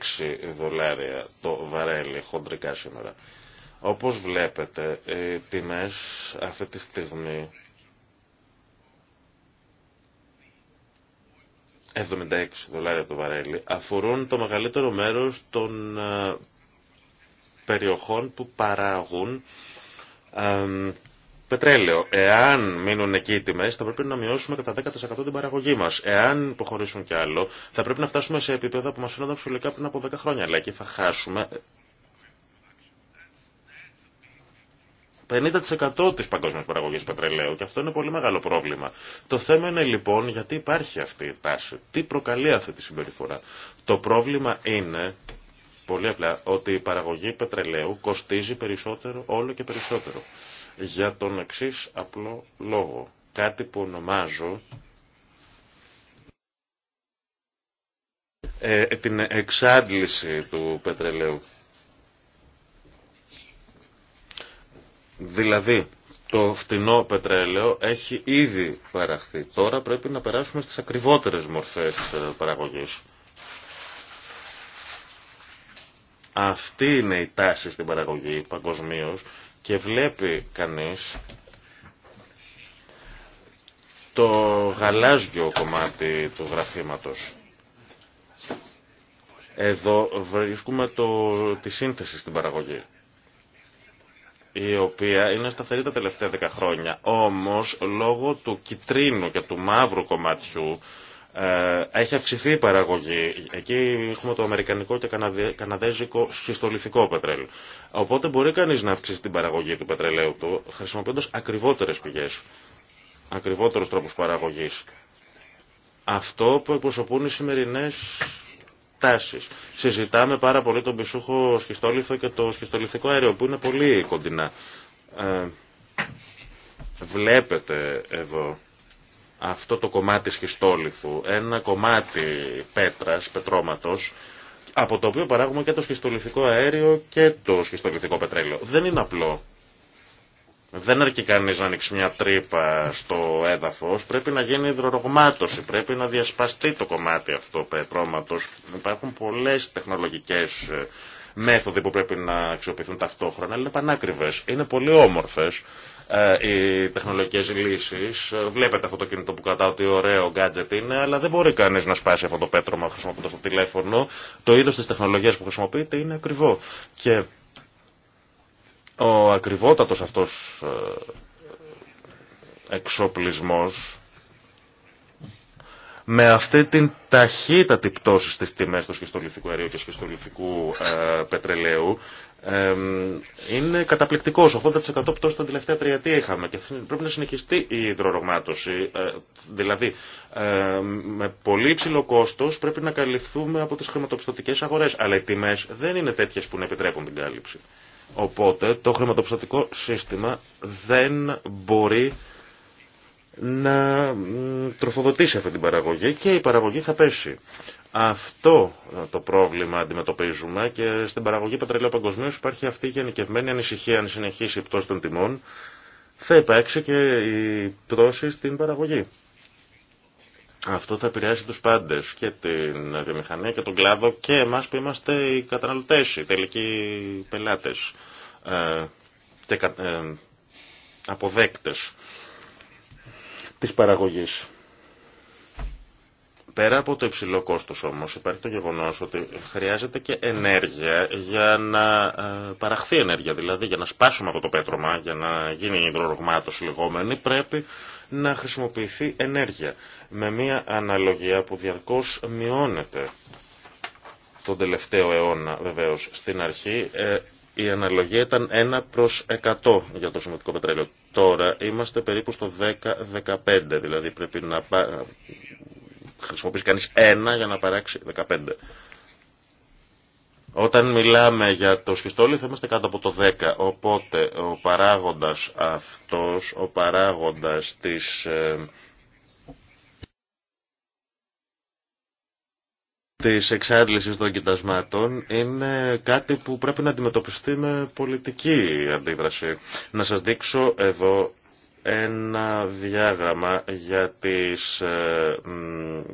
δολάρια το βαρέλι χοντρικά σήμερα. Όπως βλέπετε, οι τιμές αυτή τη στιγμή 76 δολάρια το βαρέλι αφορούν το μεγαλύτερο μέρος των ε, περιοχών που παράγουν πετρέλαιο. Εάν μείνουν εκεί οι τιμέ, θα πρέπει να μειώσουμε κατά 10% την παραγωγή μας. Εάν υποχωρήσουν κι άλλο, θα πρέπει να φτάσουμε σε επίπεδα που μας φαίνονταν φυσικά πριν από 10 χρόνια. Αλλά εκεί θα χάσουμε 50% της παγκόσμιας παραγωγής πετρελαίου και αυτό είναι πολύ μεγάλο πρόβλημα. Το θέμα είναι λοιπόν γιατί υπάρχει αυτή η τάση, τι προκαλεί αυτή τη συμπεριφορά. Το πρόβλημα είναι πολύ απλά ότι η παραγωγή πετρελαίου κοστίζει περισσότερο όλο και περισσότερο. Για τον εξή απλό λόγο, κάτι που ονομάζω ε, την εξάντληση του πετρελαίου. Δηλαδή, το φτηνό πετρέλαιο έχει ήδη παραχθεί. Τώρα πρέπει να περάσουμε στις ακριβότερες μορφές ε, παραγωγής. Αυτή είναι η τάση στην παραγωγή παγκοσμίω και βλέπει κανείς το γαλάζιο κομμάτι του γραφήματος. Εδώ βρίσκουμε το, τη σύνθεση στην παραγωγή η οποία είναι σταθερή τα τελευταία δέκα χρόνια. Όμως, λόγω του κιτρίνου και του μαύρου κομματιού, ε, έχει αυξηθεί η παραγωγή. Εκεί έχουμε το αμερικανικό και καναδέζικο σχιστολιθικό πετρέλαιο. Οπότε μπορεί κανείς να αυξήσει την παραγωγή του πετρελαίου του χρησιμοποιώντας ακριβότερες πηγές, ακριβότερους τρόπους παραγωγής. Αυτό που εκπροσωπούν οι σημερινές Συζητάμε πάρα πολύ τον πισούχο σχιστόλιθο και το σχιστολιθικό αέριο που είναι πολύ κοντινά. Ε, βλέπετε εδώ αυτό το κομμάτι σχιστόλιθου, ένα κομμάτι πέτρας, πετρώματος, από το οποίο παράγουμε και το σχιστολιθικό αέριο και το σχιστολιθικό πετρέλαιο. Δεν είναι απλό δεν αρκεί κανεί να ανοίξει μια τρύπα στο έδαφο. Πρέπει να γίνει υδρορογμάτωση. Πρέπει να διασπαστεί το κομμάτι αυτό πετρώματο. Υπάρχουν πολλέ τεχνολογικέ ε, μέθοδοι που πρέπει να αξιοποιηθούν ταυτόχρονα. είναι πανάκριβε. Είναι πολύ όμορφε ε, οι τεχνολογικέ λύσει. Ε, βλέπετε αυτό το κινητό που κρατάω ότι ωραίο γκάτζετ είναι, αλλά δεν μπορεί κανεί να σπάσει αυτό το πέτρωμα χρησιμοποιώντα το τηλέφωνο. Το είδο τη τεχνολογία που χρησιμοποιείται είναι ακριβό. Και ο ακριβότατος αυτός ε, εξοπλισμός με αυτή την ταχύτατη πτώση στις τιμές του σχιστολιθικού αερίου και σχιστολιθικού ε, πετρελαίου ε, είναι καταπληκτικός. 80% πτώση τα τελευταία τριετία είχαμε και πρέπει να συνεχιστεί η υδρορογμάτωση. δηλαδή, με πολύ υψηλό κόστος πρέπει να καλυφθούμε από τις χρηματοπιστωτικές αγορές. Αλλά οι τιμές δεν είναι τέτοιες που να επιτρέπουν την κάλυψη. Οπότε το χρηματοπιστωτικό σύστημα δεν μπορεί να τροφοδοτήσει αυτή την παραγωγή και η παραγωγή θα πέσει. Αυτό ε, το πρόβλημα αντιμετωπίζουμε και στην παραγωγή πετρελαίου παγκοσμίω υπάρχει αυτή η γενικευμένη ανησυχία αν συνεχίσει η πτώση των τιμών θα υπάρξει και η πτώση στην παραγωγή. Αυτό θα επηρεάσει τους πάντες και την βιομηχανία και τον κλάδο και εμάς που είμαστε οι καταναλωτές, οι τελικοί πελάτες ε, και ε, αποδέκτες της παραγωγής. Πέρα από το υψηλό κόστος όμως υπάρχει το γεγονός ότι χρειάζεται και ενέργεια για να ε, παραχθεί ενέργεια. Δηλαδή για να σπάσουμε από το πέτρωμα, για να γίνει η υδρορογμάτωση λεγόμενη πρέπει να χρησιμοποιηθεί ενέργεια. Με μια αναλογία που διαρκώς μειώνεται τον τελευταίο αιώνα βεβαίως στην αρχή ε, η αναλογία ήταν 1 προς 100 για το σημαντικό πετρέλαιο. Τώρα είμαστε περίπου στο 10-15, δηλαδή πρέπει να χρησιμοποιήσει κανείς 1 για να παράξει 15. Όταν μιλάμε για το σχιστόλι θα είμαστε κάτω από το 10. Οπότε ο παράγοντας αυτός, ο παράγοντας της... Ε, της των κοιτασμάτων είναι κάτι που πρέπει να αντιμετωπιστεί με πολιτική αντίδραση. Να σας δείξω εδώ ένα διάγραμμα για, τις, ε,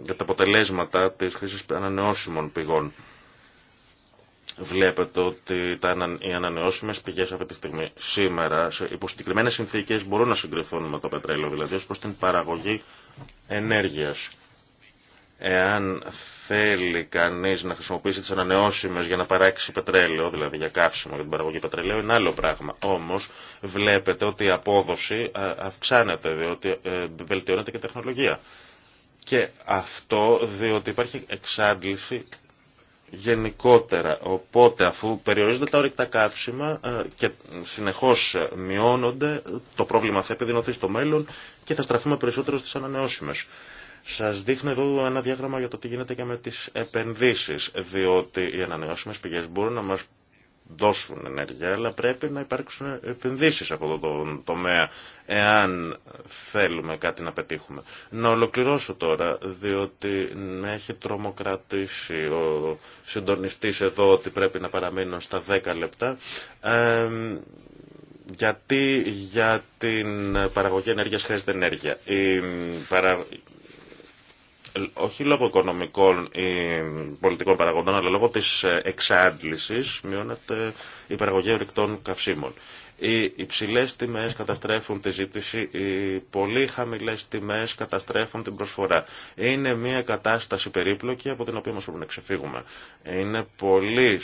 για τα αποτελέσματα της χρήσης ανανεώσιμων πηγών βλέπετε ότι τα, οι ανανεώσιμες πηγές αυτή τη στιγμή σήμερα σε υπό συγκεκριμένε συνθήκες μπορούν να συγκριθούν με το πετρέλαιο, δηλαδή ως προς την παραγωγή ενέργειας. Εάν θέλει κανείς να χρησιμοποιήσει τις ανανεώσιμες για να παράξει πετρέλαιο, δηλαδή για καύσιμο για την παραγωγή πετρελαίου, είναι άλλο πράγμα. Όμως βλέπετε ότι η απόδοση ε, αυξάνεται, διότι ε, βελτιώνεται και η τεχνολογία. Και αυτό διότι υπάρχει εξάντληση γενικότερα. Οπότε αφού περιορίζονται τα ορυκτά καύσιμα ε, και συνεχώς μειώνονται, το πρόβλημα θα επιδεινωθεί στο μέλλον και θα στραφούμε περισσότερο στις ανανεώσιμες. Σας δείχνω εδώ ένα διάγραμμα για το τι γίνεται και με τις επενδύσεις, διότι οι ανανεώσιμες πηγές μπορούν να μας δώσουν ενέργεια, αλλά πρέπει να υπάρξουν επενδύσεις από αυτό το τομέα, εάν θέλουμε κάτι να πετύχουμε. Να ολοκληρώσω τώρα, διότι με έχει τρομοκρατήσει ο συντονιστής εδώ ότι πρέπει να παραμείνω στα 10 λεπτά. Ε, γιατί για την παραγωγή ενέργειας χρειάζεται ενέργεια. Η, παρα όχι λόγω οικονομικών ή πολιτικών παραγόντων, αλλά λόγω της εξάντλησης μειώνεται η παραγωγή ορυκτών καυσίμων. Οι υψηλές τιμές καταστρέφουν τη ζήτηση, οι πολύ χαμηλές τιμές καταστρέφουν την προσφορά. Είναι μια κατάσταση περίπλοκη από την οποία μας πρέπει να ξεφύγουμε. Είναι πολύ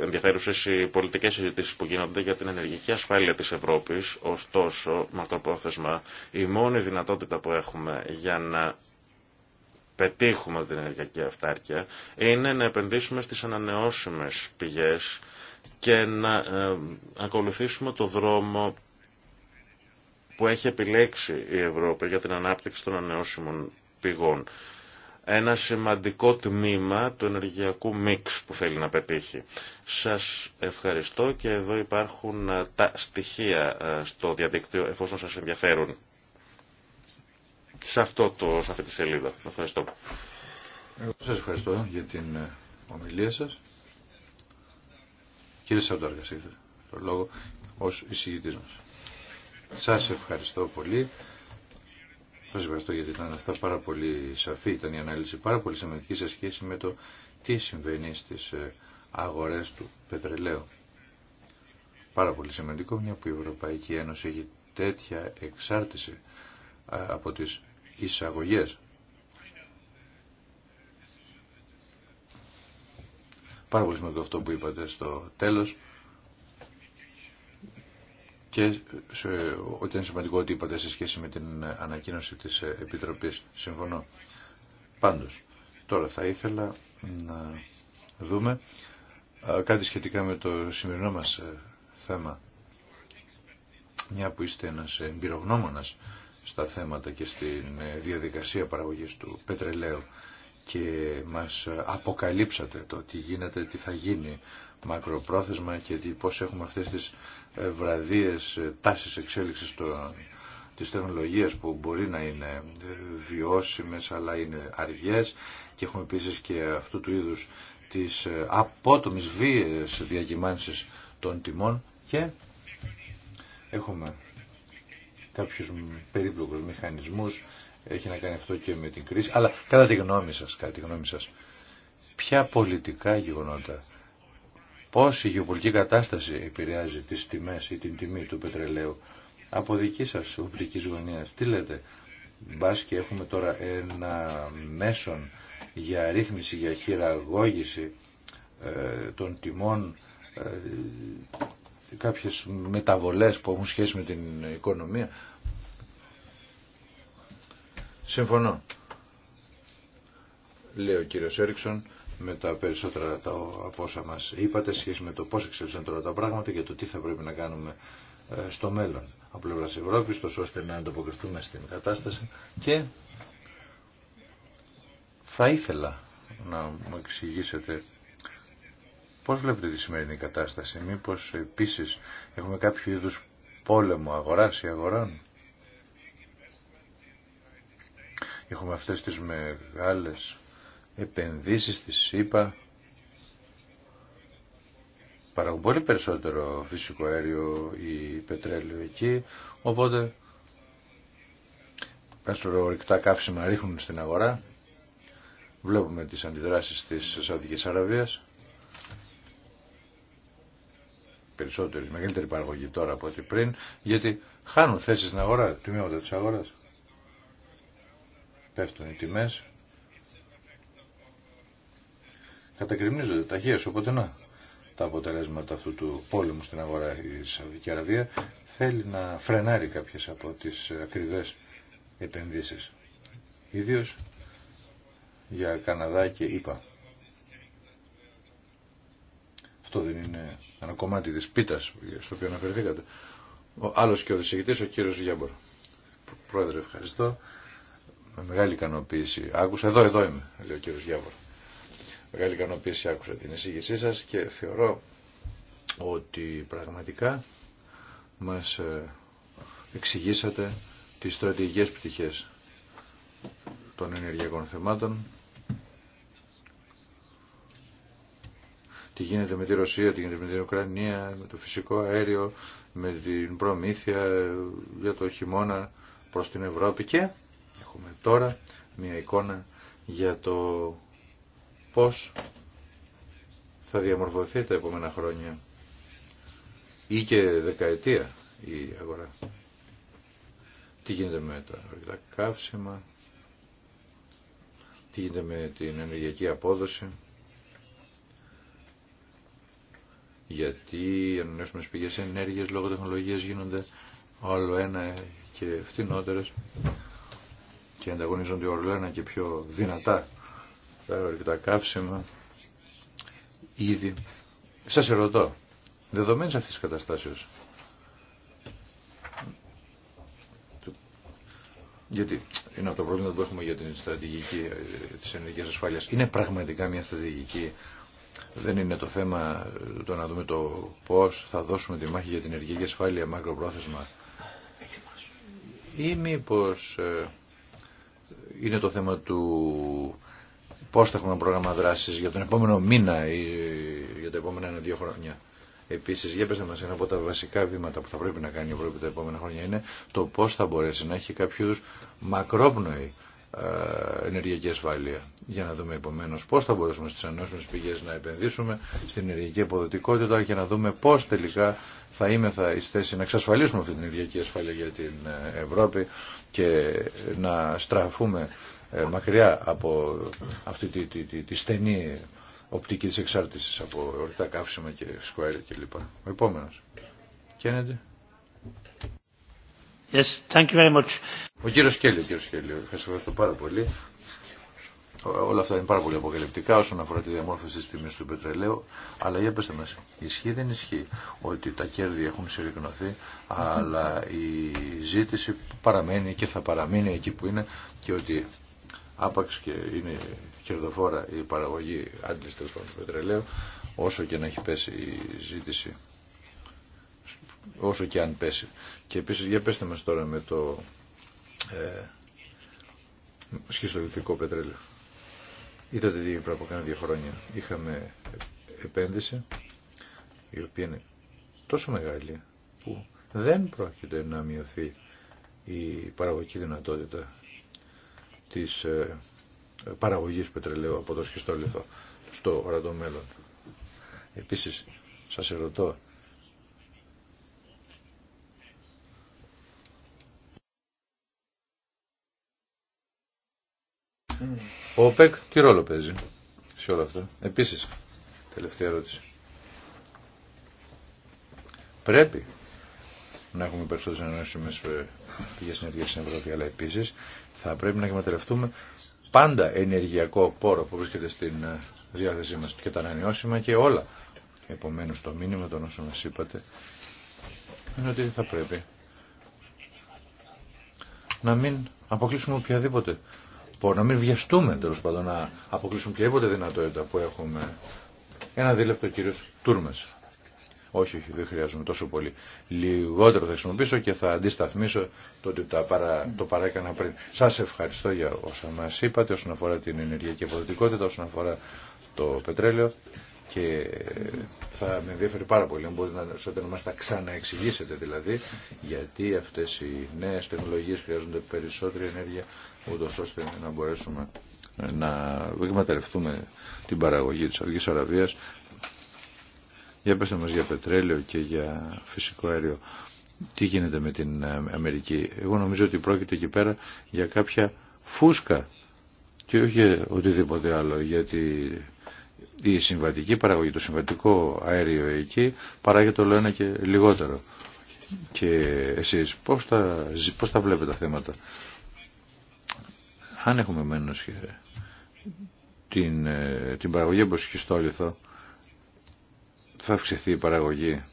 ενδιαφέρουσες οι πολιτικές συζητήσεις που γίνονται για την ενεργική ασφάλεια της Ευρώπης. Ωστόσο, μακροπρόθεσμα, η μόνη δυνατότητα που έχουμε για να πετύχουμε την ενεργειακή αυτάρκεια είναι να επενδύσουμε στις ανανεώσιμες πηγές και να ε, ακολουθήσουμε το δρόμο που έχει επιλέξει η Ευρώπη για την ανάπτυξη των ανανεώσιμων πηγών. Ένα σημαντικό τμήμα του ενεργειακού μίξ που θέλει να πετύχει. Σας ευχαριστώ και εδώ υπάρχουν τα στοιχεία ε, στο διαδίκτυο εφόσον σας ενδιαφέρουν σε, αυτό το, σε αυτή τη σελίδα. Ευχαριστώ. Εγώ σας ευχαριστώ για την ε, ομιλία σας. Κύριε Σαντάργας, το λόγο ως εισηγητής μας. Σας ευχαριστώ πολύ. Σας ευχαριστώ γιατί ήταν αυτά πάρα πολύ σαφή, ήταν η ανάλυση πάρα πολύ σημαντική σε σχέση με το τι συμβαίνει στις ε, αγορές του πετρελαίου. Πάρα πολύ σημαντικό, μια που η Ευρωπαϊκή Ένωση έχει τέτοια εξάρτηση ε, από τις εισαγωγές. Πάρα πολύ σημαντικό αυτό που είπατε στο τέλος και σε, ότι είναι σημαντικό ότι είπατε σε σχέση με την ανακοίνωση της Επιτροπής. Συμφωνώ. Πάντως, τώρα θα ήθελα να δούμε κάτι σχετικά με το σημερινό μας ε, θέμα. Μια που είστε ένας εμπειρογνώμονας στα θέματα και στην ε, διαδικασία παραγωγής του πετρελαίου και μας ε, αποκαλύψατε το τι γίνεται, τι θα γίνει μακροπρόθεσμα και τι, πώς έχουμε αυτές τις ε, βραδίες τάσεις εξέλιξης των της τεχνολογίας που μπορεί να είναι βιώσιμες αλλά είναι αργές και έχουμε επίσης και αυτού του είδους τις απότομες βίες διακυμάνσεις των τιμών και έχουμε κάποιους περίπλοκους μηχανισμούς, έχει να κάνει αυτό και με την κρίση, αλλά κατά τη γνώμη σας, κατά τη γνώμη σας, ποια πολιτικά γεγονότα, πώς η γεωπολιτική κατάσταση επηρεάζει τις τιμές ή την τιμή του πετρελαίου, από δική σας οπτικής γωνίας, τι λέτε, μπας και έχουμε τώρα ένα μέσον για ρύθμιση, για χειραγώγηση ε, των τιμών ε, κάποιες μεταβολές που έχουν σχέση με την οικονομία. Συμφωνώ. Λέει ο κύριος Έριξον με τα περισσότερα τα, από όσα μας είπατε σχέση με το πώς εξελίσσονται τώρα τα πράγματα και το τι θα πρέπει να κάνουμε ε, στο μέλλον από πλευρά Ευρώπης, τόσο ώστε να ανταποκριθούμε στην κατάσταση και θα ήθελα να μου εξηγήσετε Πώς βλέπετε τη σημερινή κατάσταση, μήπως επίσης έχουμε κάποιο είδους πόλεμο αγοράς ή αγορών. Έχουμε αυτές τις μεγάλες επενδύσεις στη ΣΥΠΑ. Παράγουν πολύ περισσότερο φυσικό αέριο ή πετρέλαιο εκεί, οπότε πένσορο ορυκτά καύσιμα ρίχνουν στην αγορά. Βλέπουμε τις αντιδράσεις της Σαουδικής Αραβίας περισσότερη, μεγαλύτερη παραγωγή τώρα από ό,τι πριν, γιατί χάνουν θέσεις στην αγορά, τιμήματα της αγοράς. Πέφτουν οι τιμές. Κατακριμνίζονται ταχείες, οπότε να. Τα αποτελέσματα αυτού του πόλεμου στην αγορά η Σαουδική Αραβία θέλει να φρενάρει κάποιες από τις ακριβές επενδύσεις. Ιδίως για Καναδά και ΙΠΑ. Αυτό δεν είναι ένα κομμάτι της πίτας στο οποίο αναφερθήκατε. Ο άλλος και ο δισηγητής, ο κύριος Γιάμπορ. Πρόεδρε, ευχαριστώ. Με μεγάλη ικανοποίηση. Άκουσα, εδώ, εδώ είμαι, λέει ο κύριος Γιάμπορ. Μεγάλη ικανοποίηση άκουσα την εισήγησή σας και θεωρώ ότι πραγματικά μας ε, εξηγήσατε τις στρατηγικές πτυχές των ενεργειακών θεμάτων τι γίνεται με τη Ρωσία, τι γίνεται με την Ουκρανία, με το φυσικό αέριο, με την προμήθεια για το χειμώνα προς την Ευρώπη και έχουμε τώρα μια εικόνα για το πώς θα διαμορφωθεί τα επόμενα χρόνια ή και δεκαετία η αγορά. Τι γίνεται με τα καύσιμα, τι γίνεται με την ενεργειακή απόδοση. γιατί οι ανανεώσιμες πηγές ενέργειας λόγω τεχνολογίας γίνονται όλο ένα και φτηνότερες και ανταγωνίζονται όλο ένα και πιο δυνατά τα, τα καύσιμα ήδη. Σας ερωτώ, δεδομένης αυτής της καταστάσεως, γιατί είναι από το πρόβλημα που έχουμε για την στρατηγική ε, της ενεργειακής ασφάλειας, είναι πραγματικά μια στρατηγική δεν είναι το θέμα το να δούμε το πώς θα δώσουμε τη μάχη για την ενεργειακή ασφάλεια μακροπρόθεσμα ή μήπω ε, είναι το θέμα του πώς θα έχουμε ένα πρόγραμμα δράσης για τον επόμενο μήνα ή για τα επόμενα ένα-δύο χρόνια. Επίσης, για πέστε μας, ένα από τα βασικά βήματα που θα πρέπει να κάνει η Ευρώπη τα επόμενα χρόνια είναι το πώς θα μπορέσει να έχει κάποιους μακρόπνοη ε, ενεργειακή ασφάλεια. Για να δούμε επομένω πώ θα μπορέσουμε στι ανώσιμε πηγέ να επενδύσουμε στην ενεργειακή αποδοτικότητα και να δούμε πώ τελικά θα είμαι ει θέση να εξασφαλίσουμε αυτή την ενεργειακή ασφάλεια για την ε, Ευρώπη και να στραφούμε ε, μακριά από αυτή τη, τη, τη, στενή οπτική τη εξάρτησης από ορυκτά καύσιμα και σκουέρια κλπ. Ο επόμενο. Κένετε. Yes, thank you very much. Ο κύριο Κέλλη, ο Σκέλιο, ευχαριστώ πάρα πολύ. Όλα αυτά είναι πάρα πολύ αποκαλυπτικά όσον αφορά τη διαμόρφωση τη τιμή του πετρελαίου, αλλά για πετε μα, ισχύει δεν ισχύει ότι τα κέρδη έχουν συρρυκνωθεί, αλλά η ζήτηση παραμένει και θα παραμείνει εκεί που είναι και ότι άπαξ και είναι κερδοφόρα η παραγωγή άντλης του πετρελαίου, όσο και να έχει πέσει η ζήτηση, όσο και αν πέσει. Και επίση για πετε μα τώρα με το ε, πετρέλαιο. Είδατε τι πριν από κάνα δύο χρόνια. Είχαμε επένδυση η οποία είναι τόσο μεγάλη που δεν πρόκειται να μειωθεί η παραγωγική δυνατότητα της ε, παραγωγής πετρελαίου από το σχιστόλιθο στο ορατό μέλλον. Επίσης, σας ερωτώ, Ο ΟΠΕΚ τι ρόλο παίζει σε όλο αυτό. Επίσης, τελευταία ερώτηση. Πρέπει να έχουμε περισσότερε ενώσιμε πηγέ ενέργεια στην Ευρώπη, αλλά επίση θα πρέπει να εκμεταλλευτούμε πάντα ενεργειακό πόρο που βρίσκεται στην ε, διάθεσή μα και τα ανανεώσιμα και όλα. Επομένω, το μήνυμα των όσων μας είπατε είναι ότι θα πρέπει να μην αποκλείσουμε οποιαδήποτε πω, να μην βιαστούμε τέλο πάντων να αποκλείσουμε οποιαδήποτε δυνατότητα που έχουμε. Ένα δίλεπτο κύριο Τούρμε. Όχι, όχι, δεν χρειάζομαι τόσο πολύ. Λιγότερο θα χρησιμοποιήσω και θα αντισταθμίσω το ότι τα παρα, το παράκανα πριν. Σα ευχαριστώ για όσα μα είπατε όσον αφορά την ενεργειακή αποδοτικότητα, όσον αφορά το πετρέλαιο και θα με ενδιαφέρει πάρα πολύ αν μπορείτε να, να μας τα ξαναεξηγήσετε δηλαδή γιατί αυτές οι νέες τεχνολογίες χρειάζονται περισσότερη ενέργεια ούτως ώστε να μπορέσουμε να εκμεταλλευτούμε την παραγωγή της Αυγής Αραβίας για πέστε μας για πετρέλαιο και για φυσικό αέριο τι γίνεται με την ε, Αμερική εγώ νομίζω ότι πρόκειται εκεί πέρα για κάποια φούσκα και όχι οτιδήποτε άλλο γιατί η συμβατική παραγωγή, το συμβατικό αέριο εκεί παράγεται όλο ένα και λιγότερο. Και εσείς πώς τα, πώς τα βλέπετε τα θέματα. Αν έχουμε μένω την, ε, την παραγωγή όπως και στο θα αυξηθεί η παραγωγή.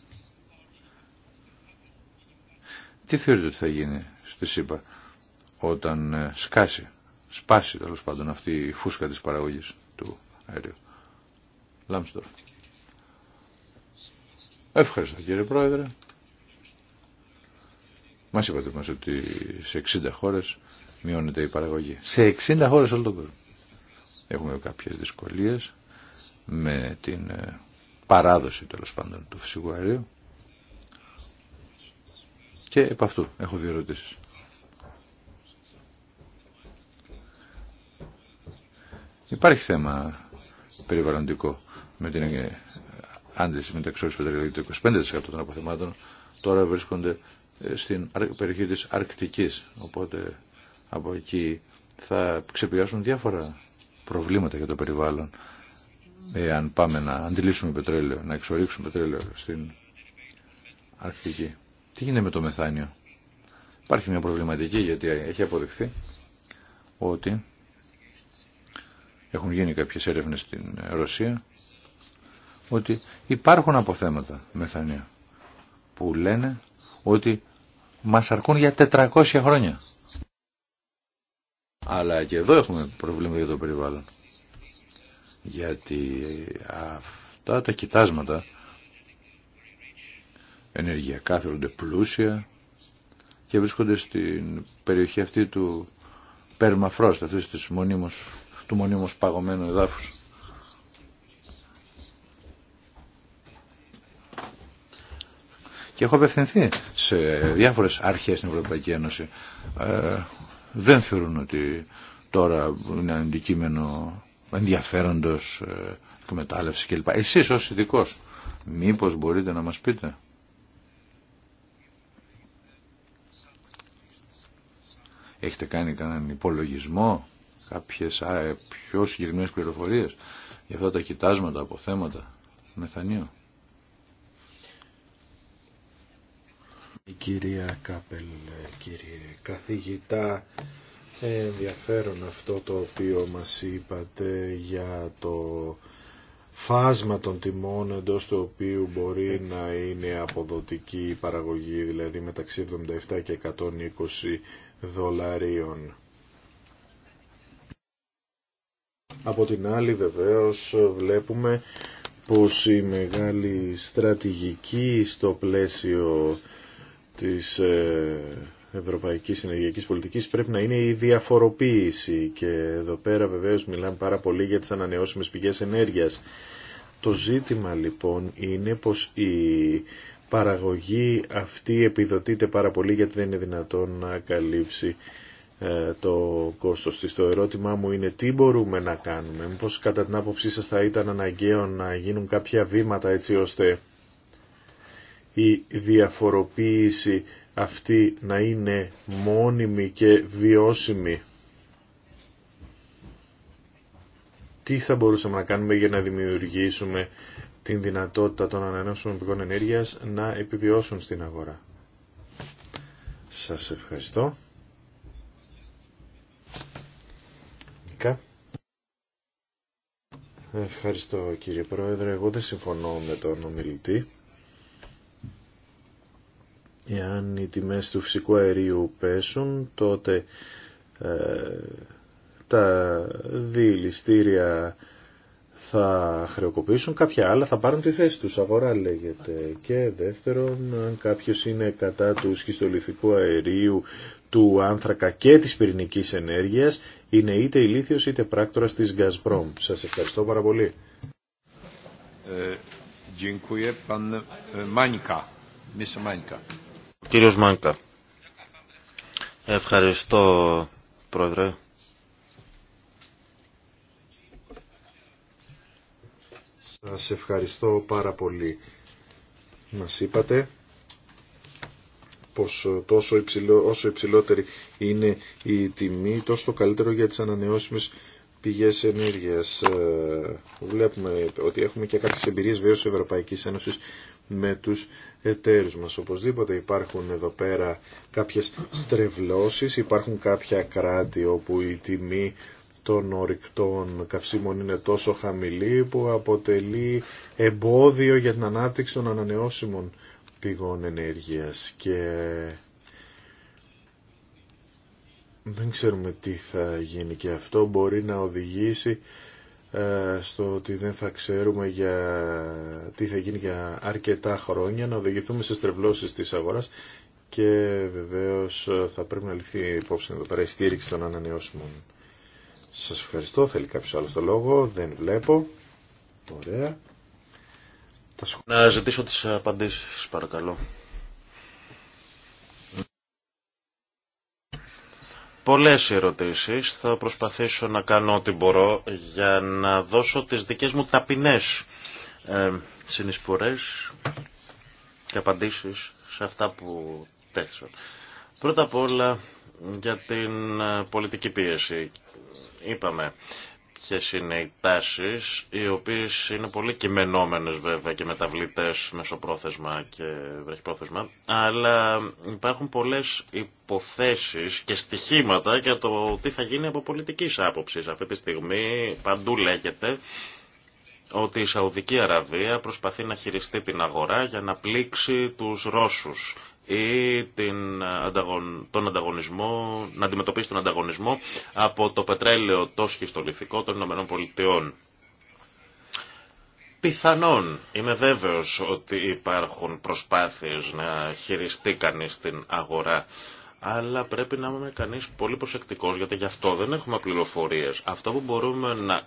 Τι θεωρείτε ότι θα γίνει στη ΣΥΠΑ όταν ε, σκάσει, σπάσει τέλο πάντων αυτή η φούσκα της παραγωγής του αερίου. Λάμστορφ. Ευχαριστώ κύριε Πρόεδρε. Μας είπατε μας ότι σε 60 χώρες μειώνεται η παραγωγή. Σε 60 χώρες όλο τον κόσμο. Έχουμε κάποιες δυσκολίες με την ε, παράδοση τέλο πάντων του φυσικού αερίου. Και επ' αυτού έχω δύο ερωτήσεις. Υπάρχει θέμα περιβαλλοντικό με την ε, άντληση με το πετρελαίου του 25% των αποθεμάτων τώρα βρίσκονται ε, στην περιοχή της Αρκτικής. Οπότε από εκεί θα ξεπηγάσουν διάφορα προβλήματα για το περιβάλλον εάν πάμε να αντιλήσουμε πετρέλαιο, να εξορίξουμε πετρέλαιο στην Αρκτική. Τι γίνεται με το μεθάνιο. Υπάρχει μια προβληματική γιατί έχει αποδειχθεί ότι έχουν γίνει κάποιες έρευνες στην Ρωσία ότι υπάρχουν αποθέματα μεθανία που λένε ότι μας αρκούν για 400 χρόνια. Αλλά και εδώ έχουμε προβλήματα για το περιβάλλον. Γιατί αυτά τα κοιτάσματα ενεργειακά θεωρούνται πλούσια και βρίσκονται στην περιοχή αυτή του Περμαφρόστ, αυτής της μονίμως, του μονίμως παγωμένου εδάφους. και έχω απευθυνθεί σε διάφορες αρχές στην Ευρωπαϊκή Ένωση. Ε, δεν θεωρούν ότι τώρα είναι αντικείμενο ενδιαφέροντος ε, εκμετάλλευση κλπ. Εσείς ως ειδικό, μήπως μπορείτε να μας πείτε. Έχετε κάνει κανέναν υπολογισμό, κάποιες α, ε, πιο συγκεκριμένες πληροφορίες για αυτά τα κοιτάσματα από θέματα μεθανίου. Κυρία Κάπελ, κύριε καθηγητά, ενδιαφέρον αυτό το οποίο μας είπατε για το φάσμα των τιμών εντός του οποίου μπορεί να είναι αποδοτική η παραγωγή, δηλαδή μεταξύ 77 και 120 δολαρίων. Από την άλλη βεβαίως βλέπουμε πως η μεγάλη στρατηγική στο πλαίσιο της ε, ευρωπαϊκής ενεργειακής πολιτικής πρέπει να είναι η διαφοροποίηση και εδώ πέρα βεβαίως μιλάμε πάρα πολύ για τις ανανεώσιμες πηγές ενέργειας. Το ζήτημα λοιπόν είναι πως η παραγωγή αυτή επιδοτείται πάρα πολύ γιατί δεν είναι δυνατόν να καλύψει ε, το κόστος της. Το ερώτημά μου είναι τι μπορούμε να κάνουμε, πως κατά την άποψή σας θα ήταν αναγκαίο να γίνουν κάποια βήματα έτσι ώστε η διαφοροποίηση αυτή να είναι μόνιμη και βιώσιμη. Τι θα μπορούσαμε να κάνουμε για να δημιουργήσουμε την δυνατότητα των ανανεώσιμων πηγών ενέργειας να επιβιώσουν στην αγορά. Σας ευχαριστώ. Ευχαριστώ κύριε Πρόεδρε. Εγώ δεν συμφωνώ με τον ομιλητή. Εάν οι τιμές του φυσικού αερίου πέσουν, τότε ε, τα διηληστήρια θα χρεοκοπήσουν, κάποια άλλα θα πάρουν τη θέση τους, αγορά λέγεται. Και δεύτερον, αν κάποιος είναι κατά του σχιστολιθικού αερίου, του άνθρακα και της πυρηνικής ενέργειας, είναι είτε ηλίθιος είτε πράκτορας της Gazprom. Σας ευχαριστώ πάρα πολύ. Ε, ε, Κύριος Μάνκα. Ευχαριστώ, Πρόεδρε. Σας ευχαριστώ πάρα πολύ. Μας είπατε πως τόσο υψηλό, όσο υψηλότερη είναι η τιμή, τόσο το καλύτερο για τις ανανεώσιμες πηγές ενέργειας. Ε, βλέπουμε ότι έχουμε και κάποιες εμπειρίες βέβαια της Ευρωπαϊκής Ένωσης με τους εταίρους μας. Οπωσδήποτε υπάρχουν εδώ πέρα κάποιες στρεβλώσεις, υπάρχουν κάποια κράτη όπου η τιμή των ορυκτών καυσίμων είναι τόσο χαμηλή που αποτελεί εμπόδιο για την ανάπτυξη των ανανεώσιμων πηγών ενέργειας και δεν ξέρουμε τι θα γίνει και αυτό μπορεί να οδηγήσει ε, στο ότι δεν θα ξέρουμε για τι θα γίνει για αρκετά χρόνια, να οδηγηθούμε σε στρεβλώσεις της αγοράς και βεβαίως θα πρέπει να ληφθεί υπόψη εδώ πέρα η στήριξη των ανανεώσιμων. Σας ευχαριστώ. Θέλει κάποιος άλλο το λόγο. Δεν βλέπω. Ωραία. Να ζητήσω τις απαντήσεις παρακαλώ. Πολλές ερωτήσεις. Θα προσπαθήσω να κάνω ό,τι μπορώ για να δώσω τις δικές μου ταπεινές ε, συνεισφορές και απαντήσεις σε αυτά που τέθησα. Πρώτα απ' όλα για την ε, πολιτική πίεση. Είπαμε, ποιες είναι οι τάσεις, οι οποίες είναι πολύ κειμενόμενες βέβαια και μεταβλητές μεσοπρόθεσμα και βραχυπρόθεσμα, αλλά υπάρχουν πολλές υποθέσεις και στοιχήματα για το τι θα γίνει από πολιτικής άποψης. Αυτή τη στιγμή παντού λέγεται ότι η Σαουδική Αραβία προσπαθεί να χειριστεί την αγορά για να πλήξει τους Ρώσους ή την, τον ανταγωνισμό, να αντιμετωπίσει τον ανταγωνισμό από το πετρέλαιο το σχιστολιθικό των Πολιτειών. Πιθανόν, είμαι βέβαιος ότι υπάρχουν προσπάθειες να χειριστεί κανείς την αγορά αλλά πρέπει να είμαι κανείς πολύ προσεκτικός γιατί γι' αυτό δεν έχουμε πληροφορίες. Αυτό που μπορούμε να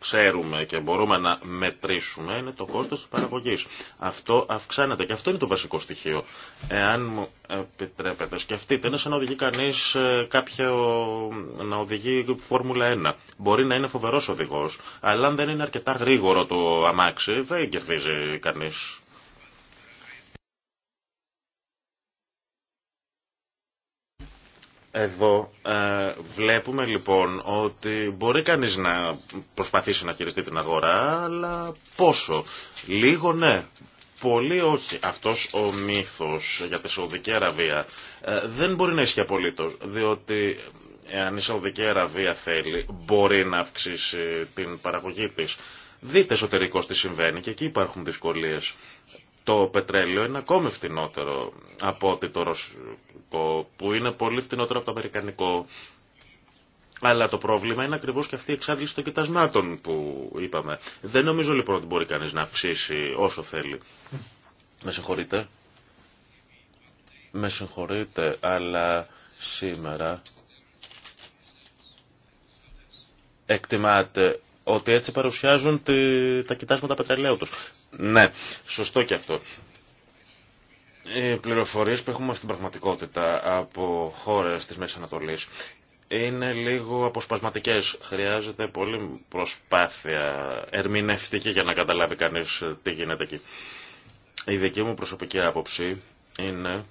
ξέρουμε και μπορούμε να μετρήσουμε είναι το κόστος της παραγωγής. Αυτό αυξάνεται και αυτό είναι το βασικό στοιχείο. Εάν μου επιτρέπετε, σκεφτείτε, είναι σαν να οδηγεί κανείς ε, κάποιο, να οδηγεί Φόρμουλα 1. Μπορεί να είναι φοβερός οδηγός, αλλά αν δεν είναι αρκετά γρήγορο το αμάξι, δεν κερδίζει κανείς Εδώ ε, βλέπουμε λοιπόν ότι μπορεί κανείς να προσπαθήσει να χειριστεί την αγορά, αλλά πόσο. Λίγο ναι, πολύ όχι. Αυτός ο μύθος για τη Σαουδική Αραβία ε, δεν μπορεί να ισχύει απολύτως, διότι αν η Σαουδική Αραβία θέλει μπορεί να αυξήσει την παραγωγή της. Δείτε εσωτερικώς τι συμβαίνει και εκεί υπάρχουν δυσκολίες το πετρέλαιο είναι ακόμη φτηνότερο από ότι το ρωσικό, που είναι πολύ φτηνότερο από το αμερικανικό. Αλλά το πρόβλημα είναι ακριβώς και αυτή η εξάντληση των κοιτασμάτων που είπαμε. Δεν νομίζω λοιπόν ότι μπορεί κανείς να αυξήσει όσο θέλει. Με συγχωρείτε. Με συγχωρείτε, αλλά σήμερα εκτιμάται ότι έτσι παρουσιάζουν τα κοιτάσματα πετρελαίου τους. Ναι, σωστό και αυτό. Οι πληροφορίες που έχουμε στην πραγματικότητα από χώρες της Μέσης Ανατολής είναι λίγο αποσπασματικές. Χρειάζεται πολύ προσπάθεια ερμηνευτική για να καταλάβει κανείς τι γίνεται εκεί. Η δική μου προσωπική άποψη είναι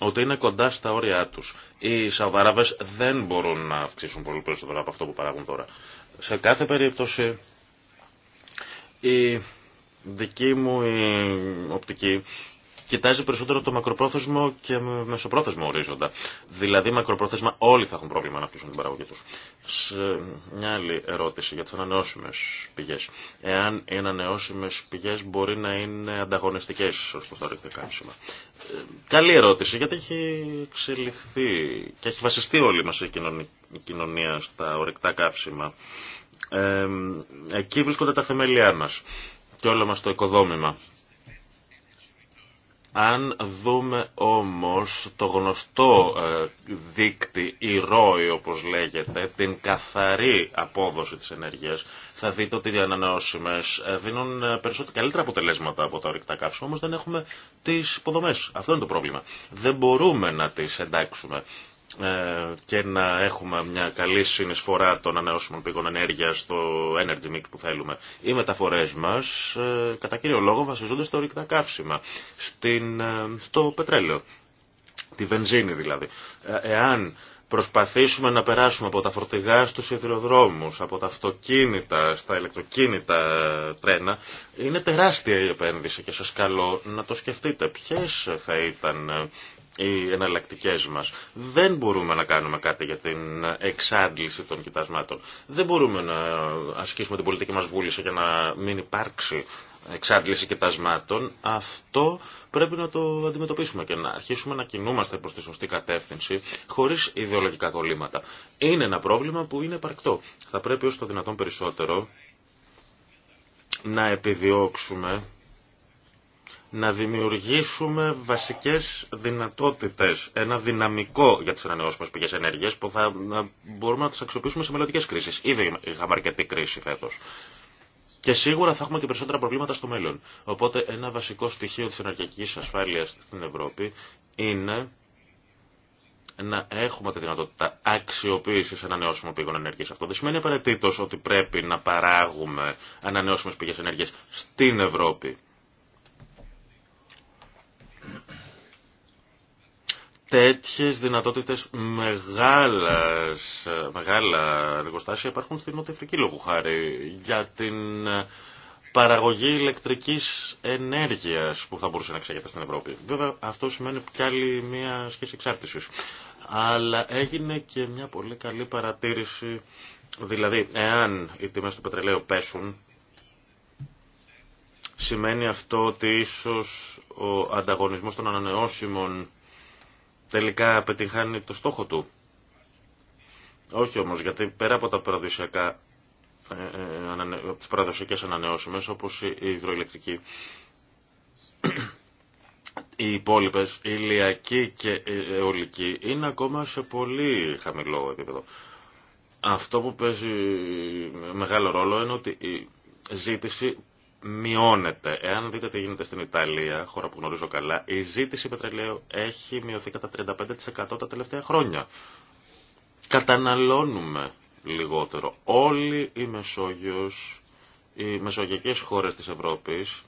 ότι είναι κοντά στα όρια τους. Οι Σαουδαράβες δεν μπορούν να αυξήσουν πολύ περισσότερο από αυτό που παράγουν τώρα. Σε κάθε περίπτωση η δική μου οπτική κοιτάζει περισσότερο το μακροπρόθεσμο και μεσοπρόθεσμο ορίζοντα. Δηλαδή, μακροπρόθεσμα όλοι θα έχουν πρόβλημα να αυξήσουν την παραγωγή του. Σε μια άλλη ερώτηση για τι ανανεώσιμε πηγέ. Εάν οι ανανεώσιμε πηγέ μπορεί να είναι ανταγωνιστικέ ω προ τα καύσιμα. Ε, Καλή ερώτηση, γιατί έχει εξελιχθεί και έχει βασιστεί όλη μα η κοινωνία στα ορεικτά καύσιμα εκεί βρίσκονται τα θεμελιά μας και όλο μας το οικοδόμημα. Αν δούμε όμως το γνωστό ε, δίκτυ ή ρόη όπως λέγεται, την καθαρή απόδοση της ενέργειας, θα δείτε ότι οι ανανεώσιμες ε, δίνουν ε, περισσότερα καλύτερα αποτελέσματα από τα ορυκτά καύσιμα, όμως δεν έχουμε τις υποδομές. Αυτό είναι το πρόβλημα. Δεν μπορούμε να τις εντάξουμε. Ε, και να έχουμε μια καλή συνεισφορά των ανανεώσιμων πηγών ενέργεια στο energy mix που θέλουμε. Οι μεταφορέ μα ε, κατά κύριο λόγο βασίζονται στο ρηκτά καύσιμα, στην, ε, στο πετρέλαιο, τη βενζίνη δηλαδή. Εάν προσπαθήσουμε να περάσουμε από τα φορτηγά στους σιδηροδρόμους, από τα αυτοκίνητα, στα ηλεκτροκίνητα τρένα, είναι τεράστια η επένδυση και σας καλώ να το σκεφτείτε. Ποιες θα ήταν οι εναλλακτικέ μας. Δεν μπορούμε να κάνουμε κάτι για την εξάντληση των κοιτασμάτων. Δεν μπορούμε να ασκήσουμε την πολιτική μας βούληση για να μην υπάρξει εξάντληση κοιτασμάτων, αυτό πρέπει να το αντιμετωπίσουμε και να αρχίσουμε να κινούμαστε προς τη σωστή κατεύθυνση χωρίς ιδεολογικά κολλήματα. Είναι ένα πρόβλημα που είναι επαρκτό. Θα πρέπει όσο το δυνατόν περισσότερο να επιδιώξουμε να δημιουργήσουμε βασικές δυνατότητες, ένα δυναμικό για τις ανανεώσιμες πηγές ενέργειας που θα μπορούμε να τις αξιοποιήσουμε σε μελλοντικές κρίσεις. Ήδη είχαμε αρκετή κρίση φέτος. Και σίγουρα θα έχουμε και περισσότερα προβλήματα στο μέλλον. Οπότε ένα βασικό στοιχείο της ενεργειακής ασφάλειας στην Ευρώπη είναι να έχουμε τη δυνατότητα αξιοποίησης ανανεώσιμων πηγών ενέργειας. Αυτό δεν σημαίνει απαραίτητο ότι πρέπει να παράγουμε ανανεώσιμες πηγές ενέργειας στην Ευρώπη. τέτοιες δυνατότητες μεγάλας, μεγάλα εργοστάσια υπάρχουν στην Νότια Αφρική λόγου χάρη για την ε, παραγωγή ηλεκτρικής ενέργειας που θα μπορούσε να εξαγεται στην Ευρώπη. Βέβαια αυτό σημαίνει πια άλλη μια σχέση εξάρτησης. Αλλά έγινε και μια πολύ καλή παρατήρηση, δηλαδή εάν οι τιμές του πετρελαίου πέσουν, σημαίνει αυτό ότι ίσως ο ανταγωνισμός των ανανεώσιμων τελικά πετυχάνει το στόχο του. Όχι όμως, γιατί πέρα από τα παραδοσιακά, ε, ε, τις παραδοσιακές ανανεώσιμες, όπως η υδροηλεκτρική, *clears throat* οι υπόλοιπε, ηλιακή και αιωλική, είναι ακόμα σε πολύ χαμηλό επίπεδο. Αυτό που παίζει μεγάλο ρόλο είναι ότι η ζήτηση μειώνεται. Εάν δείτε τι γίνεται στην Ιταλία, χώρα που γνωρίζω καλά, η ζήτηση πετρελαίου έχει μειωθεί κατά 35% τα τελευταία χρόνια. Καταναλώνουμε λιγότερο. Όλοι οι Μεσόγειος, οι μεσογειακές χώρες της Ευρώπης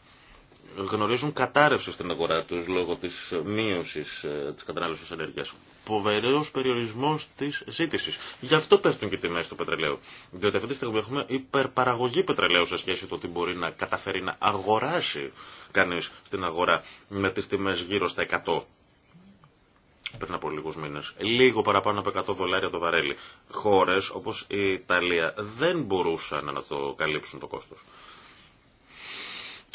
γνωρίζουν κατάρρευση στην αγορά τους λόγω της μείωσης ε, της κατανάλωσης ενέργειας φοβερό περιορισμό τη ζήτηση. Γι' αυτό πέφτουν και οι τιμέ του πετρελαίου. Διότι αυτή τη στιγμή έχουμε υπερπαραγωγή πετρελαίου σε σχέση με το ότι μπορεί να καταφέρει να αγοράσει κανεί στην αγορά με τι τιμέ γύρω στα 100 πριν από λίγου μήνε. Λίγο παραπάνω από 100 δολάρια το βαρέλι. Χώρες όπως η Ιταλία δεν μπορούσαν να το καλύψουν το κόστος.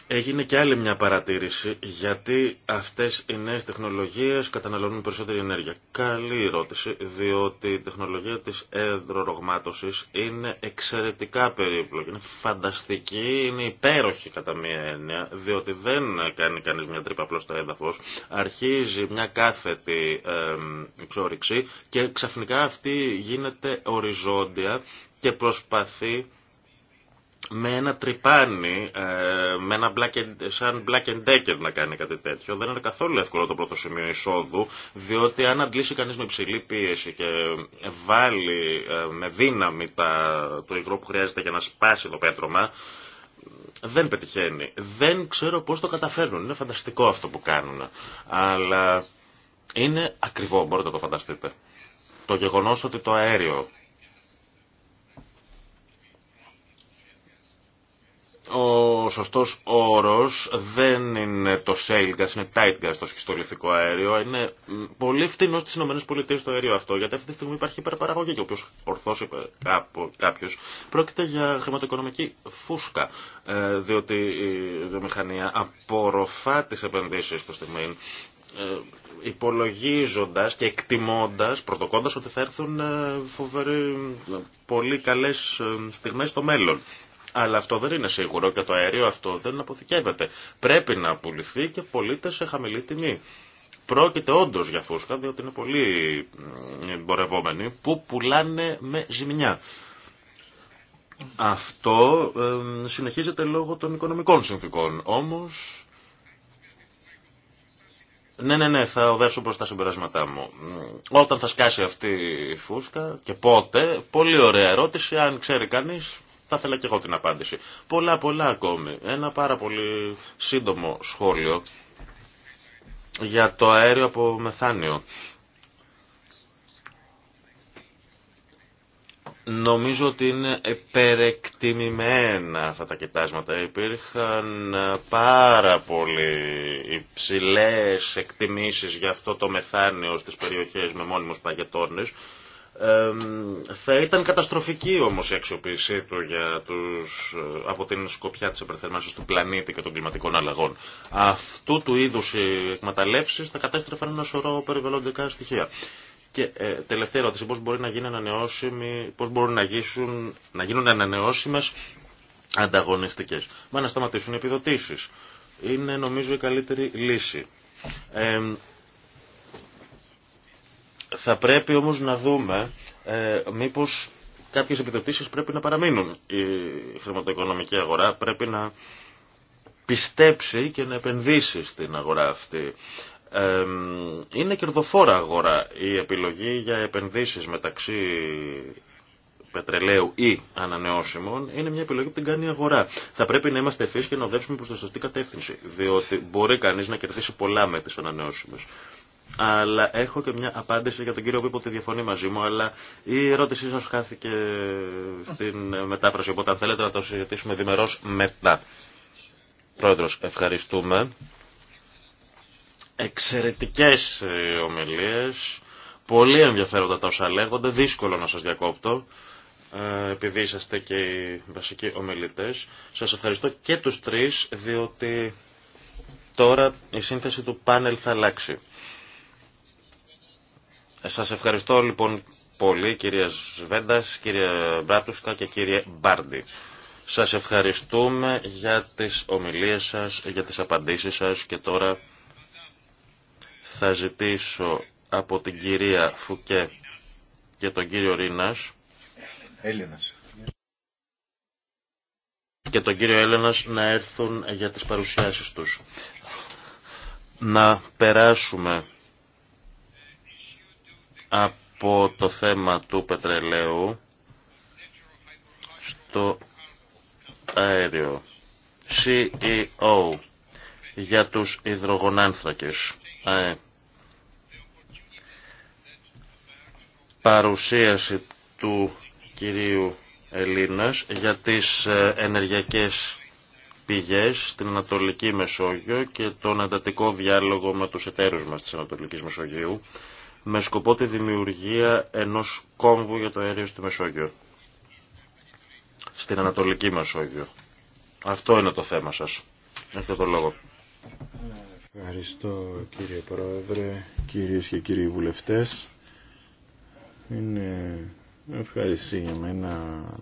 Έγινε και άλλη μια παρατήρηση, γιατί αυτές οι νέες τεχνολογίες καταναλώνουν περισσότερη ενέργεια. Καλή ερώτηση, διότι η τεχνολογία της εδρορογμάτωσης είναι εξαιρετικά περίπλοκη, είναι φανταστική, είναι υπέροχη κατά μία έννοια, διότι δεν κάνει κανείς μια τρύπα απλώς στο έδαφος, αρχίζει μια κάθετη εξόριξη και ξαφνικά αυτή γίνεται οριζόντια και προσπαθεί με ένα τρυπάνι, ε, με ένα black σαν black and decker να κάνει κάτι τέτοιο. Δεν είναι καθόλου εύκολο το πρώτο σημείο εισόδου, διότι αν αντλήσει κανείς με υψηλή πίεση και βάλει ε, με δύναμη τα, το υγρό που χρειάζεται για να σπάσει το πέτρωμα, δεν πετυχαίνει. Δεν ξέρω πώς το καταφέρνουν. Είναι φανταστικό αυτό που κάνουν. Αλλά είναι ακριβό, μπορείτε να το φανταστείτε. Το γεγονός ότι το αέριο ο σωστός όρος δεν είναι το shale gas, είναι tight gas το σχιστολιθικό αέριο. Είναι πολύ φτηνό στις ΗΠΑ το αέριο αυτό, γιατί αυτή τη στιγμή υπάρχει υπερπαραγωγή και όποιος ορθώς είπε κάποιος πρόκειται για χρηματοοικονομική φούσκα, ε, διότι η βιομηχανία απορροφά τις επενδύσεις προς τη ε, υπολογίζοντας και εκτιμώντας, προσδοκώντας ότι θα έρθουν ε, πολύ καλές στιγμές στο μέλλον. Αλλά αυτό δεν είναι σίγουρο και το αέριο αυτό δεν αποθηκεύεται. Πρέπει να πουληθεί και πωλείται σε χαμηλή τιμή. Πρόκειται όντω για φούσκα, διότι είναι πολύ εμπορευόμενοι που πουλάνε με ζημιά. Αυτό συνεχίζεται λόγω των οικονομικών συνθήκων. Όμως, ναι, ναι, ναι, θα οδεύσω προς τα συμπεράσματά μου. Όταν θα σκάσει αυτή η φούσκα και πότε, πολύ ωραία ερώτηση, αν ξέρει κανείς θα ήθελα και εγώ την απάντηση. Πολλά, πολλά ακόμη. Ένα πάρα πολύ σύντομο σχόλιο για το αέριο από μεθάνιο. Νομίζω ότι είναι υπερεκτιμημένα αυτά τα κοιτάσματα. Υπήρχαν πάρα πολύ υψηλές εκτιμήσεις για αυτό το μεθάνιο στις περιοχές με μόνιμους παγετώνες θα ήταν καταστροφική όμως η αξιοποίησή του για τους, ε, από την σκοπιά της επερθέρμανσης του πλανήτη και των κλιματικών αλλαγών. Αυτού του είδους οι εκμεταλλεύσεις θα κατέστρεφαν ένα σωρό περιβαλλοντικά στοιχεία. Και ε, τελευταία ερώτηση, πώς, μπορεί να γίνει μπορούν να, να γίνουν ανανεώσιμες ανταγωνιστικές. Μα να σταματήσουν οι επιδοτήσεις. Είναι νομίζω η καλύτερη λύση. Ε, θα πρέπει όμως να δούμε ε, μήπως κάποιες επιδοτήσεις πρέπει να παραμείνουν. Η χρηματοοικονομική αγορά πρέπει να πιστέψει και να επενδύσει στην αγορά αυτή. Ε, είναι κερδοφόρα αγορά η επιλογή για επενδύσεις μεταξύ πετρελαίου ή ανανεώσιμων είναι μια επιλογή που την κάνει η αγορά. Θα πρέπει να είμαστε ευφύ και να οδεύσουμε προ τη σωστή κατεύθυνση. Διότι μπορεί κανείς να κερδίσει πολλά με τις ανανεώσιμες. Αλλά έχω και μια απάντηση για τον κύριο είπε ότι διαφωνεί μαζί μου, αλλά η ερώτησή σας χάθηκε στην μετάφραση, οπότε αν θέλετε να το συζητήσουμε διμερώς μετά. Πρόεδρος, ευχαριστούμε. Εξαιρετικές ε, ομιλίες, πολύ ενδιαφέροντα τα όσα λέγονται, δύσκολο να σας διακόπτω ε, επειδή είσαστε και οι βασικοί ομιλητές. Σας ευχαριστώ και τους τρεις, διότι τώρα η σύνθεση του πάνελ θα αλλάξει. Σας ευχαριστώ λοιπόν πολύ κυρία Σβέντας, κυρία Μπράτουσκα και κύριε Μπάρντι. Σας ευχαριστούμε για τις ομιλίες σας, για τις απαντήσεις σας και τώρα θα ζητήσω από την κυρία Φουκέ και τον κύριο Ρίνας και τον κύριο Έλενας να έρθουν για τις παρουσιάσεις τους. Να περάσουμε από το θέμα του πετρελαίου στο αέριο. CEO για τους υδρογονάνθρακες. Ε, παρουσίαση του κυρίου Ελλήνας για τις ε, ενεργειακές πηγές στην Ανατολική Μεσόγειο και τον εντατικό διάλογο με τους εταίρους μας της Ανατολικής Μεσογείου με σκοπό τη δημιουργία ενός κόμβου για το αέριο στη Μεσόγειο. Στην Ανατολική Μεσόγειο. Αυτό είναι το θέμα σας. Έχετε το λόγο. Ευχαριστώ κύριε Πρόεδρε, κυρίες και κύριοι βουλευτές. Είναι ευχαριστή για μένα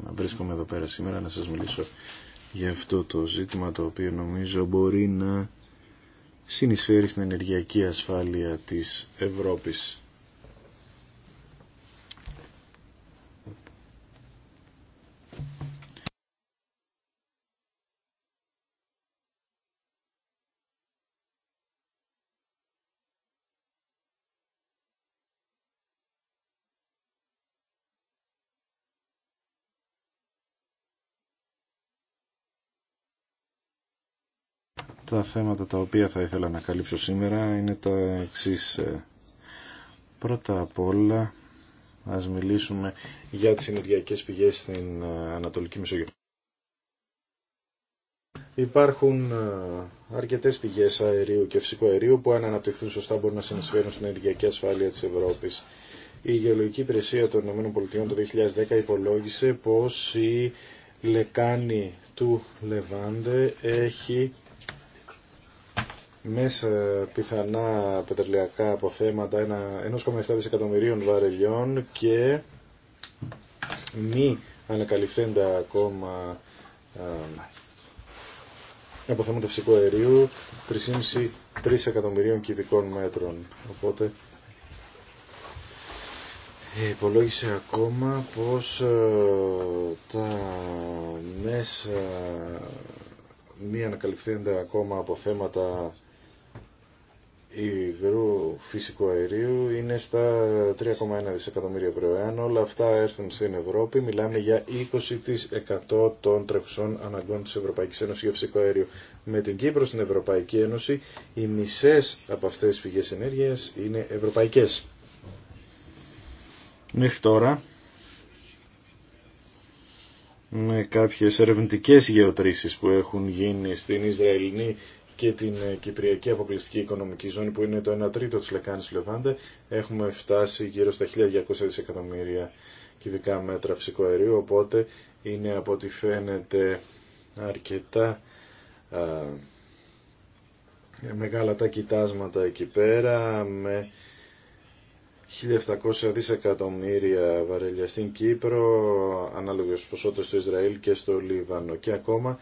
να βρίσκομαι εδώ πέρα σήμερα να σας μιλήσω για αυτό το ζήτημα το οποίο νομίζω μπορεί να συνεισφέρει στην ενεργειακή ασφάλεια της Ευρώπης. Τα θέματα τα οποία θα ήθελα να καλύψω σήμερα είναι τα εξής. Πρώτα απ' όλα, ας μιλήσουμε για τις ενεργειακές πηγές στην ε, Ανατολική Μεσογείο. Υπάρχουν ε, αρκετέ πηγέ αερίου και φυσικού αερίου που, αν αναπτυχθούν σωστά, μπορούν να συνεισφέρουν στην ενεργειακή ασφάλεια τη Ευρώπη. Η Γεωλογική Υπηρεσία των ΗΠΑ το 2010 υπολόγισε πω η λεκάνη του Λεβάντε έχει μέσα πιθανά πετρελαιακά αποθέματα 1,7 δισεκατομμυρίων βαρελιών και μη ανακαλυφθέντα ακόμα αποθέματα φυσικού αερίου 3,5-3 εκατομμυρίων κυβικών μέτρων. Οπότε ε, υπολόγισε ακόμα πως ε, τα μέσα μη ανακαλυφθέντα ακόμα αποθέματα υγρού φυσικού αερίου είναι στα 3,1 δισεκατομμύρια ευρώ. Εάν όλα αυτά έρθουν στην Ευρώπη, μιλάμε για 20% των τρεχουσών αναγκών της Ευρωπαϊκής Ένωσης για φυσικό αέριο. Με την Κύπρο στην Ευρωπαϊκή Ένωση, οι μισές από αυτές τις πηγές ενέργειας είναι ευρωπαϊκές. Μέχρι τώρα, με κάποιες ερευνητικές γεωτρήσεις που έχουν γίνει στην Ισραηλινή και την ε, Κυπριακή Αποκλειστική Οικονομική Ζώνη που είναι το 1 τρίτο της λεκάνης Λιωδάντα έχουμε φτάσει γύρω στα 1200 δισεκατομμύρια κυβικά μέτρα φυσικού αερίου οπότε είναι από ό,τι φαίνεται αρκετά α, μεγάλα τα κοιτάσματα εκεί πέρα με 1.700 δισεκατομμύρια βαρέλια στην Κύπρο, ανάλογες ποσότητες στο Ισραήλ και στο Λίβανο. Και ακόμα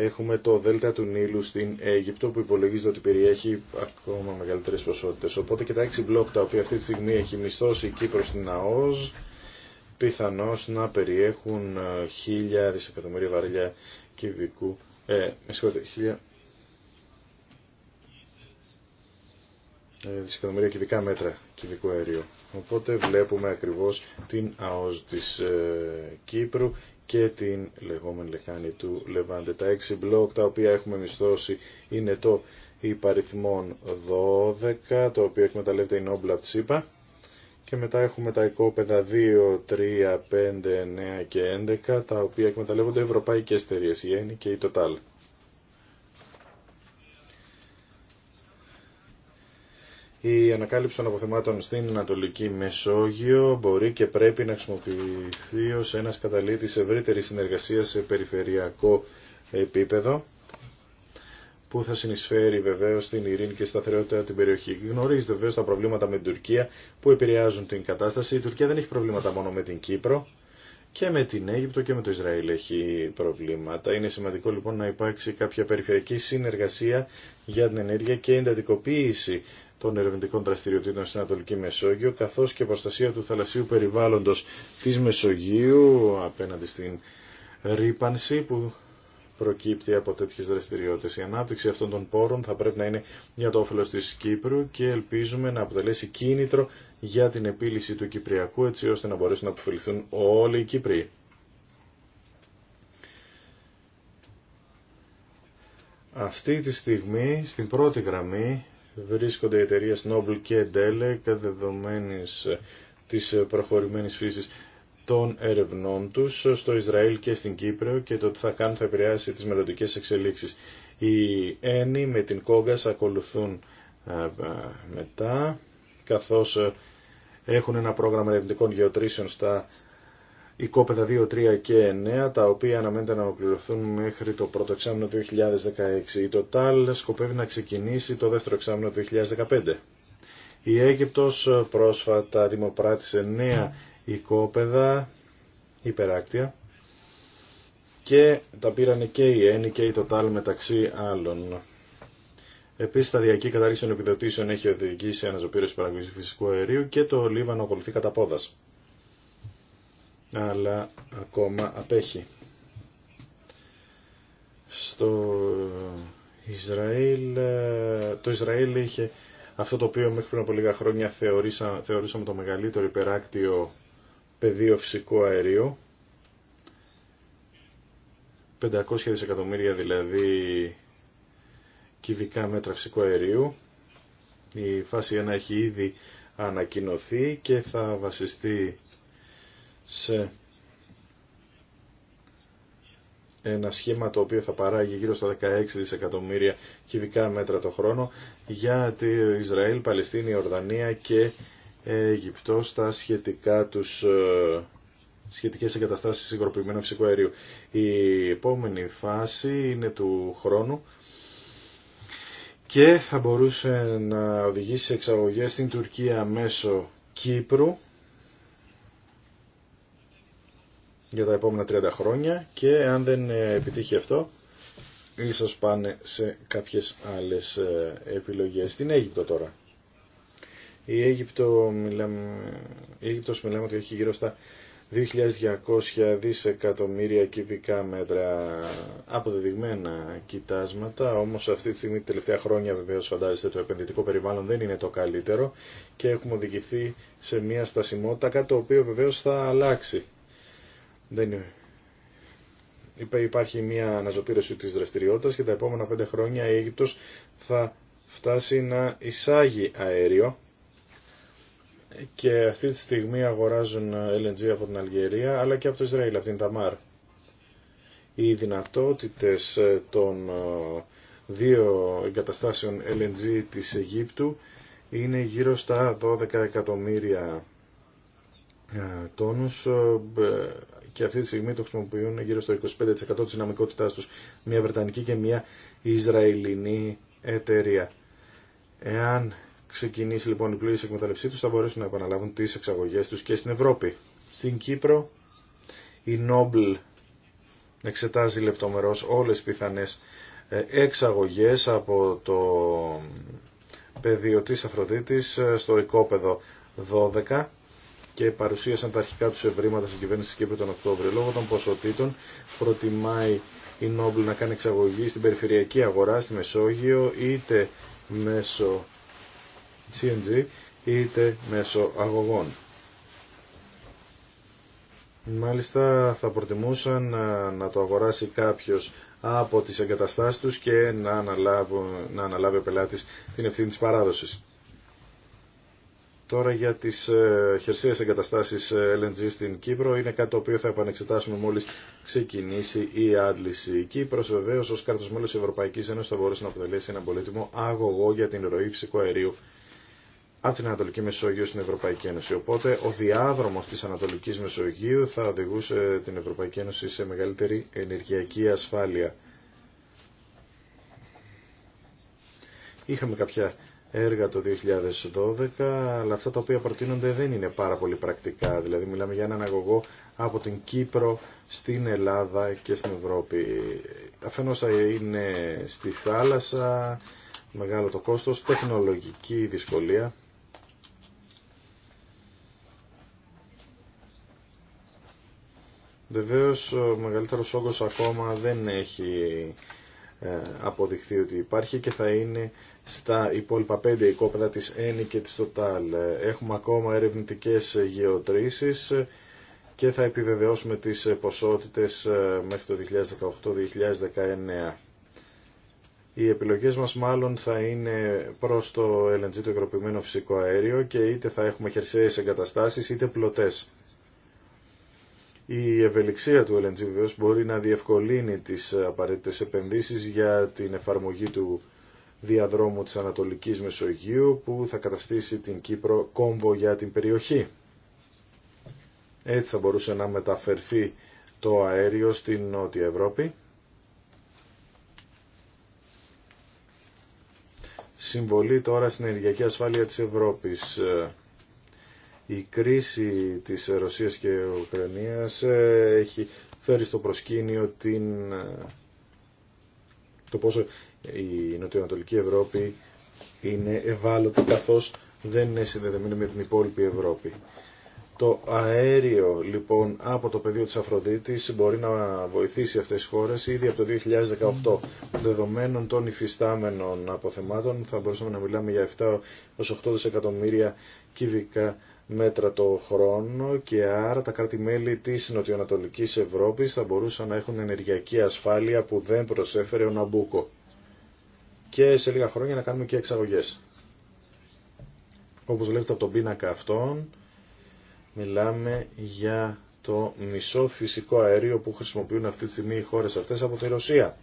Έχουμε το Δέλτα του Νείλου στην Αίγυπτο που υπολογίζεται ότι περιέχει ακόμα μεγαλύτερε ποσότητε. Οπότε και τα έξι μπλοκ τα οποία αυτή τη στιγμή έχει μισθώσει η Κύπρο στην ΑΟΣ πιθανώ να περιέχουν ε, χίλια δισεκατομμύρια βαρελιά. κυβικού. Ε, με χίλια ε, δισεκατομμύρια κυβικά μέτρα κυβικού αερίου. Οπότε βλέπουμε ακριβώς την ΑΟΣ της ε, Κύπρου και την λεγόμενη λεκάνη του Λεβάντε. Τα έξι μπλοκ τα οποία έχουμε μισθώσει είναι το υπαριθμόν 12, το οποίο εκμεταλλεύεται η Νόμπλα Τσίπα. Και μετά έχουμε τα οικόπεδα 2, 3, 5, 9 και 11, τα οποία εκμεταλλεύονται ευρωπαϊκές εταιρείε, η ΕΝΗ και η Total. Η ανακάλυψη των αποθεμάτων στην Ανατολική Μεσόγειο μπορεί και πρέπει να χρησιμοποιηθεί ως ένας καταλήτης ευρύτερης συνεργασία σε περιφερειακό επίπεδο που θα συνεισφέρει βεβαίως στην ειρήνη και σταθερότητα την περιοχή. Γνωρίζετε βεβαίω τα προβλήματα με την Τουρκία που επηρεάζουν την κατάσταση. Η Τουρκία δεν έχει προβλήματα μόνο με την Κύπρο και με την Αίγυπτο και με το Ισραήλ έχει προβλήματα. Είναι σημαντικό λοιπόν να υπάρξει κάποια περιφερειακή συνεργασία για την ενέργεια και εντατικοποίηση των ερευνητικών δραστηριοτήτων στην Ανατολική Μεσόγειο, καθώς και προστασία του θαλασσίου περιβάλλοντος της Μεσογείου απέναντι στην ρήπανση που προκύπτει από τέτοιες δραστηριότητες. Η ανάπτυξη αυτών των πόρων θα πρέπει να είναι για το όφελος της Κύπρου και ελπίζουμε να αποτελέσει κίνητρο για την επίλυση του Κυπριακού έτσι ώστε να μπορέσουν να αποφεληθούν όλοι οι Κύπροι. Αυτή τη στιγμή στην πρώτη γραμμή βρίσκονται οι εταιρείε Noble και και δεδομένη της προχωρημένη φύση των ερευνών τους στο Ισραήλ και στην Κύπρο και το τι θα κάνουν θα επηρεάσει τι μελλοντικέ εξελίξεις. Οι Ένι με την Κόγκα ακολουθούν μετά καθώς έχουν ένα πρόγραμμα ερευνητικών γεωτρήσεων στα οικόπεδα 2, 3 και 9, τα οποία αναμένεται να ολοκληρωθούν μέχρι το πρώτο εξάμεινο 2016. Η Total σκοπεύει να ξεκινήσει το δεύτερο εξάμεινο 2015. Η Αίγυπτος πρόσφατα δημοπράτησε νέα οικόπεδα υπεράκτια και τα πήραν και η ΕΝΗ και η Total μεταξύ άλλων. Επίση, σταδιακή κατάργηση των επιδοτήσεων έχει οδηγήσει σε αναζωπήρωση παραγωγή φυσικού αερίου και το Λίβανο ακολουθεί κατά πόδας αλλά ακόμα απέχει. Στο Ισραήλ, ε, το Ισραήλ είχε αυτό το οποίο μέχρι πριν από λίγα χρόνια θεωρήσα, θεωρήσαμε το μεγαλύτερο υπεράκτιο πεδίο φυσικού αερίου. 500 δισεκατομμύρια δηλαδή κυβικά μέτρα φυσικού αερίου. Η φάση 1 έχει ήδη ανακοινωθεί και θα βασιστεί σε ένα σχήμα το οποίο θα παράγει γύρω στα 16 δισεκατομμύρια κυβικά μέτρα το χρόνο για τη Ισραήλ, Παλαιστίνη, Ορδανία και Αιγυπτό στα σχετικά τους ε, σχετικές εγκαταστάσεις υγροποιημένου φυσικού αερίου. Η επόμενη φάση είναι του χρόνου και θα μπορούσε να οδηγήσει εξαγωγές στην Τουρκία μέσω Κύπρου για τα επόμενα 30 χρόνια και αν δεν ε, επιτύχει αυτό ίσως πάνε σε κάποιες άλλες ε, επιλογές. Στην Αίγυπτο τώρα. Η, Αίγυπτο, μιλάμε, η Αίγυπτος μιλάμε ότι έχει γύρω στα 2.200 δισεκατομμύρια κυβικά μέτρα αποδεδειγμένα κοιτάσματα, όμως αυτή τη στιγμή τελευταία χρόνια βεβαίως φαντάζεστε το επενδυτικό περιβάλλον δεν είναι το καλύτερο και έχουμε οδηγηθεί σε μια στασιμότητα, κάτι το οποίο βεβαίως θα αλλάξει δεν Υπάρχει μια αναζωπήρωση της δραστηριότητας και τα επόμενα πέντε χρόνια η Αίγυπτος θα φτάσει να εισάγει αέριο και αυτή τη στιγμή αγοράζουν LNG από την Αλγερία αλλά και από το Ισραήλ, από την Ταμάρ. Οι δυνατότητες ε, των ε, δύο εγκαταστάσεων LNG της Αιγύπτου είναι γύρω στα 12 εκατομμύρια ε, τόνους ε, ε, και αυτή τη στιγμή το χρησιμοποιούν γύρω στο 25% της δυναμικότητάς τους μια Βρετανική και μια Ισραηλινή εταιρεία. Εάν ξεκινήσει λοιπόν η πλήρης εκμεταλλευσή τους θα μπορέσουν να επαναλάβουν τις εξαγωγές τους και στην Ευρώπη. Στην Κύπρο η Νόμπλ εξετάζει λεπτομερώς όλες τις πιθανές εξαγωγές από το πεδίο της Αφροδίτης στο οικόπεδο 12 και παρουσίασαν τα αρχικά τους ευρήματα στην κυβέρνηση της Κύπρου τον Οκτώβριο. Λόγω των ποσοτήτων προτιμάει η Νόμπλ να κάνει εξαγωγή στην περιφερειακή αγορά, στη Μεσόγειο, είτε μέσω CNG, είτε μέσω αγωγών. Μάλιστα θα προτιμούσαν να, το αγοράσει κάποιος από τις εγκαταστάσεις τους και να αναλάβει, να αναλάβει ο πελάτης την ευθύνη της παράδοσης. Τώρα για τις ε, χερσαίες εγκαταστάσεις ε, LNG στην Κύπρο είναι κάτι το οποίο θα επανεξετάσουμε μόλις ξεκινήσει η άντληση. Η Κύπρος βεβαίως ως κάρτος μέλος της Ευρωπαϊκής Ένωση θα μπορέσει να αποτελέσει ένα πολύτιμο αγωγό για την ροή φυσικού αερίου από την Ανατολική Μεσογείο στην Ευρωπαϊκή Ένωση. Οπότε ο διάδρομος της Ανατολικής Μεσογείου θα οδηγούσε την Ευρωπαϊκή Ένωση σε μεγαλύτερη ενεργειακή ασφάλεια. Είχαμε κάποια έργα το 2012, αλλά αυτά τα οποία προτείνονται δεν είναι πάρα πολύ πρακτικά. Δηλαδή μιλάμε για έναν αγωγό από την Κύπρο στην Ελλάδα και στην Ευρώπη. Αφενός ε, είναι στη θάλασσα, μεγάλο το κόστος, τεχνολογική δυσκολία. Βεβαίω ο μεγαλύτερος όγκος ακόμα δεν έχει ε, αποδειχθεί ότι υπάρχει και θα είναι στα υπόλοιπα πέντε οικόπεδα της ΕΝΗ και της ΤΟΤΑΛ. Έχουμε ακόμα ερευνητικές γεωτρήσεις και θα επιβεβαιώσουμε τις ποσότητες ε, μέχρι το 2018-2019. Οι επιλογές μας μάλλον θα είναι προς το LNG το υγροποιημένο φυσικό αέριο και είτε θα έχουμε χερσαίες εγκαταστάσεις είτε πλωτές. Η ευελιξία του LNG βεβαίως μπορεί να διευκολύνει τις απαραίτητες επενδύσεις για την εφαρμογή του διαδρόμου της Ανατολικής Μεσογείου που θα καταστήσει την Κύπρο κόμβο για την περιοχή. Έτσι θα μπορούσε να μεταφερθεί το αέριο στην Νότια Ευρώπη. Συμβολή τώρα στην ενεργειακή ασφάλεια της Ευρώπης. Η κρίση της Ρωσίας και Ουκρανίας ε, έχει φέρει στο προσκήνιο την... Ε, το πόσο η Νοτιοανατολική Ευρώπη είναι ευάλωτη καθώς δεν είναι συνδεδεμένη με την υπόλοιπη Ευρώπη. Το αέριο λοιπόν από το πεδίο της Αφροδίτης μπορεί να βοηθήσει αυτές τις χώρες ήδη από το 2018. Δεδομένων των υφιστάμενων αποθεμάτων θα μπορούσαμε να μιλάμε για 7 ως 8 δισεκατομμύρια κυβικά μέτρα το χρόνο και άρα τα κράτη-μέλη της Νοτιοανατολικής Ευρώπης θα μπορούσαν να έχουν ενεργειακή ασφάλεια που δεν προσέφερε ο Ναμπούκο και σε λίγα χρόνια να κάνουμε και εξαγωγές. Όπως βλέπετε από τον πίνακα αυτών. μιλάμε για το μισό φυσικό αέριο που χρησιμοποιούν αυτή τη στιγμή οι χώρες αυτές από τη Ρωσία.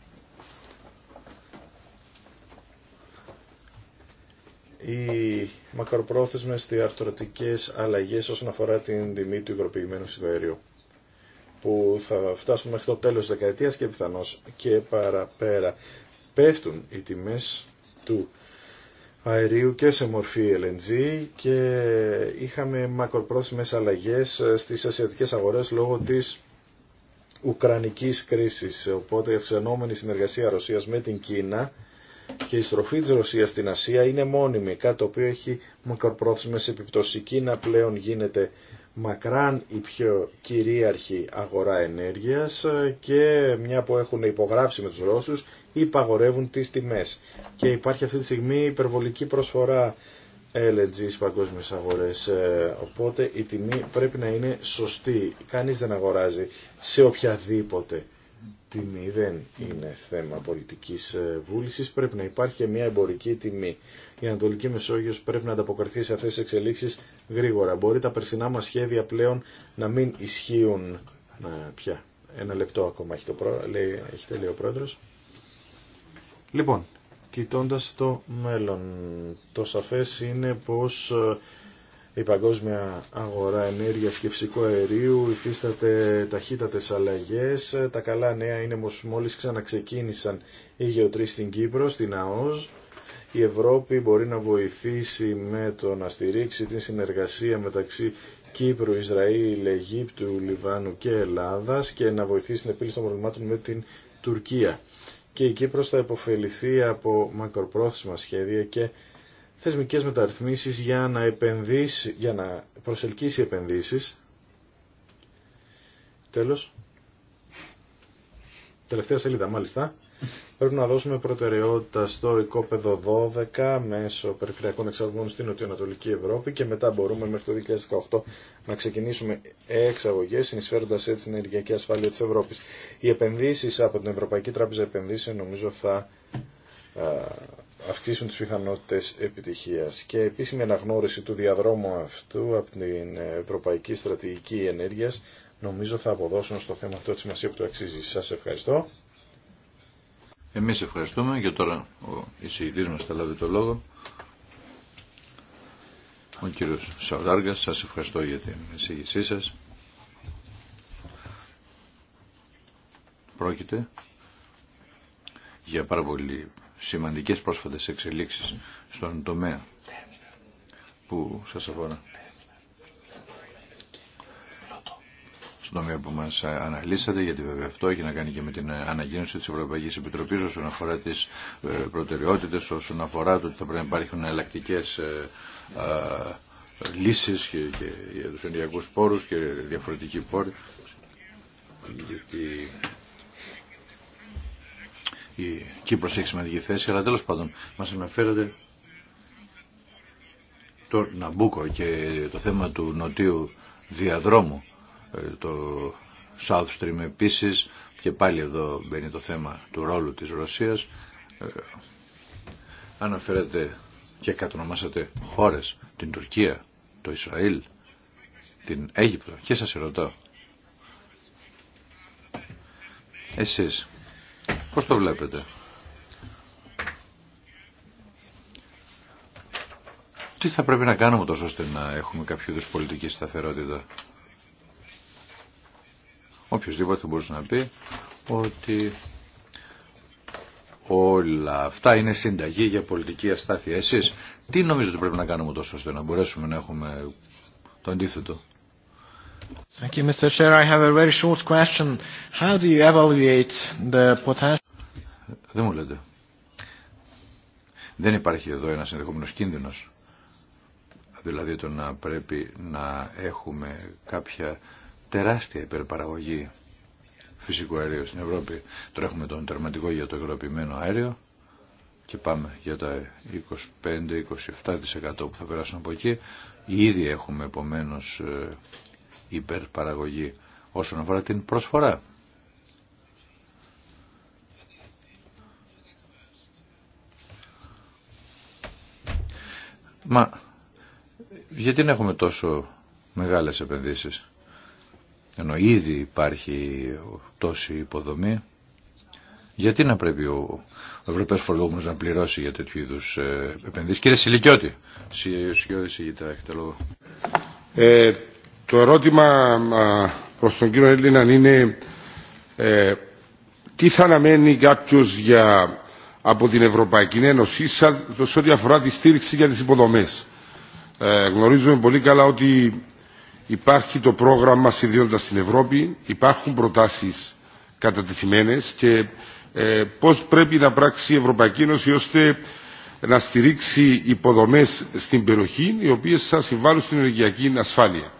οι μακροπρόθεσμες διαρθρωτικές αλλαγές όσον αφορά την τιμή του υγροποιημένου φυσικού που θα φτάσουμε μέχρι το τέλος της δεκαετίας και πιθανώς και παραπέρα πέφτουν οι τιμές του αερίου και σε μορφή LNG και είχαμε μακροπρόθεσμες αλλαγές ε, στις ασιατικές αγορές λόγω της ουκρανικής κρίσης. Οπότε η αυξανόμενη συνεργασία Ρωσίας με την Κίνα και η στροφή της Ρωσίας στην Ασία είναι μόνιμη, κάτι το οποίο έχει μακροπρόθεσμες επιπτώσεις. Η Κίνα πλέον γίνεται μακράν η πιο κυρίαρχη αγορά ενέργειας ε, και μια που έχουν υπογράψει με τους Ρώσους ή παγορεύουν τι τιμέ. Και υπάρχει αυτή τη στιγμή υπερβολική προσφορά LG σπαγόσμε αγορέ. Οπότε η υπαγορεύουν τις τιμές. Και υπάρχει αυτή τη στιγμή υπερβολική προσφορά LNG στις παγκόσμιες αγορές, ε, οπότε η τιμή πρέπει να είναι σωστή. Κανείς δεν αγοράζει σε οποιαδήποτε τιμή, δεν είναι θέμα πολιτικής ε, βούλησης, πρέπει να υπάρχει μια εμπορική τιμή. Η Ανατολική Μεσόγειος πρέπει να ανταποκριθεί σε αυτές τις εξελίξεις γρήγορα. Μπορεί τα περσινά μας σχέδια πλέον να μην ισχύουν πια. Ένα λεπτό ακόμα έχει το λέει, ο πρόεδρος. Λοιπόν, κοιτώντας το μέλλον, το σαφές είναι πως ε, η παγκόσμια αγορά ενέργειας και φυσικού αερίου υφίσταται ταχύτατες αλλαγές. Ε, τα καλά νέα είναι πως μόλις ξαναξεκίνησαν οι γεωτροί στην Κύπρο, στην ΑΟΣ. Η Ευρώπη μπορεί να βοηθήσει με το να στηρίξει την συνεργασία μεταξύ Κύπρου, Ισραήλ, Αιγύπτου, Λιβάνου και Ελλάδας και να βοηθήσει την επίλυση των προβλημάτων με την Τουρκία και η Κύπρος θα υποφεληθεί από μακροπρόθεσμα σχέδια και θεσμικές μεταρρυθμίσεις για να, επενδύσει, για να προσελκύσει επενδύσεις. Τέλος, τελευταία σελίδα μάλιστα, πρέπει να δώσουμε προτεραιότητα στο οικόπεδο 12 μέσω περιφερειακών εξαγωγών στην Νοτιοανατολική Ευρώπη και μετά μπορούμε μέχρι το 2018 να ξεκινήσουμε εξαγωγές συνεισφέροντας έτσι την ενεργειακή ασφάλεια της Ευρώπης. Οι επενδύσεις από την Ευρωπαϊκή Τράπεζα Επενδύσεων νομίζω θα αυξήσουν τις πιθανότητες επιτυχίας και επίσημη αναγνώριση του διαδρόμου αυτού από την Ευρωπαϊκή Στρατηγική Ενέργειας νομίζω θα αποδώσουν στο θέμα αυτό τη σημασία που το αξίζει. Σας ευχαριστώ. Εμείς ευχαριστούμε και τώρα ο εισηγητή μα θα λάβει το λόγο. Ο κύριος Σαουδάργας, σας ευχαριστώ για την εισηγησή σας. Πρόκειται για πάρα πολύ σημαντικές πρόσφατες εξελίξεις στον τομέα που σας αφορά. στον τομέα που μας αναλύσατε, γιατί βέβαια αυτό έχει να κάνει και με την ανακοίνωση της Ευρωπαϊκής Επιτροπής όσον αφορά τις ε, προτεραιότητες, όσον αφορά το ότι θα πρέπει να υπάρχουν εναλλακτικέ ε, ε, λύσεις και, και για τους ενδιακούς πόρους και διαφορετικοί πόροι. Γιατί η Κύπρος έχει σημαντική θέση, αλλά τέλος πάντων μας αναφέρατε το Ναμπούκο και το θέμα του νοτίου διαδρόμου ε, το South Stream επίσης και πάλι εδώ μπαίνει το θέμα του ρόλου της Ρωσίας ε, αναφέρετε και κατονομάσατε χώρες την Τουρκία, το Ισραήλ την Αίγυπτο και σας ρωτώ εσείς πώς το βλέπετε τι θα πρέπει να κάνουμε τόσο ώστε να έχουμε κάποιο είδους πολιτική σταθερότητα Οποιοςδήποτε θα μπορούσε να πει ότι όλα αυτά είναι συνταγή για πολιτική αστάθεια. Εσείς τι νομίζετε ότι πρέπει να κάνουμε τόσο ώστε να μπορέσουμε να έχουμε το αντίθετο. Thank Mr. Chair. I have a very short question. How do you evaluate the potential... Δεν μου λέτε. Δεν υπάρχει εδώ ένας ενδεχόμενος κίνδυνος. Δηλαδή το να πρέπει να έχουμε κάποια τεράστια υπερπαραγωγή φυσικού αερίου στην Ευρώπη. Τώρα έχουμε τον τερματικό για το υγροποιημένο αέριο και πάμε για τα 25-27% που θα περάσουν από εκεί. Ήδη έχουμε επομένω ε, υπερπαραγωγή όσον αφορά την προσφορά. Μα γιατί να έχουμε τόσο μεγάλες επενδύσεις ενώ ήδη υπάρχει τόση υποδομή, γιατί να πρέπει ο, Ευρωπαίος να πληρώσει για τέτοιου είδου ε, επενδύσεις. Κύριε Σιλικιώτη, Σιλικιώτη έχετε λόγο. Ε, το ερώτημα προς τον κύριο Έλληνα είναι ε, τι θα αναμένει κάποιος για, από την Ευρωπαϊκή Ένωση σε ό,τι αφορά τη στήριξη για τις υποδομές. γνωρίζουμε πολύ καλά ότι Υπάρχει το πρόγραμμα Συνδέοντας στην Ευρώπη, υπάρχουν προτάσεις κατατεθειμένες και ε, πώς πρέπει να πράξει η Ευρωπαϊκή Ένωση ώστε να στηρίξει υποδομές στην περιοχή οι οποίες θα συμβάλλουν στην ενεργειακή ασφάλεια.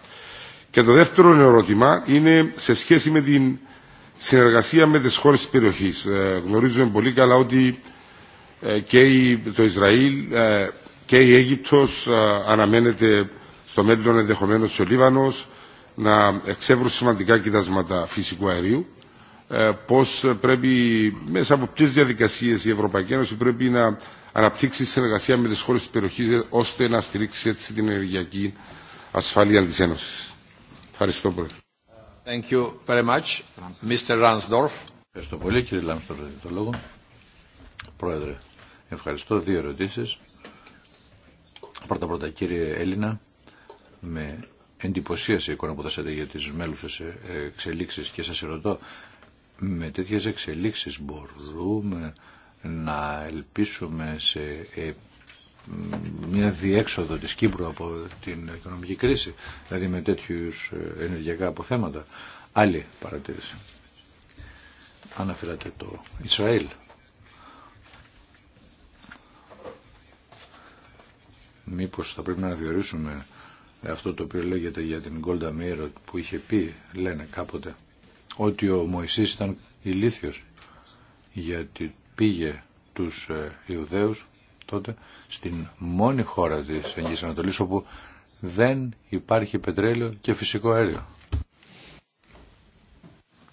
Και το δεύτερο ερώτημα είναι σε σχέση με την συνεργασία με τις χώρες της περιοχής. Ε, γνωρίζουμε πολύ καλά ότι ε, και το Ισραήλ ε, και η Αίγυπτος αναμένεται στο μέλλον ενδεχομένω ο Λίβανο να εξεύρουν σημαντικά κοιτάσματα φυσικού αερίου. Ε, πώς πρέπει, μέσα από ποιε διαδικασίε η Ευρωπαϊκή Ένωση πρέπει να αναπτύξει συνεργασία με τι χώρε τη περιοχή ώστε να στηρίξει έτσι την ενεργειακή ασφάλεια τη Ένωση. Ευχαριστώ πολύ. Thank you very much. Mr. Ευχαριστώ πολύ κύριε το Πρόεδρε, ευχαριστώ. Δύο ερωτήσεις. Πρώτα πρώτα κύριε Έλληνα, με εντυπωσίασε η εικόνα που δώσατε για τις μέλους ε, εξελίξεις και σας ερωτώ με τέτοιες εξελίξεις μπορούμε να ελπίσουμε σε ε, μια διέξοδο της Κύπρου από την οικονομική κρίση, δηλαδή με τέτοιους ε, ενεργειακά αποθέματα. Άλλη παρατήρηση. Αναφέρατε το Ισραήλ. Μήπως θα πρέπει να διορίσουμε αυτό το οποίο λέγεται για την Golda Meir που είχε πει, λένε κάποτε, ότι ο Μωυσής ήταν ηλίθιος γιατί πήγε τους ε, Ιουδαίους τότε στην μόνη χώρα της Αγγής Ανατολής όπου δεν υπάρχει πετρέλαιο και φυσικό αέριο.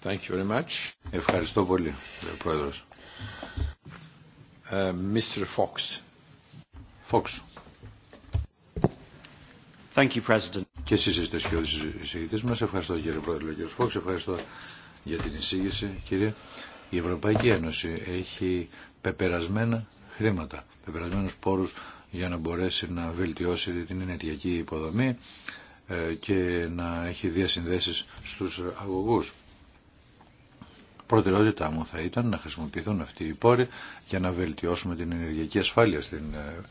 Thank you very much. Ευχαριστώ πολύ, κύριε Πρόεδρος. Ε, Mr. Fox. Fox. Thank you, President. Και εσείς είστε σχεδόν εισηγητές μας. Ευχαριστώ κύριε Πρόεδρε, κύριε Φόξ, ευχαριστώ για την εισήγηση, κύριε. Η Ευρωπαϊκή Ένωση έχει πεπερασμένα χρήματα, πεπερασμένους πόρους για να μπορέσει να βελτιώσει την ενεργειακή υποδομή ε, και να έχει διασυνδέσεις στους αγωγούς. Προτεραιότητά μου θα ήταν να χρησιμοποιηθούν αυτοί οι πόροι για να βελτιώσουμε την ενεργειακή ασφάλεια στην ε,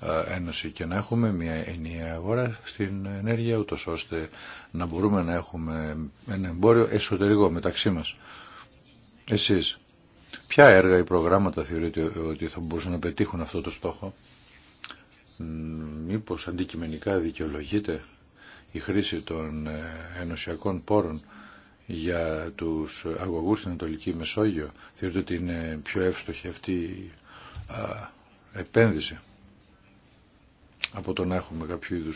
ε, ένωση και να έχουμε μια ενιαία αγορά στην ενέργεια ούτως ώστε να μπορούμε να έχουμε ένα εμπόριο εσωτερικό μεταξύ μας. Εσείς, ποια έργα ή προγράμματα θεωρείτε ότι θα μπορούσαν να πετύχουν αυτό το στόχο. Μήπως αντικειμενικά δικαιολογείται η χρήση των ε, ενωσιακών πόρων για τους αγωγούς στην Ανατολική Μεσόγειο. Θεωρείτε ότι είναι πιο εύστοχη αυτή η επένδυση από το να έχουμε κάποιο είδου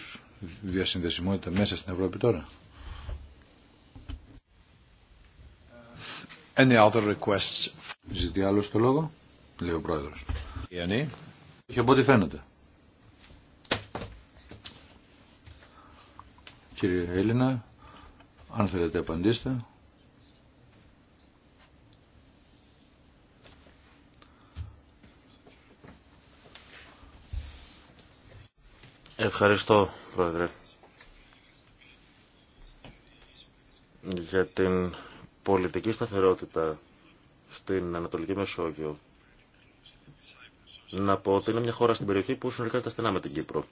διασυνδεσιμότητα μέσα στην Ευρώπη τώρα. Any other requests? Ζητεί άλλο το λόγο, λέει ο πρόεδρος. Ιαννή. Όχι από ό,τι φαίνεται. Κύριε Έλληνα, αν θέλετε απαντήστε. Ευχαριστώ, Πρόεδρε, για την πολιτική σταθερότητα στην Ανατολική Μεσόγειο. Να πω ότι είναι μια χώρα στην περιοχή που συνεργάζεται στενά με την Κύπρο.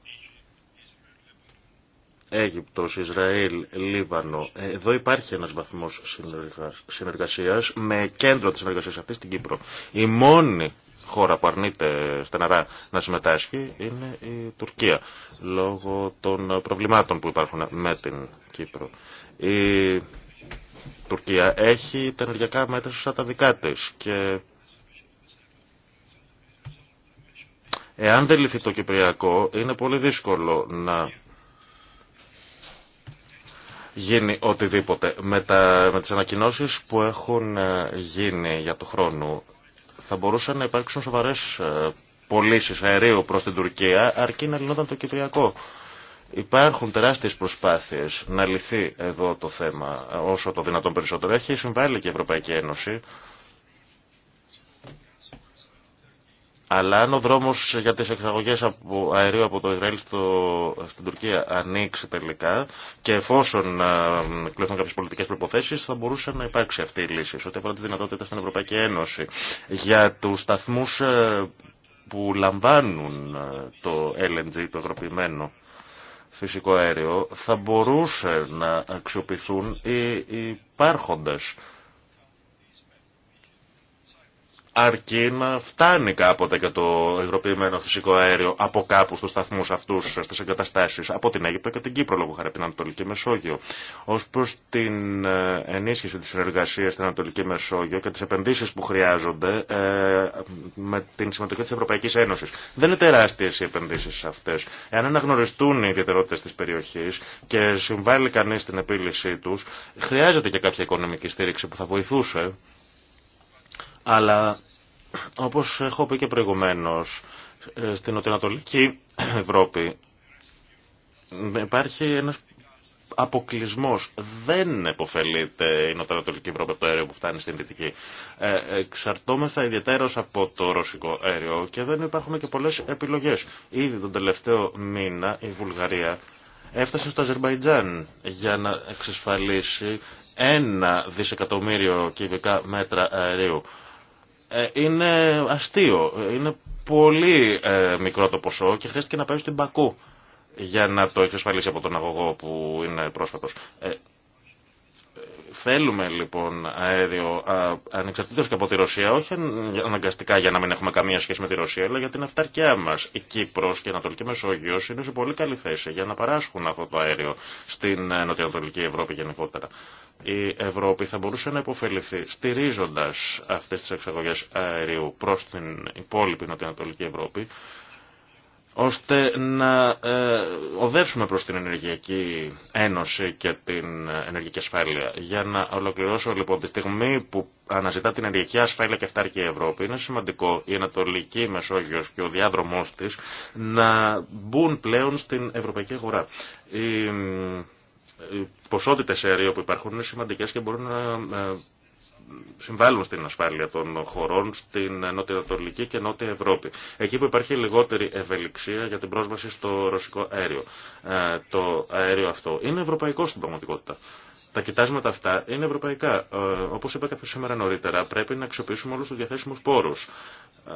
Αίγυπτος, Ισραήλ, Λίβανο. Εδώ υπάρχει ένας βαθμός συνεργασίας με κέντρο της συνεργασίας αυτής στην Κύπρο. Η μόνη χώρα που αρνείται στεναρά να συμμετάσχει είναι η Τουρκία, λόγω των προβλημάτων που υπάρχουν με την Κύπρο. Η Τουρκία έχει τα ενεργειακά μέτρα σαν τα δικά τη. και εάν δεν λυθεί το Κυπριακό είναι πολύ δύσκολο να γίνει οτιδήποτε. Με, τα, με τις ανακοινώσεις που έχουν ε, γίνει για το χρόνο θα μπορούσαν να υπάρξουν σοβαρέ ε, πωλήσει αερίου προ την Τουρκία αρκεί να λυνόταν το Κυπριακό. Υπάρχουν τεράστιες προσπάθειες να λυθεί εδώ το θέμα ε, όσο το δυνατόν περισσότερο. Έχει συμβάλει και η Ευρωπαϊκή Ένωση Αλλά αν ο δρόμος για τις εξαγωγές αερίου από το Ισραήλ στο, στην Τουρκία ανοίξει τελικά και εφόσον κλείσουν κάποιες πολιτικές προποθέσει, θα μπορούσε να υπάρξει αυτή η λύση. Σε ό,τι αφορά τις δυνατότητες στην Ευρωπαϊκή Ένωση για τους σταθμούς που λαμβάνουν το LNG, το ευρωποιημένο φυσικό αέριο, θα μπορούσε να αξιοποιηθούν οι υπάρχοντες αρκεί να φτάνει κάποτε και το υγροποιημένο φυσικό αέριο από κάπου στους σταθμούς αυτούς, στις εγκαταστάσεις, από την Αίγυπτο και την Κύπρο λόγω χαρά την Ανατολική Μεσόγειο. Ως προς την ε, ενίσχυση της συνεργασίας στην Ανατολική Μεσόγειο και τις επενδύσεις που χρειάζονται ε, με την συμμετοχή της Ευρωπαϊκής Ένωσης. Δεν είναι τεράστιες οι επενδύσεις αυτές. Εάν αναγνωριστούν οι ιδιαιτερότητες της περιοχή και συμβάλλει κανεί στην επίλυσή τους, χρειάζεται και κάποια οικονομική στήριξη που θα βοηθούσε αλλά όπως έχω πει και προηγουμένως, ε, στην Νοτιοανατολική Ευρώπη υπάρχει ένας αποκλεισμό. Δεν επωφελείται η Νοτιοανατολική Ευρώπη από το αέριο που φτάνει στην Δυτική. Ε, εξαρτώμεθα από το ρωσικό αέριο και δεν υπάρχουν και πολλέ επιλογέ. Ήδη τον τελευταίο μήνα η Βουλγαρία έφτασε στο Αζερμπαϊτζάν για να εξασφαλίσει ένα δισεκατομμύριο κυβικά μέτρα αερίου ε, είναι αστείο. Είναι πολύ ε, μικρό το ποσό και χρειάστηκε να πάει στην Πακού για να το εξασφαλίσει από τον αγωγό που είναι πρόσφατος. Ε, θέλουμε λοιπόν αέριο ανεξαρτήτως και από τη Ρωσία, όχι αναγκαστικά για να μην έχουμε καμία σχέση με τη Ρωσία, αλλά για την αυταρκιά μας. Η Κύπρος και η Ανατολική Μεσόγειος είναι σε πολύ καλή θέση για να παράσχουν αυτό το αέριο στην Νοτιοανατολική Ευρώπη γενικότερα η Ευρώπη θα μπορούσε να υποφεληθεί στηρίζοντας αυτές τις εξαγωγές αερίου προς την υπόλοιπη Νοτιοανατολική Ευρώπη ώστε να ε, οδεύσουμε προς την Ενεργειακή Ένωση και την Ενεργειακή Ασφάλεια. Για να ολοκληρώσω λοιπόν τη στιγμή που αναζητά την Ενεργειακή Ασφάλεια και φτάρει και η Ευρώπη, είναι σημαντικό η Ανατολική Μεσόγειος και ο διάδρομός της να μπουν πλέον στην Ευρωπαϊκή Αγορά οι ποσότητες αερίου που υπάρχουν είναι σημαντικές και μπορούν να ε, συμβάλλουν στην ασφάλεια των χωρών στην νότια-ανατολική και νότια Ευρώπη. Εκεί που υπάρχει λιγότερη ευελιξία για την πρόσβαση στο ρωσικό αέριο. Ε, το αέριο αυτό είναι ευρωπαϊκό στην πραγματικότητα. Τα κοιτάσματα αυτά είναι ευρωπαϊκά. Ε, Όπω είπα κάποιο σήμερα νωρίτερα, πρέπει να αξιοποιήσουμε όλου του διαθέσιμου πόρου. Ε,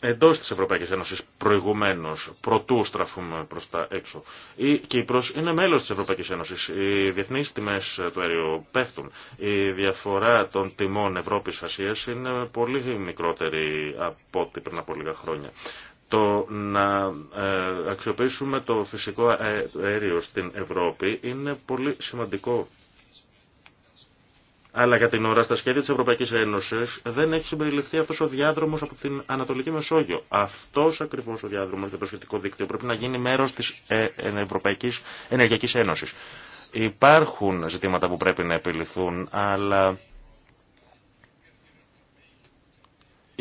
εντός της Ευρωπαϊκής Ένωσης προηγουμένως, πρωτού στραφούμε προς τα έξω. Η Κύπρος είναι μέλος της Ευρωπαϊκής Ένωσης. Οι διεθνείς τιμές του αερίου πέφτουν. Η διαφορά των τιμών Ευρώπης-Ασίας είναι πολύ μικρότερη από ό,τι πριν από λίγα χρόνια το να ε, αξιοποιήσουμε το φυσικό αέριο στην Ευρώπη είναι πολύ σημαντικό αλλά για την ώρα στα σχέδια τη Ευρωπαϊκή Ένωση δεν έχει συμπεριληφθεί αυτό ο διάδρομο από την Ανατολική Μεσόγειο. Αυτό ακριβώ ο διάδρομο για το σχετικό δίκτυο πρέπει να γίνει μέρο τη ε, Ευρωπαϊκή Ενεργειακή Ένωση. Υπάρχουν ζητήματα που πρέπει να επιληθούν, αλλά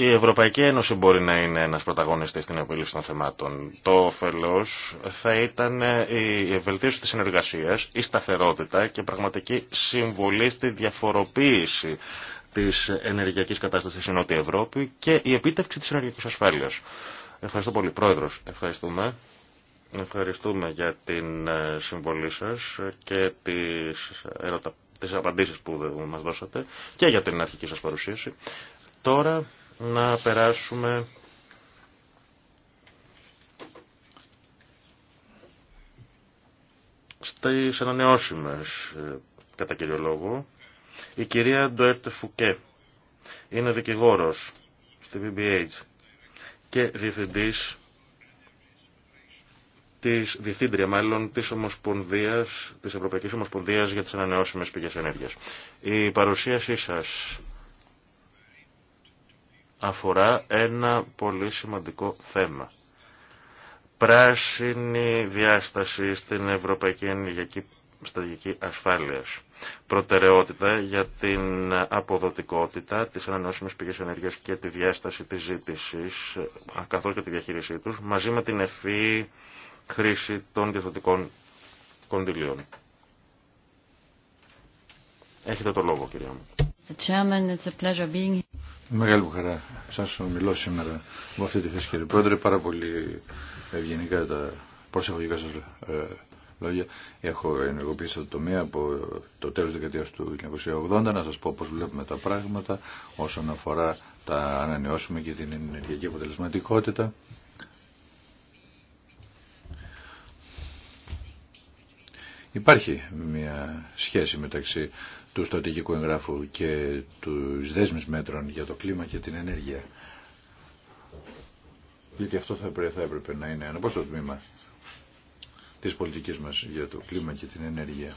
Η Ευρωπαϊκή Ένωση μπορεί να είναι ένας πρωταγωνιστής στην επίλυση των θεμάτων. Το όφελος θα ήταν η ευελτίωση της συνεργασίας, η σταθερότητα και πραγματική συμβολή στη διαφοροποίηση της ενεργειακής κατάστασης στην Νότια Ευρώπη και η επίτευξη της ενεργειακής ασφάλειας. Ευχαριστώ πολύ, Πρόεδρος. Ευχαριστούμε. Ευχαριστούμε για την ε, συμβολή σας και τις, ερωτα... τις απαντήσεις που μας δώσατε και για την αρχική σας παρουσίαση. Τώρα να περάσουμε στις ανανεώσιμες ε, κατά κύριο λόγο. Η κυρία Ντοέρτε Φουκέ είναι δικηγόρος στη BBH και διευθυντής της διευθύντρια μάλλον της, Ομοσπονδίας, της Ευρωπαϊκής Ομοσπονδίας για τις Ανανεώσιμες Πηγές Ενέργειας. Η παρουσίασή σας αφορά ένα πολύ σημαντικό θέμα. Πράσινη διάσταση στην Ευρωπαϊκή Ενεργειακή Στατική Ασφάλειας. Προτεραιότητα για την αποδοτικότητα, της ανανεώσιμης πηγής ενέργειας και τη διάσταση της ζήτησης, καθώς και τη διαχείρισή τους, μαζί με την ευφύ χρήση των διευθυντικών κονδυλίων. Έχετε το λόγο, κυρία μου. Chairman, Μεγάλη μου χαρά σας μιλώ σήμερα με αυτή τη θέση κύριε Πρόεδρε. Πάρα πολύ ευγενικά τα προσεχογικά σας ε, λόγια. Έχω ενεργοποιήσει το τομέα από το τέλος δεκαετίας του 1980 να σας πω πώς βλέπουμε τα πράγματα όσον αφορά τα ανανεώσιμα και την ενεργειακή αποτελεσματικότητα. Υπάρχει μια σχέση μεταξύ του στρατηγικού εγγράφου και του δέσμης μέτρων για το κλίμα και την ενέργεια. Γιατί αυτό θα έπρεπε, θα έπρεπε να είναι ένα πόσο τμήμα της πολιτικής μας για το κλίμα και την ενέργεια.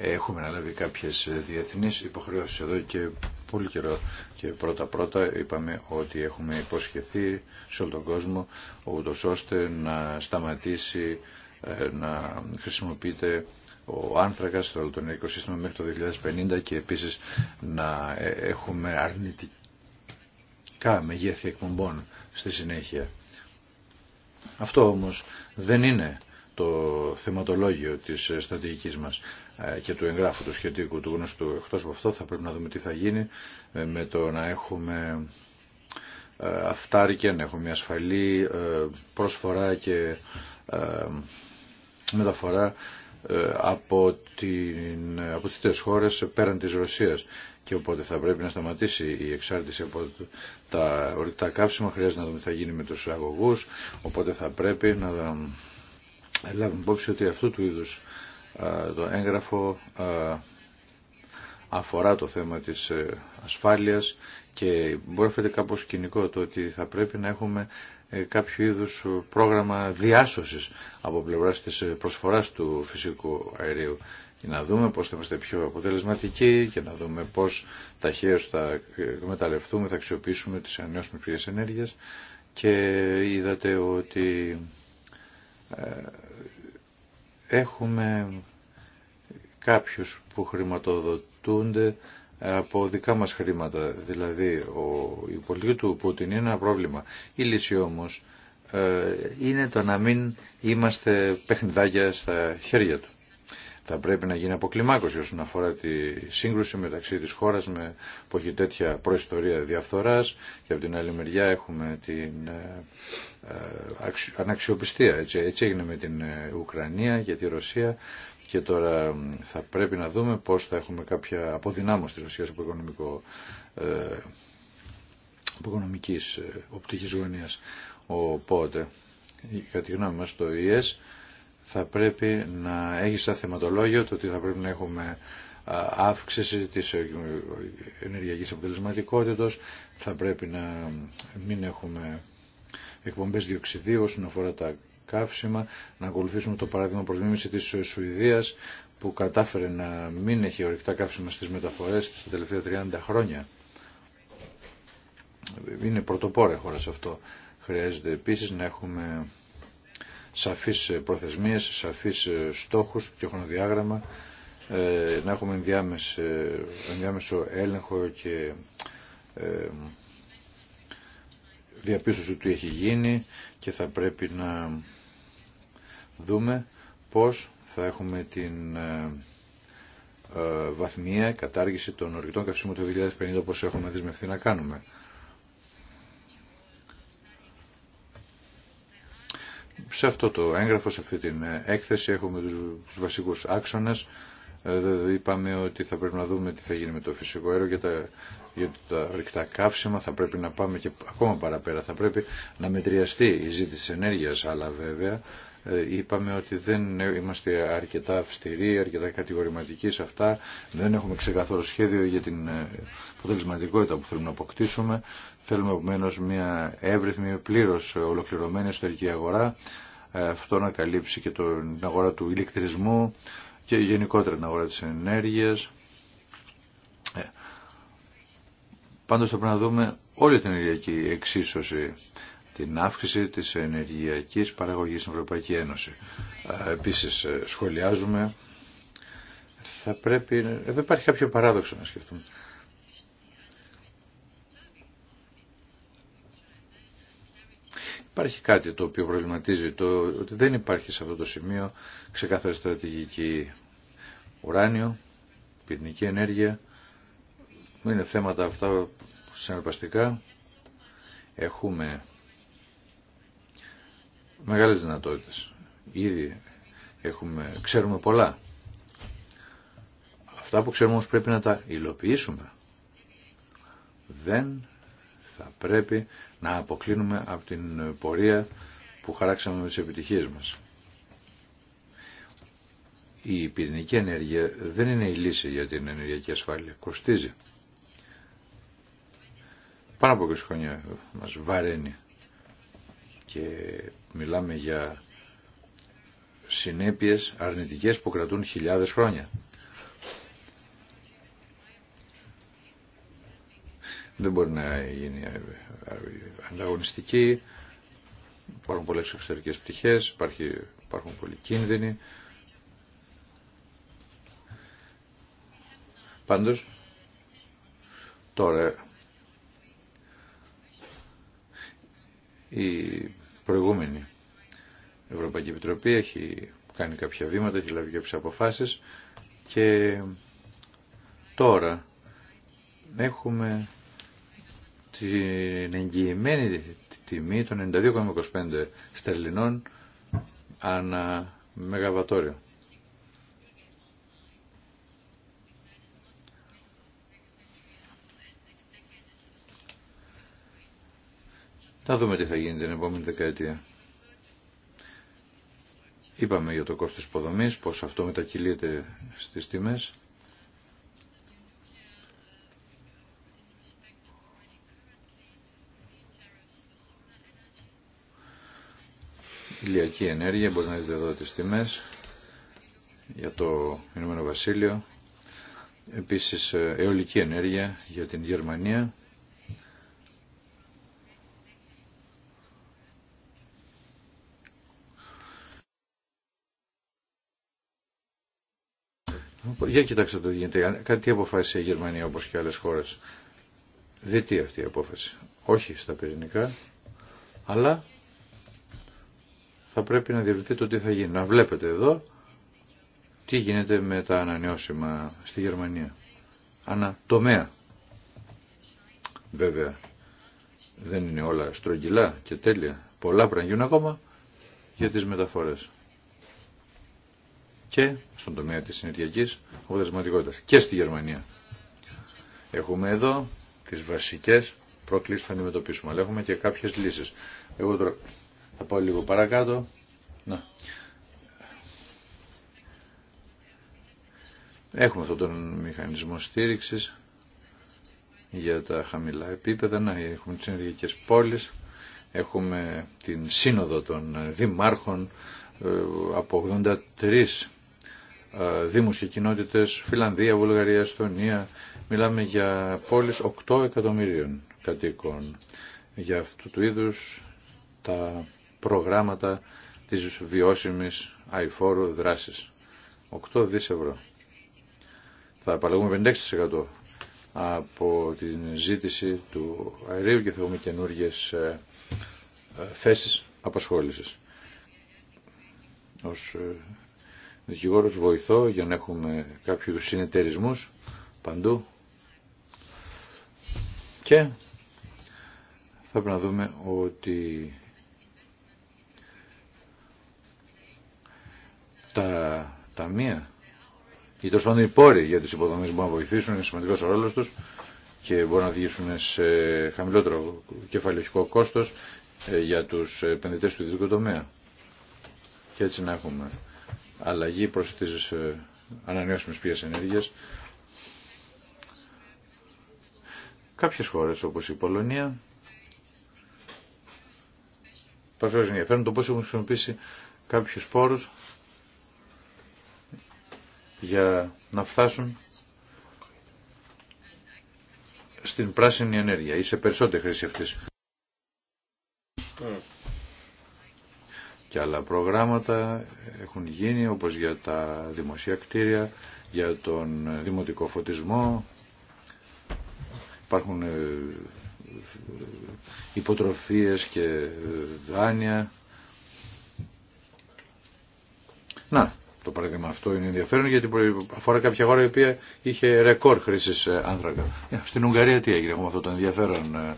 Έχουμε αναλάβει κάποιες διεθνείς υποχρεώσεις εδώ και πολύ καιρό και πρώτα πρώτα είπαμε ότι έχουμε υποσχεθεί σε όλο τον κόσμο ούτως ώστε να σταματήσει ε, να χρησιμοποιείται ο άνθρακας στο σύστημα μέχρι το 2050 και επίσης να ε, έχουμε αρνητικά μεγέθη εκπομπών στη συνέχεια. Αυτό όμως δεν είναι το θεματολόγιο της ε, στρατηγικής μας και του εγγράφου του σχετικού του γνωστού. Εκτός από αυτό θα πρέπει να δούμε τι θα γίνει με το να έχουμε αυτάρικα, να έχουμε ασφαλή προσφορά και μεταφορά ε, από, την, από τις τέτοιες χώρες πέραν της Ρωσίας και οπότε θα πρέπει να σταματήσει η εξάρτηση από τα ορυκτά καύσιμα χρειάζεται να δούμε τι θα γίνει με τους αγωγούς οπότε θα πρέπει να λάβουμε υπόψη ότι αυτού του είδους ε, το έγγραφο ε, αφορά το θέμα της ασφάλειας και μπορεί να φαίνεται κάπως κοινικό το ότι θα πρέπει να έχουμε ε, κάποιο είδους ε, πρόγραμμα διάσωσης από πλευράς της ε, προσφοράς του φυσικού αερίου να δούμε πώς θα είμαστε πιο αποτελεσματικοί και να δούμε πώς ταχαίως θα εκμεταλλευτούμε, θα αξιοποιήσουμε τις ανανεώσιμες πηγές ενέργειας και είδατε ότι έχουμε κάποιους που χρηματοδοτούνται από δικά μας χρήματα. Δηλαδή ο, η του Πούτιν είναι ένα πρόβλημα. Η λύση όμως ε, είναι το να μην είμαστε παιχνιδάκια στα χέρια του. Θα πρέπει να γίνει αποκλιμάκωση όσον αφορά τη σύγκρουση μεταξύ της χώρας με, που έχει τέτοια προϊστορία διαφθοράς και από την άλλη μεριά έχουμε την ε, ε, αναξιοπιστία. Έτσι, έτσι έγινε με την Ουκρανία και τη Ρωσία και τώρα θα πρέπει να δούμε πώς θα έχουμε κάποια αποδυνάμωση της Ρωσίας από, οικονομικό, ε, από οικονομικής ε, οπτικής γωνίας. Οπότε, κατά τη γνώμη μας, το ΙΕΣ θα πρέπει να έχει σαν θεματολόγιο το ότι θα πρέπει να έχουμε αύξηση της ε, ενεργειακής αποτελεσματικότητας, θα πρέπει να μην έχουμε εκπομπές διοξιδίου όσον αφορά τα καύσιμα, να ακολουθήσουμε το παράδειγμα προς μίμηση της Σουηδίας που κατάφερε να μην έχει ορυκτά καύσιμα στις μεταφορές τα τελευταία 30 χρόνια. Είναι πρωτοπόρα χώρα αυτό. Χρειάζεται επίσης να έχουμε σαφείς προθεσμίες, σαφείς στόχους και χρονοδιάγραμμα, ε, να έχουμε ενδιάμεσο, ενδιάμεσο έλεγχο και ε, διαπίστωση του τι έχει γίνει και θα πρέπει να δούμε πώς θα έχουμε την ε, ε, βαθμία κατάργηση των ορεικτών καυσίμων το 2050 όπως έχουμε δυσμευθεί να κάνουμε. Σε αυτό το έγγραφο, σε αυτή την ε, έκθεση έχουμε τους βασικούς άξονες. Είπαμε ότι θα πρέπει να δούμε τι θα γίνει με το φυσικό αέριο για τα ρηκτά καύσιμα. Θα πρέπει να πάμε και ακόμα παραπέρα. Θα πρέπει να μετριαστεί η ζήτηση ενέργειας, αλλά βέβαια ε, είπαμε ότι δεν είμαστε αρκετά αυστηροί, αρκετά κατηγορηματικοί σε αυτά, δεν έχουμε ξεκαθαρό σχέδιο για την ε, αποτελεσματικότητα που θέλουμε να αποκτήσουμε. Θέλουμε επομένω μια εύρυθμη, πλήρω ολοκληρωμένη εσωτερική αγορά. Ε, αυτό να καλύψει και την αγορά του ηλεκτρισμού και γενικότερα την αγορά της ενέργειας. Πάντως θα πρέπει να δούμε όλη την ενεργειακή εξίσωση την αύξηση της ενεργειακής παραγωγής στην Ευρωπαϊκή Ένωση. Επίσης ε, σχολιάζουμε, θα πρέπει, εδώ υπάρχει κάποιο παράδοξο να σκεφτούμε. Υπάρχει κάτι το οποίο προβληματίζει, το ότι δεν υπάρχει σε αυτό το σημείο ξεκάθαρη στρατηγική ουράνιο, πυρηνική ενέργεια, είναι θέματα αυτά συναρπαστικά. Έχουμε μεγάλες δυνατότητες. Ήδη έχουμε, ξέρουμε πολλά. Αυτά που ξέρουμε όμως πρέπει να τα υλοποιήσουμε. Δεν θα πρέπει να αποκλίνουμε από την πορεία που χαράξαμε με τις επιτυχίες μας. Η πυρηνική ενέργεια δεν είναι η λύση για την ενεργειακή ασφάλεια. Κοστίζει. Πάνω από 20 χρόνια μας βαραίνει και μιλάμε για συνέπειες αρνητικές που κρατούν χιλιάδες χρόνια. Δεν μπορεί να γίνει ανταγωνιστική, υπάρχουν πολλές εξωτερικές πτυχές, υπάρχει, υπάρχουν πολλοί κίνδυνοι. Πάντως, τώρα η προηγούμενη. Η Ευρωπαϊκή Επιτροπή έχει κάνει κάποια βήματα, έχει λάβει κάποιες αποφάσεις και τώρα έχουμε την εγγυημένη τιμή των 92,25 στερλινών ανά μεγαβατόριο. Θα δούμε τι θα γίνει την επόμενη δεκαετία. Είπαμε για το κόστος υποδομής, πως αυτό μετακυλείται στις τιμές. Ηλιακή ενέργεια, μπορεί να δείτε εδώ τις τιμές για το Ηνωμένο Βασίλειο. Επίσης ε, αιωλική ενέργεια για την Γερμανία. Για κοιτάξτε το γίνεται. Κάτι αποφάσισε η Γερμανία όπως και άλλες χώρες. τι αυτή η απόφαση. Όχι στα πυρηνικά, αλλά θα πρέπει να διευρυθεί το τι θα γίνει. Να βλέπετε εδώ τι γίνεται με τα ανανεώσιμα στη Γερμανία. Ανατομέα. Βέβαια δεν είναι όλα στρογγυλά και τέλεια. Πολλά πρέπει να γίνουν ακόμα για τις μεταφορές και στον τομέα της συνεργειακής αποτελεσματικότητας και στη Γερμανία. Έχουμε εδώ τις βασικές προκλήσεις που αντιμετωπίσουμε, αλλά έχουμε και κάποιες λύσεις. Εγώ τώρα θα πάω λίγο παρακάτω. Να. Έχουμε αυτόν τον μηχανισμό στήριξης για τα χαμηλά επίπεδα, να έχουμε τις συνεργειακές πόλεις, έχουμε την σύνοδο των δημάρχων ε, από 83 ε, δήμους και κοινότητες, Φιλανδία, Βουλγαρία, Εστονία. Μιλάμε για πόλεις 8 εκατομμύριων κατοίκων. Για αυτού του είδους τα προγράμματα της βιώσιμης αηφόρου δράσης. 8 δις ευρώ. Θα απαλλαγούμε 56% από την ζήτηση του αερίου και θα έχουμε καινούργιε ε, ε, θέσεις απασχόλησης. Ως δικηγόρος βοηθώ για να έχουμε κάποιου συνεταιρισμού παντού και θα πρέπει να δούμε ότι τα ταμεία ή τόσο πάντων οι πόροι για τις υποδομές μπορούν να βοηθήσουν, είναι σημαντικός ο ρόλος τους και μπορούν να οδηγήσουν σε χαμηλότερο κεφαλαιοχικό κόστος ε, για τους επενδυτές του ιδιωτικού τομέα. Και έτσι να έχουμε αλλαγή προς τις ε, ανανεώσιμες πηγές ενέργειας. Κάποιες χώρες όπως η Πολωνία παρουσιάζει ενδιαφέρον το πώς έχουν χρησιμοποιήσει κάποιους πόρους για να φτάσουν στην πράσινη ενέργεια ή σε περισσότερη χρήση αυτής. Mm και άλλα προγράμματα έχουν γίνει όπως για τα δημοσία κτίρια, για τον δημοτικό φωτισμό. Υπάρχουν ε, υποτροφίες και δάνεια. Να, το παράδειγμα αυτό είναι ενδιαφέρον γιατί αφορά κάποια χώρα η οποία είχε ρεκόρ χρήσης ε, άνθρακα. Ε, στην Ουγγαρία τι έγινε, έχουμε αυτό το ενδιαφέρον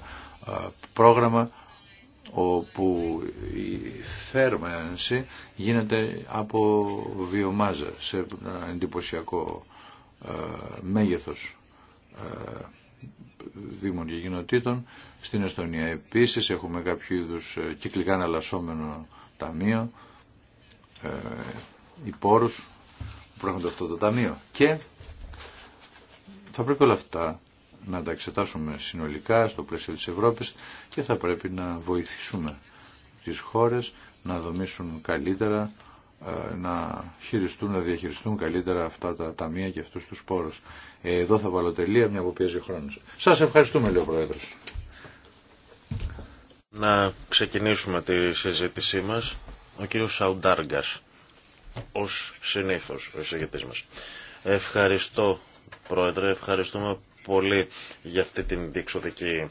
πρόγραμμα όπου η θέρμανση γίνεται από βιομάζα σε ένα εντυπωσιακό ε, μέγεθος ε, δήμων και κοινοτήτων. Στην Εστονία επίσης έχουμε κάποιο είδους ε, κυκλικά αναλασσόμενο ταμείο, ε, υπόρους που προέρχονται αυτό το ταμείο. Και θα πρέπει όλα αυτά να τα εξετάσουμε συνολικά στο πλαίσιο της Ευρώπης και θα πρέπει να βοηθήσουμε τις χώρες να δομήσουν καλύτερα, ε, να χειριστούν, να διαχειριστούν καλύτερα αυτά τα ταμεία και αυτούς τους πόρους. Ε, εδώ θα βάλω τελεία, μια που πιέζει Σας ευχαριστούμε, λέει ο Πρόεδρος. Να ξεκινήσουμε τη συζήτησή μας. Ο κύριος Σαουντάργκας ως συνήθως ο εισηγητής μας. Ευχαριστώ, Πρόεδρε. Ευχαριστούμε πολύ για αυτή την διεξοδική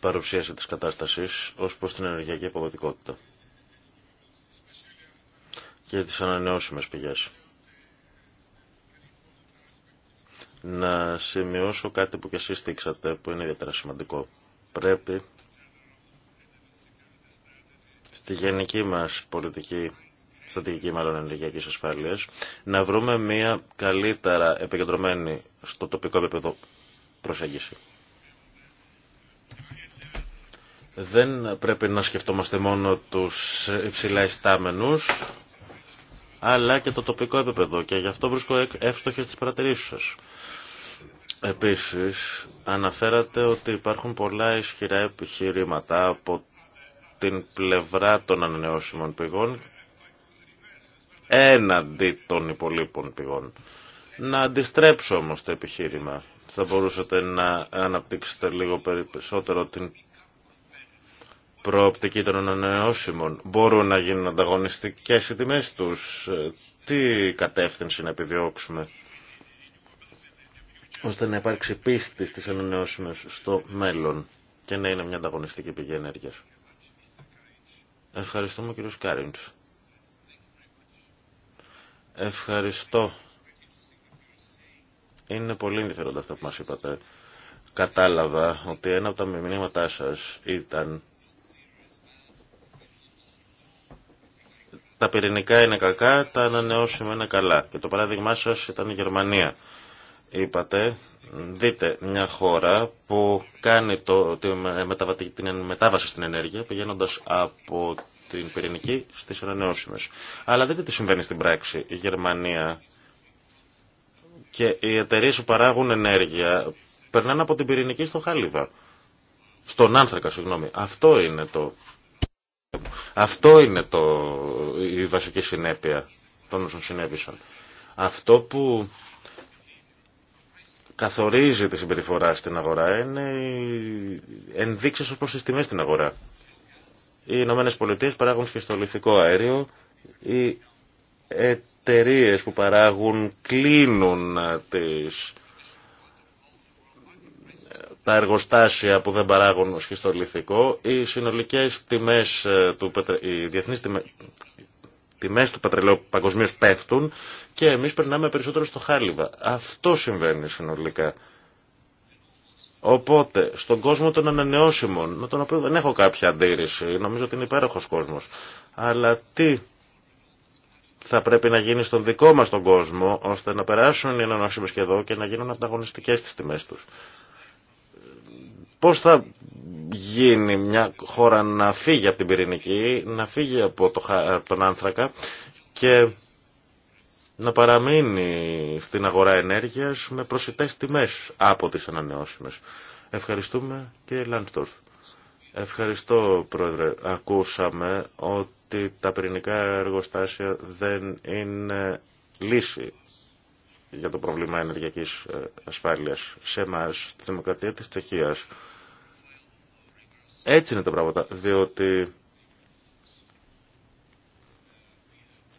παρουσίαση της κατάστασης ως προς την ενεργειακή αποδοτικότητα και τις ανανεώσιμες πηγές. Να σημειώσω κάτι που και εσείς στήξατε, που είναι ιδιαίτερα σημαντικό. Πρέπει στη γενική μας πολιτική στρατηγική μάλλον ενεργειακή ασφαλεία, να βρούμε μια καλύτερα επικεντρωμένη στο τοπικό επίπεδο προσέγγιση. Δεν πρέπει να σκεφτόμαστε μόνο τους υψηλά ιστάμενους, αλλά και το τοπικό επίπεδο και γι' αυτό βρίσκω εύστοχε τι παρατηρήσεις σας. Επίσης, αναφέρατε ότι υπάρχουν πολλά ισχυρά επιχειρήματα από την πλευρά των ανανεώσιμων πηγών έναντι των υπολείπων πηγών. Να αντιστρέψω όμως το επιχείρημα. Θα μπορούσατε να αναπτύξετε λίγο περισσότερο την προοπτική των ανανεώσιμων. Μπορούν να γίνουν ανταγωνιστικές οι τιμές τους. Τι κατεύθυνση να επιδιώξουμε ώστε να υπάρξει πίστη στις ανανεώσιμες στο μέλλον και να είναι μια ανταγωνιστική πηγή ενέργειας. Ευχαριστούμε κύριο Κάριντς. Ευχαριστώ. Είναι πολύ ενδιαφέροντα αυτό που μας είπατε. Κατάλαβα ότι ένα από τα μηνύματά σας ήταν τα πυρηνικά είναι κακά, τα ανανεώσιμα είναι καλά. Και το παράδειγμά σας ήταν η Γερμανία. Είπατε, δείτε μια χώρα που κάνει το, τη την μετάβαση στην ενέργεια πηγαίνοντας από την πυρηνική στι ανανεώσιμε. Αλλά δείτε τι συμβαίνει στην πράξη. Η Γερμανία και οι εταιρείε που παράγουν ενέργεια περνάνε από την πυρηνική στο χάλιβα. Στον άνθρακα, συγγνώμη. Αυτό είναι το... Αυτό είναι το... η βασική συνέπεια των όσων συνέβησαν. Αυτό που καθορίζει τη συμπεριφορά στην αγορά είναι οι ενδείξεις ως προς τις στην αγορά. Οι Ηνωμένε Πολιτείε παράγουν σχιστολιθικό αέριο. Οι εταιρείε που παράγουν κλείνουν ε, τις, τα εργοστάσια που δεν παράγουν σχιστολιθικό. Οι συνολικές τιμές, ε, του, οι τιμές, του πετρελαίου παγκοσμίως πέφτουν και εμείς περνάμε περισσότερο στο χάλιβα. Αυτό συμβαίνει συνολικά. Οπότε, στον κόσμο των ανανεώσιμων, με τον οποίο δεν έχω κάποια αντίρρηση, νομίζω ότι είναι υπέροχος κόσμος, αλλά τι θα πρέπει να γίνει στον δικό μας τον κόσμο, ώστε να περάσουν οι ανανεώσιμες και εδώ και να γίνουν ανταγωνιστικές τις τιμές τους. Πώς θα γίνει μια χώρα να φύγει από την πυρηνική, να φύγει από τον άνθρακα και να παραμείνει στην αγορά ενέργειας με προσιτές τιμές από τις ανανεώσιμες. Ευχαριστούμε κύριε Λάνστορφ. Ευχαριστώ πρόεδρε. Ακούσαμε ότι τα πυρηνικά εργοστάσια δεν είναι λύση για το πρόβλημα ενεργειακής ε, ασφάλειας σε εμά στη Δημοκρατία της Τσεχίας. Έτσι είναι τα πράγματα, διότι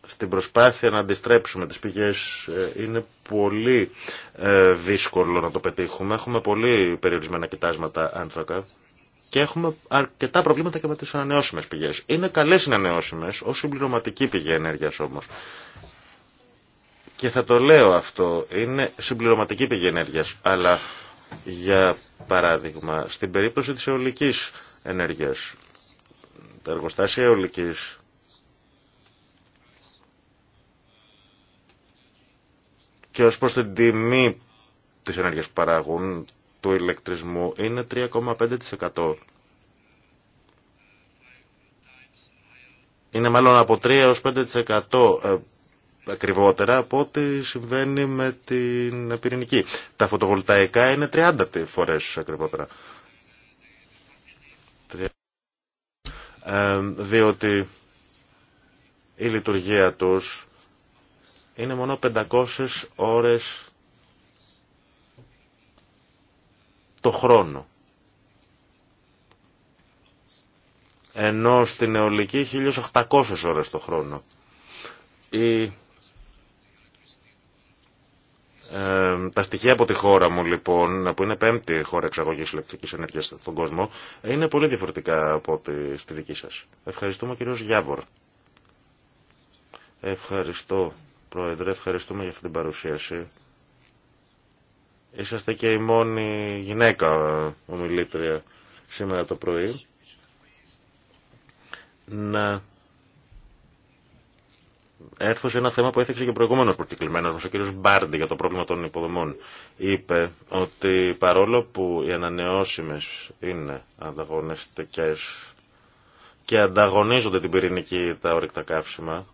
στην προσπάθεια να αντιστρέψουμε τις πηγές ε, είναι πολύ ε, δύσκολο να το πετύχουμε. Έχουμε πολύ περιορισμένα κοιτάσματα άνθρακα και έχουμε αρκετά προβλήματα και με τις ανανεώσιμες πηγές. Είναι καλές οι ανανεώσιμες ως συμπληρωματική πηγή ενέργειας όμως. Και θα το λέω αυτό, είναι συμπληρωματική πηγή ενέργειας, αλλά για παράδειγμα, στην περίπτωση της αιωλικής ενέργειας, τα εργοστάσια αιωλικής και ως προς την τιμή της ενέργειας που παράγουν του ηλεκτρισμού είναι 3,5%. Είναι μάλλον από 3 έως 5% ε, ακριβότερα από ό,τι συμβαίνει με την πυρηνική. Τα φωτοβολταϊκά είναι 30 φορές ακριβότερα. Ε, διότι η λειτουργία τους είναι μόνο 500 ώρες το χρόνο. Ενώ στην αιωλική 1800 ώρες το χρόνο. Η... Ε, τα στοιχεία από τη χώρα μου λοιπόν, που είναι πέμπτη χώρα εξαγωγής ηλεκτρικής ενέργειας στον κόσμο, είναι πολύ διαφορετικά από ό,τι στη δική σας. Ευχαριστούμε κύριος Γιάβορ. Ευχαριστώ Πρόεδρε, ευχαριστούμε για αυτή την παρουσίαση. Είσαστε και η μόνη γυναίκα ομιλήτρια σήμερα το πρωί. Να έρθω σε ένα θέμα που έθιξε και προηγούμενο προκυκλημένο μα, ο κ. Μπάρντι, για το πρόβλημα των υποδομών. Είπε ότι παρόλο που οι ανανεώσιμε είναι ανταγωνιστικές και ανταγωνίζονται την πυρηνική τα ορυκτά καύσιμα,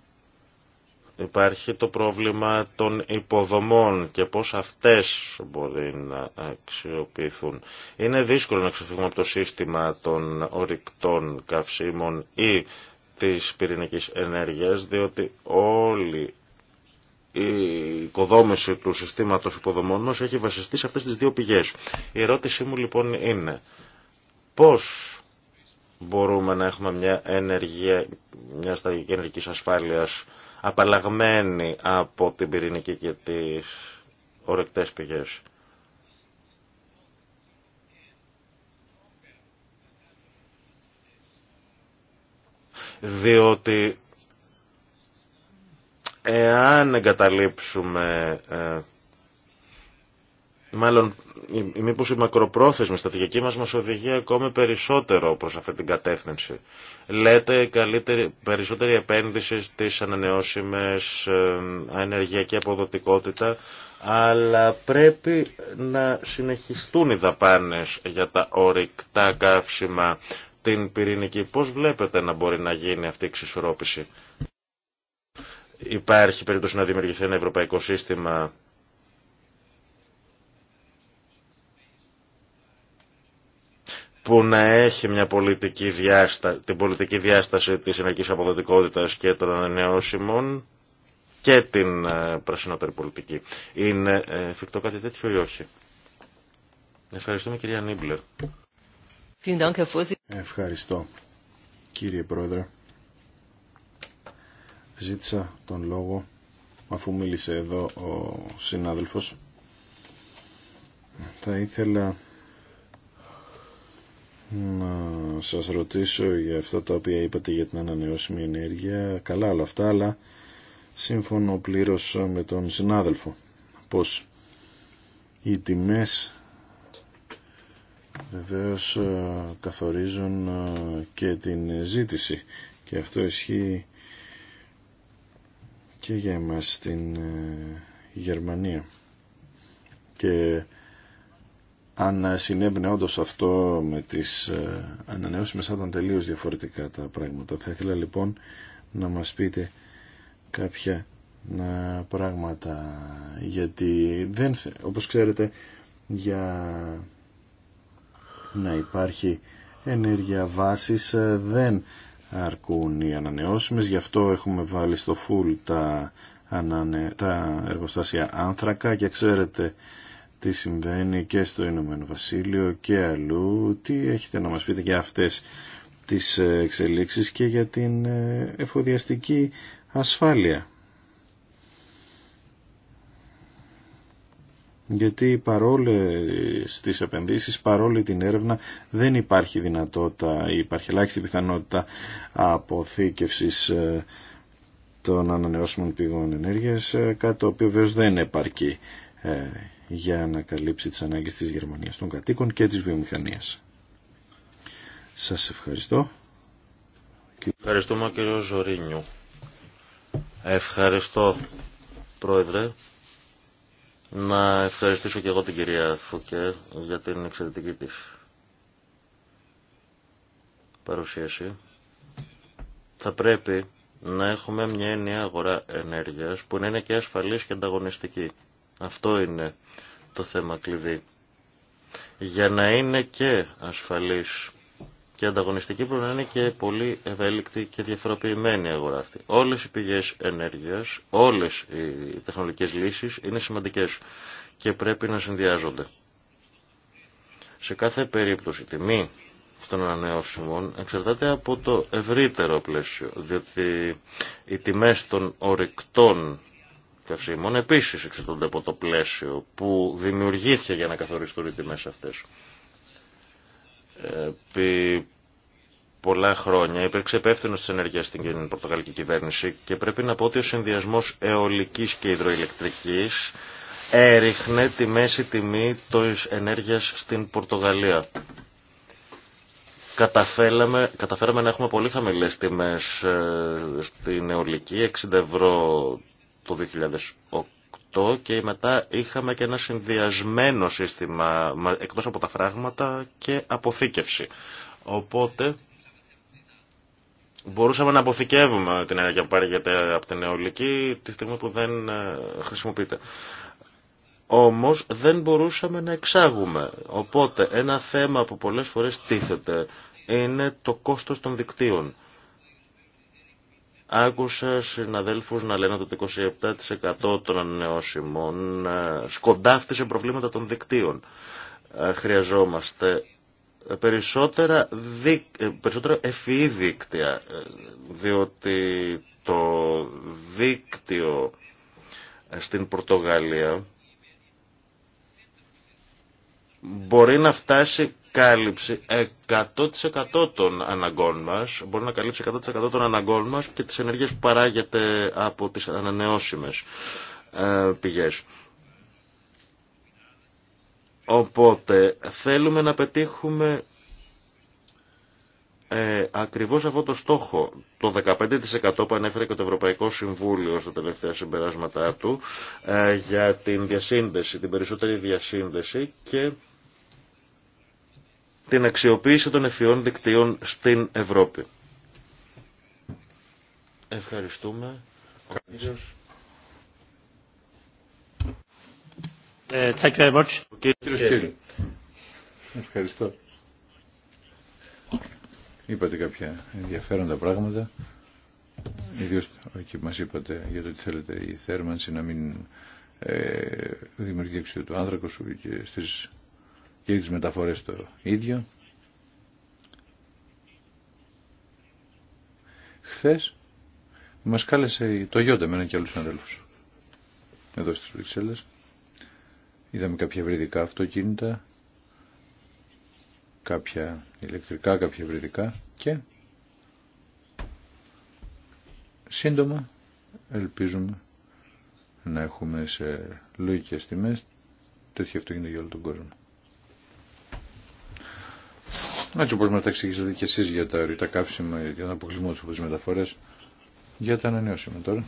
Υπάρχει το πρόβλημα των υποδομών και πώς αυτές μπορεί να αξιοποιηθούν. Είναι δύσκολο να ξεφύγουμε από το σύστημα των ορυκτών καυσίμων ή της πυρηνικής ενέργειας, διότι όλη η οικοδόμηση του συστήματος υποδομών μας έχει βασιστεί σε αυτές τις δύο πηγές. Η ερώτησή μου λοιπόν είναι πώς μπορούμε να έχουμε μια ενεργεια, μια σταγική ενεργικής ασφάλειας απαλλαγμένοι από την πυρηνική και τις ορεκτές πηγές. Διότι εάν εγκαταλείψουμε ε, μάλλον μήπως η μακροπρόθεσμη στρατηγική μας μας οδηγεί ακόμη περισσότερο προς αυτή την κατεύθυνση. Λέτε καλύτερη, περισσότερη επένδυση στις ανανεώσιμες ε, ενεργειακή αποδοτικότητα, αλλά πρέπει να συνεχιστούν οι δαπάνες για τα ορυκτά καύσιμα την πυρηνική. Πώς βλέπετε να μπορεί να γίνει αυτή η εξισορρόπηση. Υπάρχει περίπτωση να δημιουργηθεί ένα ευρωπαϊκό σύστημα που να έχει μια πολιτική διάστα, την πολιτική διάσταση της ενεργής αποδοτικότητας και των ανανεώσιμων και την ε, πρασινότερη πολιτική. Είναι ε, εφικτό κάτι τέτοιο ή όχι. Ευχαριστούμε κυρία Νίμπλερ. Ευχαριστώ κύριε Πρόεδρε. Ζήτησα τον λόγο αφού μίλησε εδώ ο συνάδελφος. Θα ήθελα να σας ρωτήσω για αυτά τα οποία είπατε για την ανανεώσιμη ενέργεια. Καλά όλα αυτά, αλλά σύμφωνο πλήρως με τον συνάδελφο πως οι τιμές βεβαίως ε, καθορίζουν ε, και την ζήτηση και αυτό ισχύει και για εμάς στην ε, Γερμανία και αν συνέβαινε όντω αυτό με τις ε, ανανεώσιμες θα ήταν τελείως διαφορετικά τα πράγματα. Θα ήθελα λοιπόν να μας πείτε κάποια ε, πράγματα γιατί δεν, όπως ξέρετε για να υπάρχει ενέργεια βάσης ε, δεν αρκούν οι ανανεώσιμες γι' αυτό έχουμε βάλει στο φουλ τα, τα εργοστάσια άνθρακα και ξέρετε τι συμβαίνει και στο Ηνωμένο Βασίλειο και αλλού, τι έχετε να μας πείτε για αυτές τις ε, εξελίξεις και για την ε, εφοδιαστική ασφάλεια. γιατί παρόλε στις επενδύσεις, παρόλη την έρευνα δεν υπάρχει δυνατότητα ή υπάρχει ελάχιστη πιθανότητα αποθήκευσης ε, των ανανεώσιμων πηγών ενέργειας, κάτι το οποίο βέβαια δεν επαρκεί ε, για να καλύψει τις ανάγκες της Γερμανίας των κατοίκων και της βιομηχανίας. Σας ευχαριστώ. Ευχαριστούμε κύριο Ζωρίνιου. Ευχαριστώ πρόεδρε. Να ευχαριστήσω και εγώ την κυρία Φουκέ για την εξαιρετική της παρουσίαση. Θα πρέπει να έχουμε μια ενιαία αγορά ενέργειας που να είναι και ασφαλής και ανταγωνιστική. Αυτό είναι το θέμα κλειδί. Για να είναι και ασφαλής και ανταγωνιστική πρέπει να είναι και πολύ ευέλικτη και διαφοροποιημένη η αγορά αυτή. Όλες οι πηγές ενέργειας, όλες οι τεχνολογικές λύσεις είναι σημαντικές και πρέπει να συνδυάζονται. Σε κάθε περίπτωση τιμή των ανανεώσιμων εξαρτάται από το ευρύτερο πλαίσιο, διότι οι τιμές των ορεικτών καυσίμων επίσης εξαρτώνται από το πλαίσιο που δημιουργήθηκε για να καθοριστούν οι τιμέ αυτέ. Επί πολλά χρόνια υπήρξε υπεύθυνο τη ενέργεια στην πορτογαλική κυβέρνηση και πρέπει να πω ότι ο συνδυασμό αιωλική και υδροηλεκτρική έριχνε τη μέση τιμή της ενέργειας στην Πορτογαλία. Καταφέραμε, καταφέραμε να έχουμε πολύ χαμηλές τιμές ε, στην αιωλική, 60 ευρώ το 2008 και μετά είχαμε και ένα συνδυασμένο σύστημα εκτός από τα φράγματα και αποθήκευση. Οπότε μπορούσαμε να αποθηκεύουμε την ενέργεια που παρέχεται από την αιωλική τη στιγμή που δεν ε, χρησιμοποιείται. Όμως δεν μπορούσαμε να εξάγουμε. Οπότε ένα θέμα που πολλές φορές τίθεται είναι το κόστος των δικτύων. Άκουσα συναδέλφου να λένε ότι το 27% των ανανεώσιμων ε, σκοντάφτησε προβλήματα των δικτύων. Ε, χρειαζόμαστε ε, περισσότερα, δικ... περισσότερα ευφυή δίκτυα, διότι το δίκτυο στην Πορτογαλία μπορεί να φτάσει Καλύψει 100% των αναγκών μας, μπορεί να καλύψει 100% των αναγκών μας και τις ενέργειες που παράγεται από τις ανανεώσιμες ε, πηγές. Οπότε θέλουμε να πετύχουμε ε, ακριβώς αυτό το στόχο, το 15% που ανέφερε και το Ευρωπαϊκό Συμβούλιο στα τελευταία συμπεράσματά του, ε, για την διασύνδεση, την περισσότερη διασύνδεση και την αξιοποίηση των ευφυών δικτύων στην Ευρώπη. Ευχαριστούμε. Ευχαριστώ. Είπατε κάποια ενδιαφέροντα πράγματα. Ιδίω εκεί μα είπατε για το ότι θέλετε η θέρμανση να μην ε, δημιουργεί του άνθρακο και στις και τις μεταφορές το ίδιο. Χθες μας κάλεσε το Ιώτα με έναν και άλλους συναδέλφους. Εδώ στις Βρυξέλλες. Είδαμε κάποια ευρυδικά αυτοκίνητα, κάποια ηλεκτρικά, κάποια ευρυδικά και σύντομα ελπίζουμε να έχουμε σε λογικές τιμές τέτοια αυτοκίνητα για όλο τον κόσμο. Έτσι όπως να τα εξηγήσατε και εσείς για τα ρητά καύσιμα, για τον αποκλεισμό τους από τις μεταφορές, για τα ανανεώσιμα τώρα.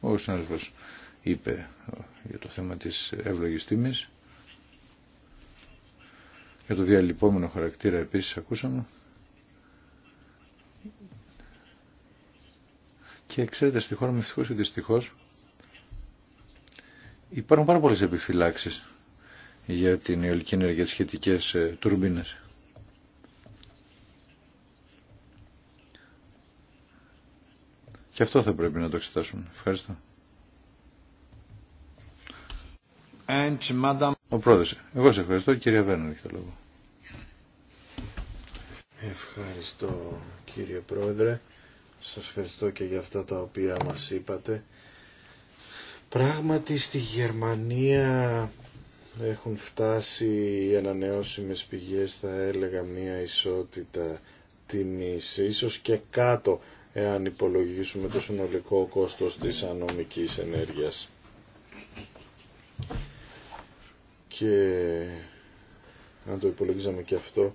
Ο συνάδελφος είπε για το θέμα της εύλογης τίμης. Για το διαλυπόμενο χαρακτήρα επίσης ακούσαμε. Και ξέρετε, στη χώρα μου ευτυχώς ή δυστυχώς υπάρχουν πάρα πολλές επιφυλάξεις για την αιωλική ενέργεια, τις σχετικές ε, τουρμπίνες. Και αυτό θα πρέπει να το εξετάσουμε. Ευχαριστώ. Ο πρόεδρος. Εγώ σε ευχαριστώ. Κύριε Βέρνερ έχει το λόγο. Ευχαριστώ κύριε πρόεδρε. Σας ευχαριστώ και για αυτά τα οποία μας είπατε. Πράγματι στη Γερμανία έχουν φτάσει οι ανανεώσιμες πηγές θα έλεγα μία ισότητα τιμής, ίσως και κάτω εάν υπολογίσουμε το συνολικό κόστος της ανομικής ενέργειας. Και αν το υπολογίζαμε και αυτό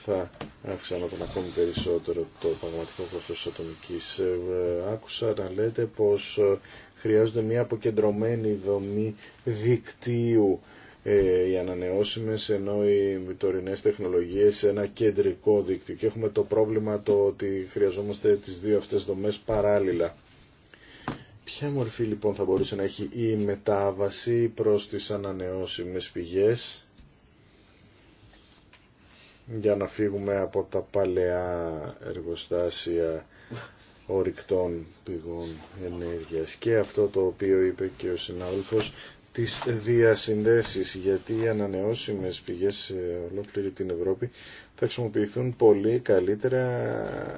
θα αυξανόταν ακόμη περισσότερο το πραγματικό κόστος ατομικής. Ε, άκουσα να λέτε πως ε, χρειάζονται μια αποκεντρωμένη δομή δικτύου ε, οι ανανεώσιμες ενώ οι τωρινές τεχνολογίες σε ένα κεντρικό δίκτυο και έχουμε το πρόβλημα το ότι χρειαζόμαστε τις δύο αυτές δομές παράλληλα. Ποια μορφή λοιπόν θα μπορούσε να έχει η μετάβαση προς τις ανανεώσιμες πηγές για να φύγουμε από τα παλαιά εργοστάσια ορυκτών πηγών ενέργειας και αυτό το οποίο είπε και ο συνάδελφος τις διασυνδέσεις γιατί οι ανανεώσιμες πηγές σε ολόκληρη την Ευρώπη θα χρησιμοποιηθούν πολύ καλύτερα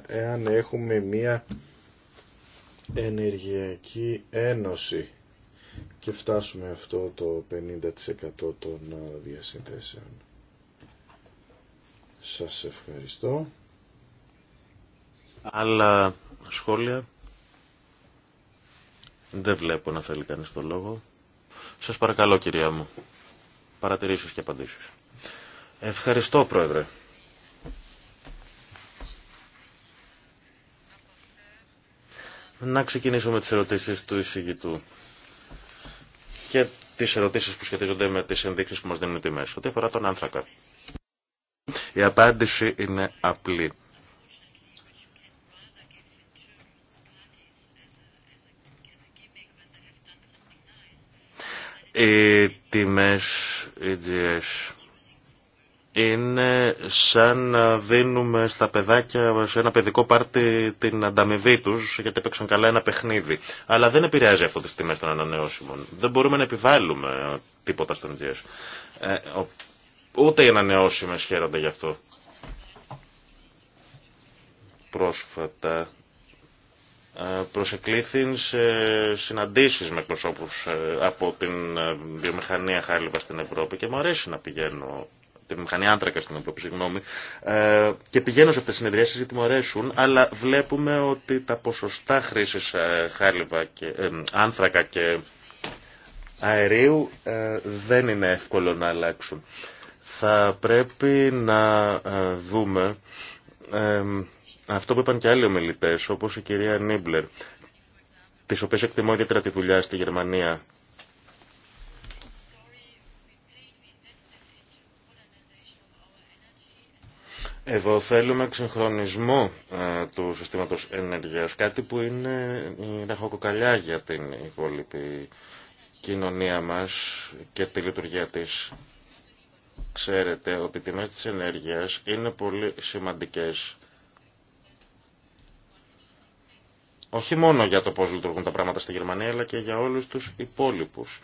εάν έχουμε μία ενεργειακή ένωση και φτάσουμε αυτό το 50% των διασυνδέσεων. Σας ευχαριστώ. Άλλα σχόλια. Δεν βλέπω να θέλει κανείς το λόγο. Σας παρακαλώ κυρία μου. Παρατηρήσεις και απαντήσεις. Ευχαριστώ πρόεδρε. Να ξεκινήσω με τις ερωτήσεις του εισηγητού και τις ερωτήσεις που σχετίζονται με τις ενδείξεις που μας δίνουν οι τιμές. Ό,τι αφορά τον άνθρακα. Η απάντηση είναι απλή. Οι τιμές EGS είναι σαν να δίνουμε στα παιδάκια σε ένα παιδικό πάρτι την ανταμοιβή του γιατί έπαιξαν καλά ένα παιχνίδι. Αλλά δεν επηρεάζει αυτό τις τιμές των ανανεώσιμων. Δεν μπορούμε να επιβάλλουμε τίποτα στον EGS. Ε, Ούτε οι ανανεώσιμες χαίρονται γι' αυτό. Πρόσφατα ε, προσεκλήθην σε συναντήσεις με προσώπους ε, από την ε, βιομηχανία χάλιβα στην Ευρώπη και μου αρέσει να πηγαίνω τη μηχανή άνθρακα στην Ευρώπη, συγγνώμη, ε, και πηγαίνω σε αυτές τι συνεδριάσεις γιατί μου αρέσουν, αλλά βλέπουμε ότι τα ποσοστά χρήση χάλιβα και άνθρακα και αερίου δεν είναι εύκολο να αλλάξουν θα πρέπει να ε, δούμε αυτό που είπαν και άλλοι ομιλητές, όπως η κυρία Νίμπλερ, τις οποίες εκτιμώ ιδιαίτερα τη δουλειά στη Γερμανία. Εδώ θέλουμε εξυγχρονισμό ε, του συστήματος ενέργειας, κάτι που είναι η ραχοκοκαλιά για την υπόλοιπη κοινωνία μας και τη λειτουργία της. Ξέρετε ότι οι τιμές της ενέργειας είναι πολύ σημαντικές. Όχι μόνο για το πώς λειτουργούν τα πράγματα στη Γερμανία, αλλά και για όλους τους υπόλοιπους.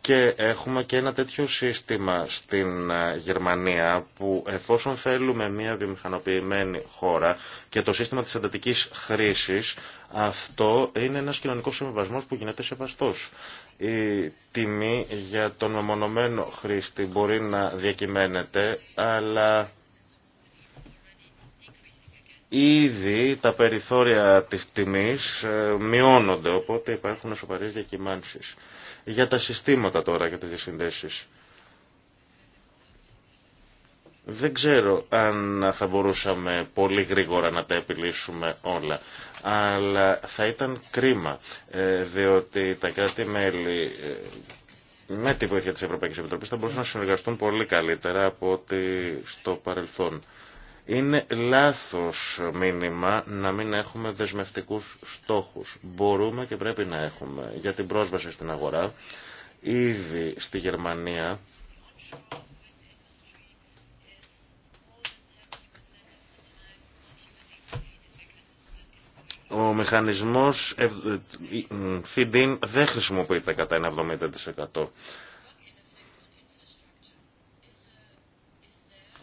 Και έχουμε και ένα τέτοιο σύστημα στην ε, Γερμανία που εφόσον θέλουμε μια βιομηχανοποιημένη χώρα και το σύστημα της εντατικής χρήσης, αυτό είναι ένας κοινωνικός συμβασμός που γίνεται σεβαστός η τιμή για τον μεμονωμένο χρήστη μπορεί να διακυμαίνεται, αλλά ήδη τα περιθώρια της τιμής ε, μειώνονται, οπότε υπάρχουν σοβαρές διακυμάνσεις. Για τα συστήματα τώρα, και τις συνδέσεις. Δεν ξέρω αν θα μπορούσαμε πολύ γρήγορα να τα επιλύσουμε όλα αλλά θα ήταν κρίμα, ε, διότι τα κράτη-μέλη ε, με τη βοήθεια της Ευρωπαϊκής Επιτροπής θα μπορούσαν να συνεργαστούν πολύ καλύτερα από ότι στο παρελθόν. Είναι λάθος μήνυμα να μην έχουμε δεσμευτικούς στόχους. Μπορούμε και πρέπει να έχουμε για την πρόσβαση στην αγορά. Ήδη στη Γερμανία Ο μηχανισμός ε, feed-in δεν χρησιμοποιείται κατά ένα 70%.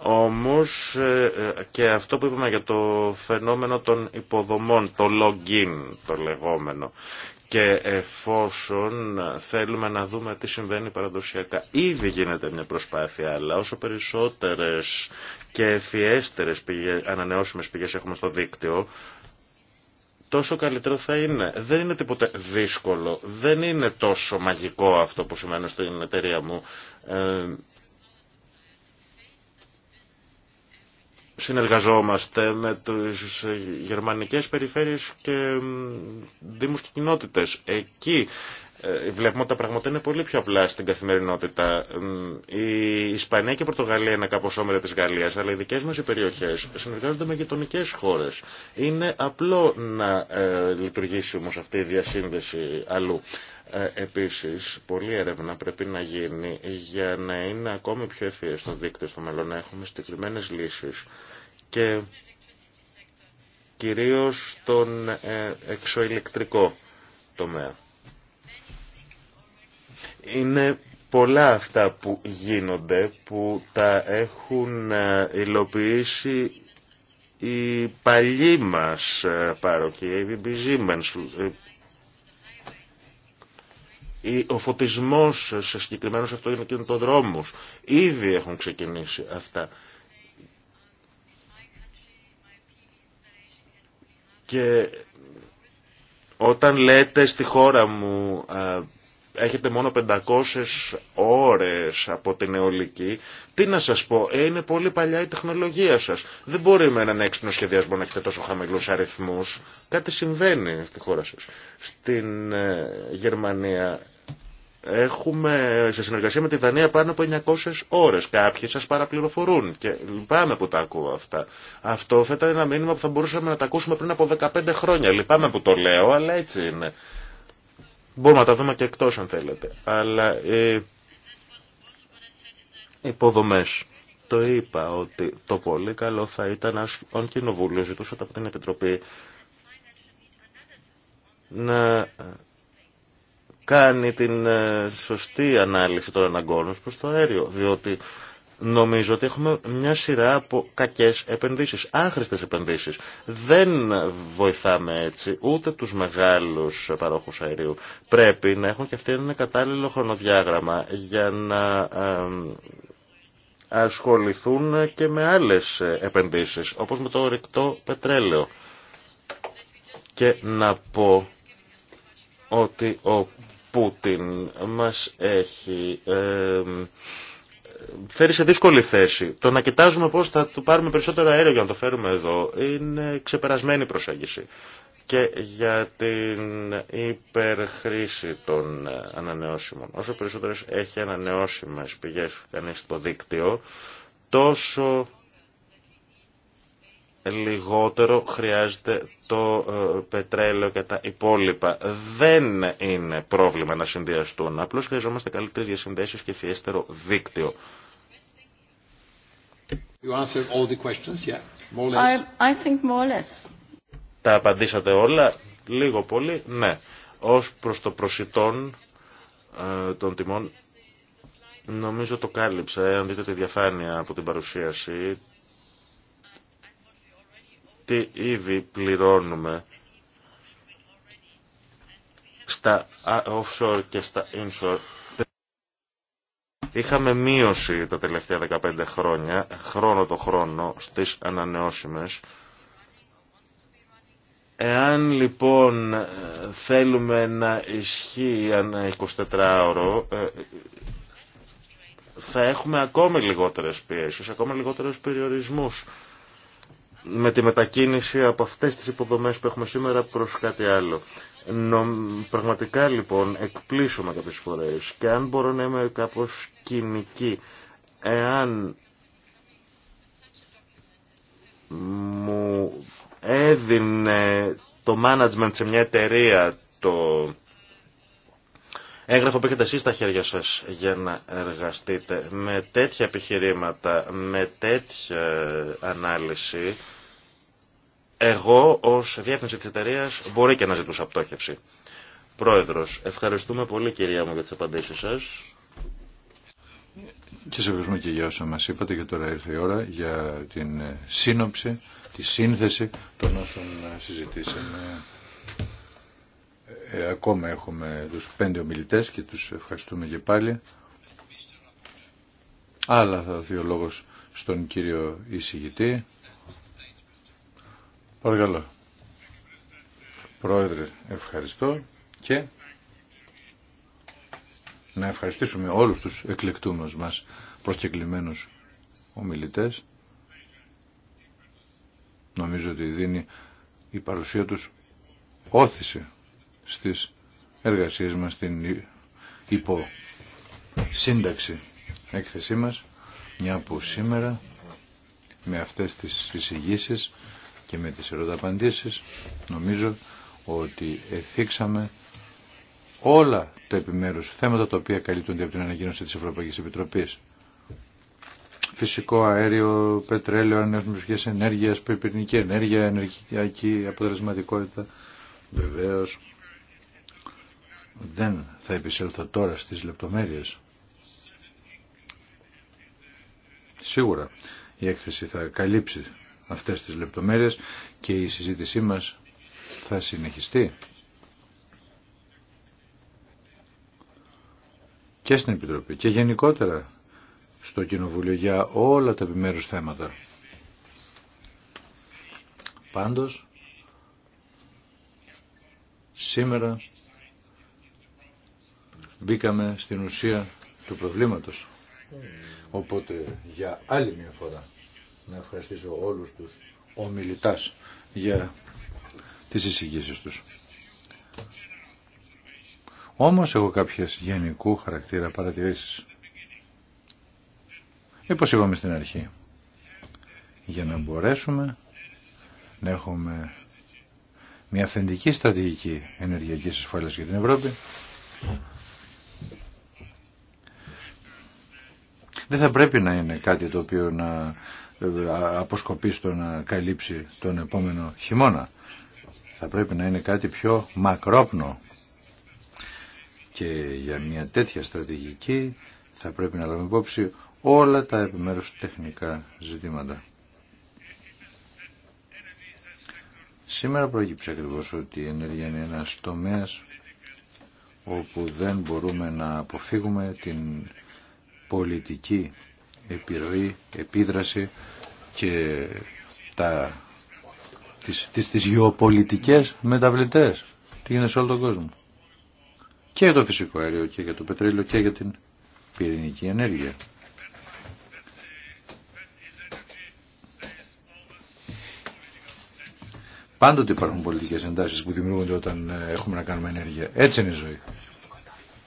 Όμως ε, ε, και αυτό που είπαμε για το φαινόμενο των υποδομών, το login το λεγόμενο και εφόσον θέλουμε να δούμε τι συμβαίνει παραδοσιακά. Ήδη γίνεται μια προσπάθεια, αλλά όσο περισσότερες και ευφιέστερες πηγές, ανανεώσιμες πηγές έχουμε στο δίκτυο, τόσο καλύτερο θα είναι. Δεν είναι τίποτε δύσκολο. Δεν είναι τόσο μαγικό αυτό που σημαίνει στην εταιρεία μου. Ε, συνεργαζόμαστε με τις γερμανικές περιφέρειες και δήμους και κοινότητες. Εκεί ε, βλέπουμε ότι τα πράγματα είναι πολύ πιο απλά στην καθημερινότητα. Η Ισπανία και η Πορτογαλία είναι κάπω όμοιρα τη Γαλλία, αλλά οι δικέ μα οι περιοχές συνεργάζονται με γειτονικέ χώρε. Είναι απλό να ε, λειτουργήσει όμω αυτή η διασύνδεση αλλού. Ε, επίσης, πολλή έρευνα πρέπει να γίνει για να είναι ακόμη πιο ευφυές το δίκτυο στο μέλλον, να έχουμε συγκεκριμένε λύσεις και κυρίως στον εξοηλεκτρικό τομέα. Είναι πολλά αυτά που γίνονται, που τα έχουν ε, υλοποιήσει οι παλιοί μας ε, πάροχοι, ε, η ο φωτισμός σε συγκεκριμένους αυτοκινητοδρόμους. Ήδη έχουν ξεκινήσει αυτά. Και όταν λέτε στη χώρα μου έχετε μόνο 500 ώρες από την αιωλική, τι να σας πω, ε, είναι πολύ παλιά η τεχνολογία σας. Δεν μπορεί με έναν έξυπνο σχεδιασμό να έχετε τόσο χαμηλούς αριθμούς. Κάτι συμβαίνει στη χώρα σας. Στην ε, Γερμανία έχουμε σε συνεργασία με τη Δανία πάνω από 900 ώρες. Κάποιοι σας παραπληροφορούν και λυπάμαι που τα ακούω αυτά. Αυτό θα ήταν ένα μήνυμα που θα μπορούσαμε να τα ακούσουμε πριν από 15 χρόνια. Λυπάμαι που το λέω, αλλά έτσι είναι. Μπορούμε να τα δούμε και εκτός αν θέλετε. Αλλά οι ε, υποδομές. Το είπα ότι το πολύ καλό θα ήταν αν κοινοβούλιο ζητούσε από την Επιτροπή να ε, κάνει την ε, σωστή ανάλυση των αναγκών προς το αέριο. Διότι Νομίζω ότι έχουμε μια σειρά από κακές επενδύσεις, άχρηστες επενδύσεις. Δεν βοηθάμε έτσι ούτε τους μεγάλους παρόχους αερίου. Πρέπει να έχουν και αυτοί ένα κατάλληλο χρονοδιάγραμμα για να ασχοληθούν και με άλλες επενδύσεις, όπως με το ορυκτό πετρέλαιο. Και να πω ότι ο Πούτιν μας έχει φέρει σε δύσκολη θέση. Το να κοιτάζουμε πώς θα του πάρουμε περισσότερο αέριο για να το φέρουμε εδώ είναι ξεπερασμένη προσέγγιση. Και για την υπερχρήση των ε, ανανεώσιμων. Όσο περισσότερε έχει ανανεώσιμε πηγέ κανεί στο δίκτυο, τόσο λιγότερο χρειάζεται το ε, πετρέλαιο και τα υπόλοιπα. Δεν είναι πρόβλημα να συνδυαστούν. Απλώς χρειαζόμαστε καλύτερες διασυνδέσεις και θιέστερο δίκτυο. Τα απαντήσατε όλα, λίγο πολύ, ναι. Ως προς το προσιτόν ε, των τιμών, νομίζω το κάλυψα. Ε, αν δείτε τη διαφάνεια από την παρουσίαση, τι ήδη πληρώνουμε στα offshore και στα inshore. Είχαμε μείωση τα τελευταία 15 χρόνια, χρόνο το χρόνο, στις ανανεώσιμες. Εάν λοιπόν ε, θέλουμε να ισχύει ένα 24ωρο, ε, θα έχουμε ακόμη λιγότερες πιέσεις, ακόμα λιγότερους περιορισμούς με τη μετακίνηση από αυτές τις υποδομές που έχουμε σήμερα προς κάτι άλλο. Νο, πραγματικά λοιπόν εκπλήσουμε κάποιες φορές και αν μπορώ να είμαι κάπως κοινική, εάν μου έδινε το management σε μια εταιρεία το έγγραφο που έχετε εσεί στα χέρια σα για να εργαστείτε με τέτοια επιχειρήματα, με τέτοια ε, ανάλυση, εγώ ω διεύθυνση τη εταιρεία μπορεί και να ζητούσα πτώχευση. Πρόεδρο, ευχαριστούμε πολύ κυρία μου για τι απαντήσει σα. Και σε ευχαριστούμε και για όσα μα είπατε και τώρα ήρθε η ώρα για την ε, σύνοψη, τη σύνθεση των όσων ε, συζητήσαμε. Ε, ακόμα έχουμε τους πέντε ομιλητές και τους ευχαριστούμε και πάλι. Άλλα θα δοθεί ο λόγος στον κύριο εισηγητή. Παρακαλώ. Πρόεδρε, ευχαριστώ και να ευχαριστήσουμε όλους τους εκλεκτούμενους μας προσκεκλημένους ομιλητές. Νομίζω ότι δίνει η παρουσία τους όθηση στις εργασίες μας στην υπό σύνταξη έκθεσή μας μια που σήμερα με αυτές τις εισηγήσει και με τις ερωταπαντήσεις νομίζω ότι εφήξαμε όλα τα επιμέρους θέματα τα οποία καλύπτονται από την ανακοίνωση της Ευρωπαϊκής Επιτροπής. Φυσικό αέριο, πετρέλαιο, ανέωσιμες ενέργειας, πυρηνική ενέργεια, ενεργειακή αποτελεσματικότητα, βεβαίως δεν θα επισέλθω τώρα στις λεπτομέρειες. Σίγουρα η έκθεση θα καλύψει αυτές τις λεπτομέρειες και η συζήτησή μας θα συνεχιστεί. Και στην Επιτροπή και γενικότερα στο Κοινοβούλιο για όλα τα επιμέρους θέματα. Πάντως, σήμερα μπήκαμε στην ουσία του προβλήματος. Οπότε για άλλη μια φορά να ευχαριστήσω όλους τους ομιλητάς για τις εισηγήσεις τους. Όμως έχω κάποιες γενικού χαρακτήρα παρατηρήσεις. Όπως είπαμε στην αρχή, για να μπορέσουμε να έχουμε μια αυθεντική στρατηγική ενεργειακής ασφάλειας για την Ευρώπη, δεν θα πρέπει να είναι κάτι το οποίο να ε, αποσκοπεί στο να καλύψει τον επόμενο χειμώνα. Θα πρέπει να είναι κάτι πιο μακρόπνο. Και για μια τέτοια στρατηγική θα πρέπει να λάβουμε υπόψη όλα τα επιμέρους τεχνικά ζητήματα. Σήμερα προέκυψε ακριβώ ότι η ενέργεια είναι ένας τομέας όπου δεν μπορούμε να αποφύγουμε την πολιτική επιρροή, επίδραση και τα, τις, τις, γεωπολιτικές μεταβλητές. Τι γίνεται σε όλο τον κόσμο. Και για το φυσικό αέριο και για το πετρέλαιο και για την πυρηνική ενέργεια. Πάντοτε υπάρχουν πολιτικές εντάσεις που δημιουργούνται όταν ε, έχουμε να κάνουμε ενέργεια. Έτσι είναι η ζωή.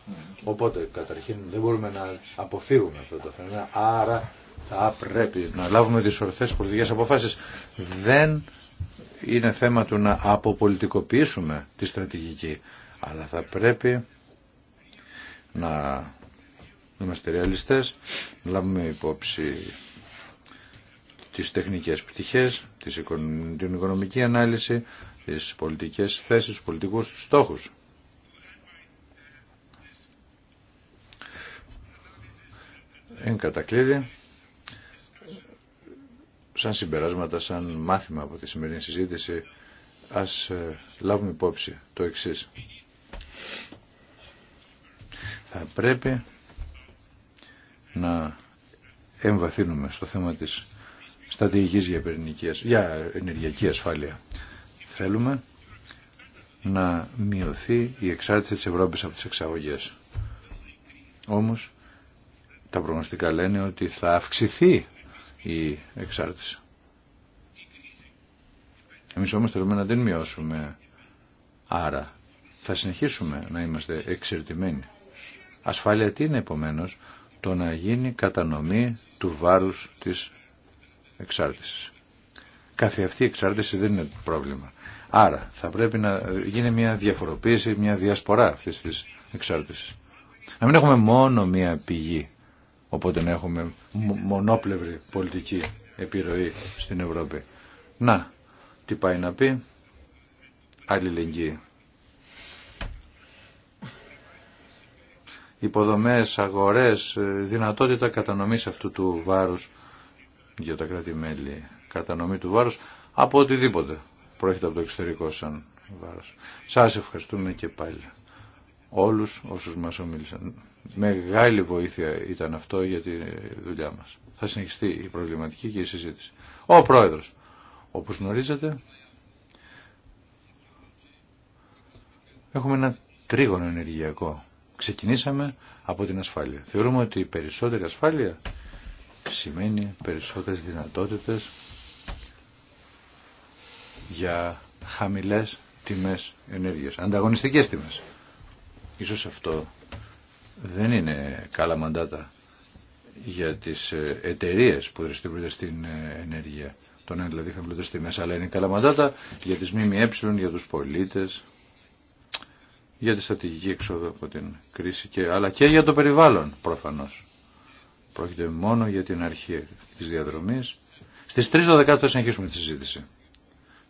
Ναι. Οπότε καταρχήν δεν μπορούμε να αποφύγουμε αυτό το θέμα, άρα θα πρέπει να λάβουμε τις ορθές πολιτικές αποφάσεις. Δεν είναι θέμα του να αποπολιτικοποιήσουμε τη στρατηγική, αλλά θα πρέπει να είμαστε ρεαλιστές, να λάβουμε υπόψη τις τεχνικές πτυχές, την οικονομική ανάλυση, τις πολιτικές θέσεις, τους πολιτικούς στόχους. Εν κατακλείδη, σαν συμπεράσματα, σαν μάθημα από τη σημερινή συζήτηση, ας ε, λάβουμε υπόψη το εξής. Θα πρέπει να εμβαθύνουμε στο θέμα της στρατηγικής για, για ενεργειακή ασφάλεια. Θέλουμε να μειωθεί η εξάρτηση της Ευρώπης από τις εξαγωγές. Όμως τα προγνωστικά λένε ότι θα αυξηθεί η εξάρτηση. Εμείς όμως θέλουμε να την μειώσουμε. Άρα θα συνεχίσουμε να είμαστε εξερτημένοι. Ασφάλεια τι είναι επομένως το να γίνει κατανομή του βάρους της εξάρτησης. Κάθε αυτή η εξάρτηση δεν είναι πρόβλημα. Άρα θα πρέπει να γίνει μια διαφοροποίηση, μια διασπορά αυτής της εξάρτησης. Να μην έχουμε μόνο μια πηγή οπότε να έχουμε μονόπλευρη πολιτική επιρροή στην Ευρώπη. Να, τι πάει να πει, αλληλεγγύη. Υποδομές, αγορές, δυνατότητα κατανομής αυτού του βάρους για τα κράτη-μέλη, κατανομή του βάρους από οτιδήποτε πρόκειται από το εξωτερικό σαν βάρος. Σας ευχαριστούμε και πάλι όλους όσους μας ομίλησαν. Μεγάλη βοήθεια ήταν αυτό για τη δουλειά μας. Θα συνεχιστεί η προβληματική και η συζήτηση. Ο Πρόεδρος, όπως γνωρίζετε, έχουμε ένα τρίγωνο ενεργειακό. Ξεκινήσαμε από την ασφάλεια. Θεωρούμε ότι η περισσότερη ασφάλεια σημαίνει περισσότερες δυνατότητες για χαμηλές τιμές ενέργειας, ανταγωνιστικές τιμές. Ίσως αυτό δεν είναι καλά μαντάτα για τις ε, εταιρείε που δραστηριοποιούνται στην ε, ενέργεια. Τον ένα δηλαδή χαμηλότερες τιμές, αλλά είναι καλά μαντάτα για τις ΜΜΕ, για τους πολίτες, για τη στρατηγική έξοδο από την κρίση, και, αλλά και για το περιβάλλον προφανώς. Πρόκειται μόνο για την αρχή της διαδρομής. Στις 3.12 θα συνεχίσουμε τη συζήτηση.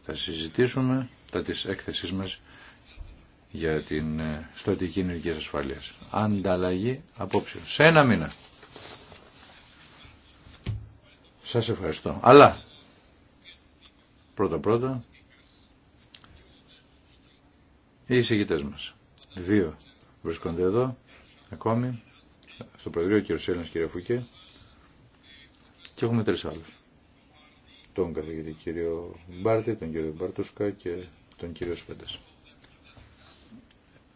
Θα συζητήσουμε τα της έκθεσής μας για την ε, στρατηγική ενεργειακή ασφάλεια. Ανταλλαγή απόψεων. Σε ένα μήνα. Σα ευχαριστώ. Αλλά πρώτα πρώτα οι εισηγητές μας. Δύο βρίσκονται εδώ ακόμη στο Προεδρείο κ. Σέλνας κ. Φουκέ και έχουμε τρεις άλλους. Τον καθηγητή κ. Μπάρτη, τον κ. Μπαρτούσκα και τον κ. Σπέντας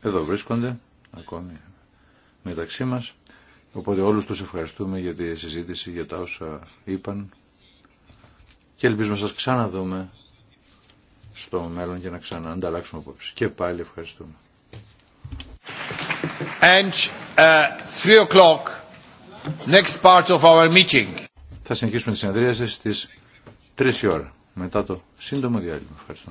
εδώ βρίσκονται ακόμη μεταξύ μας. Οπότε όλους τους ευχαριστούμε για τη συζήτηση, για τα όσα είπαν και ελπίζουμε να σας ξαναδούμε στο μέλλον για να ξαναανταλλάξουμε απόψεις. Και πάλι ευχαριστούμε. And, uh, next part of our meeting. Θα συνεχίσουμε τη συνεδρίαση στις 3 η ώρα μετά το σύντομο διάλειμμα. Ευχαριστώ.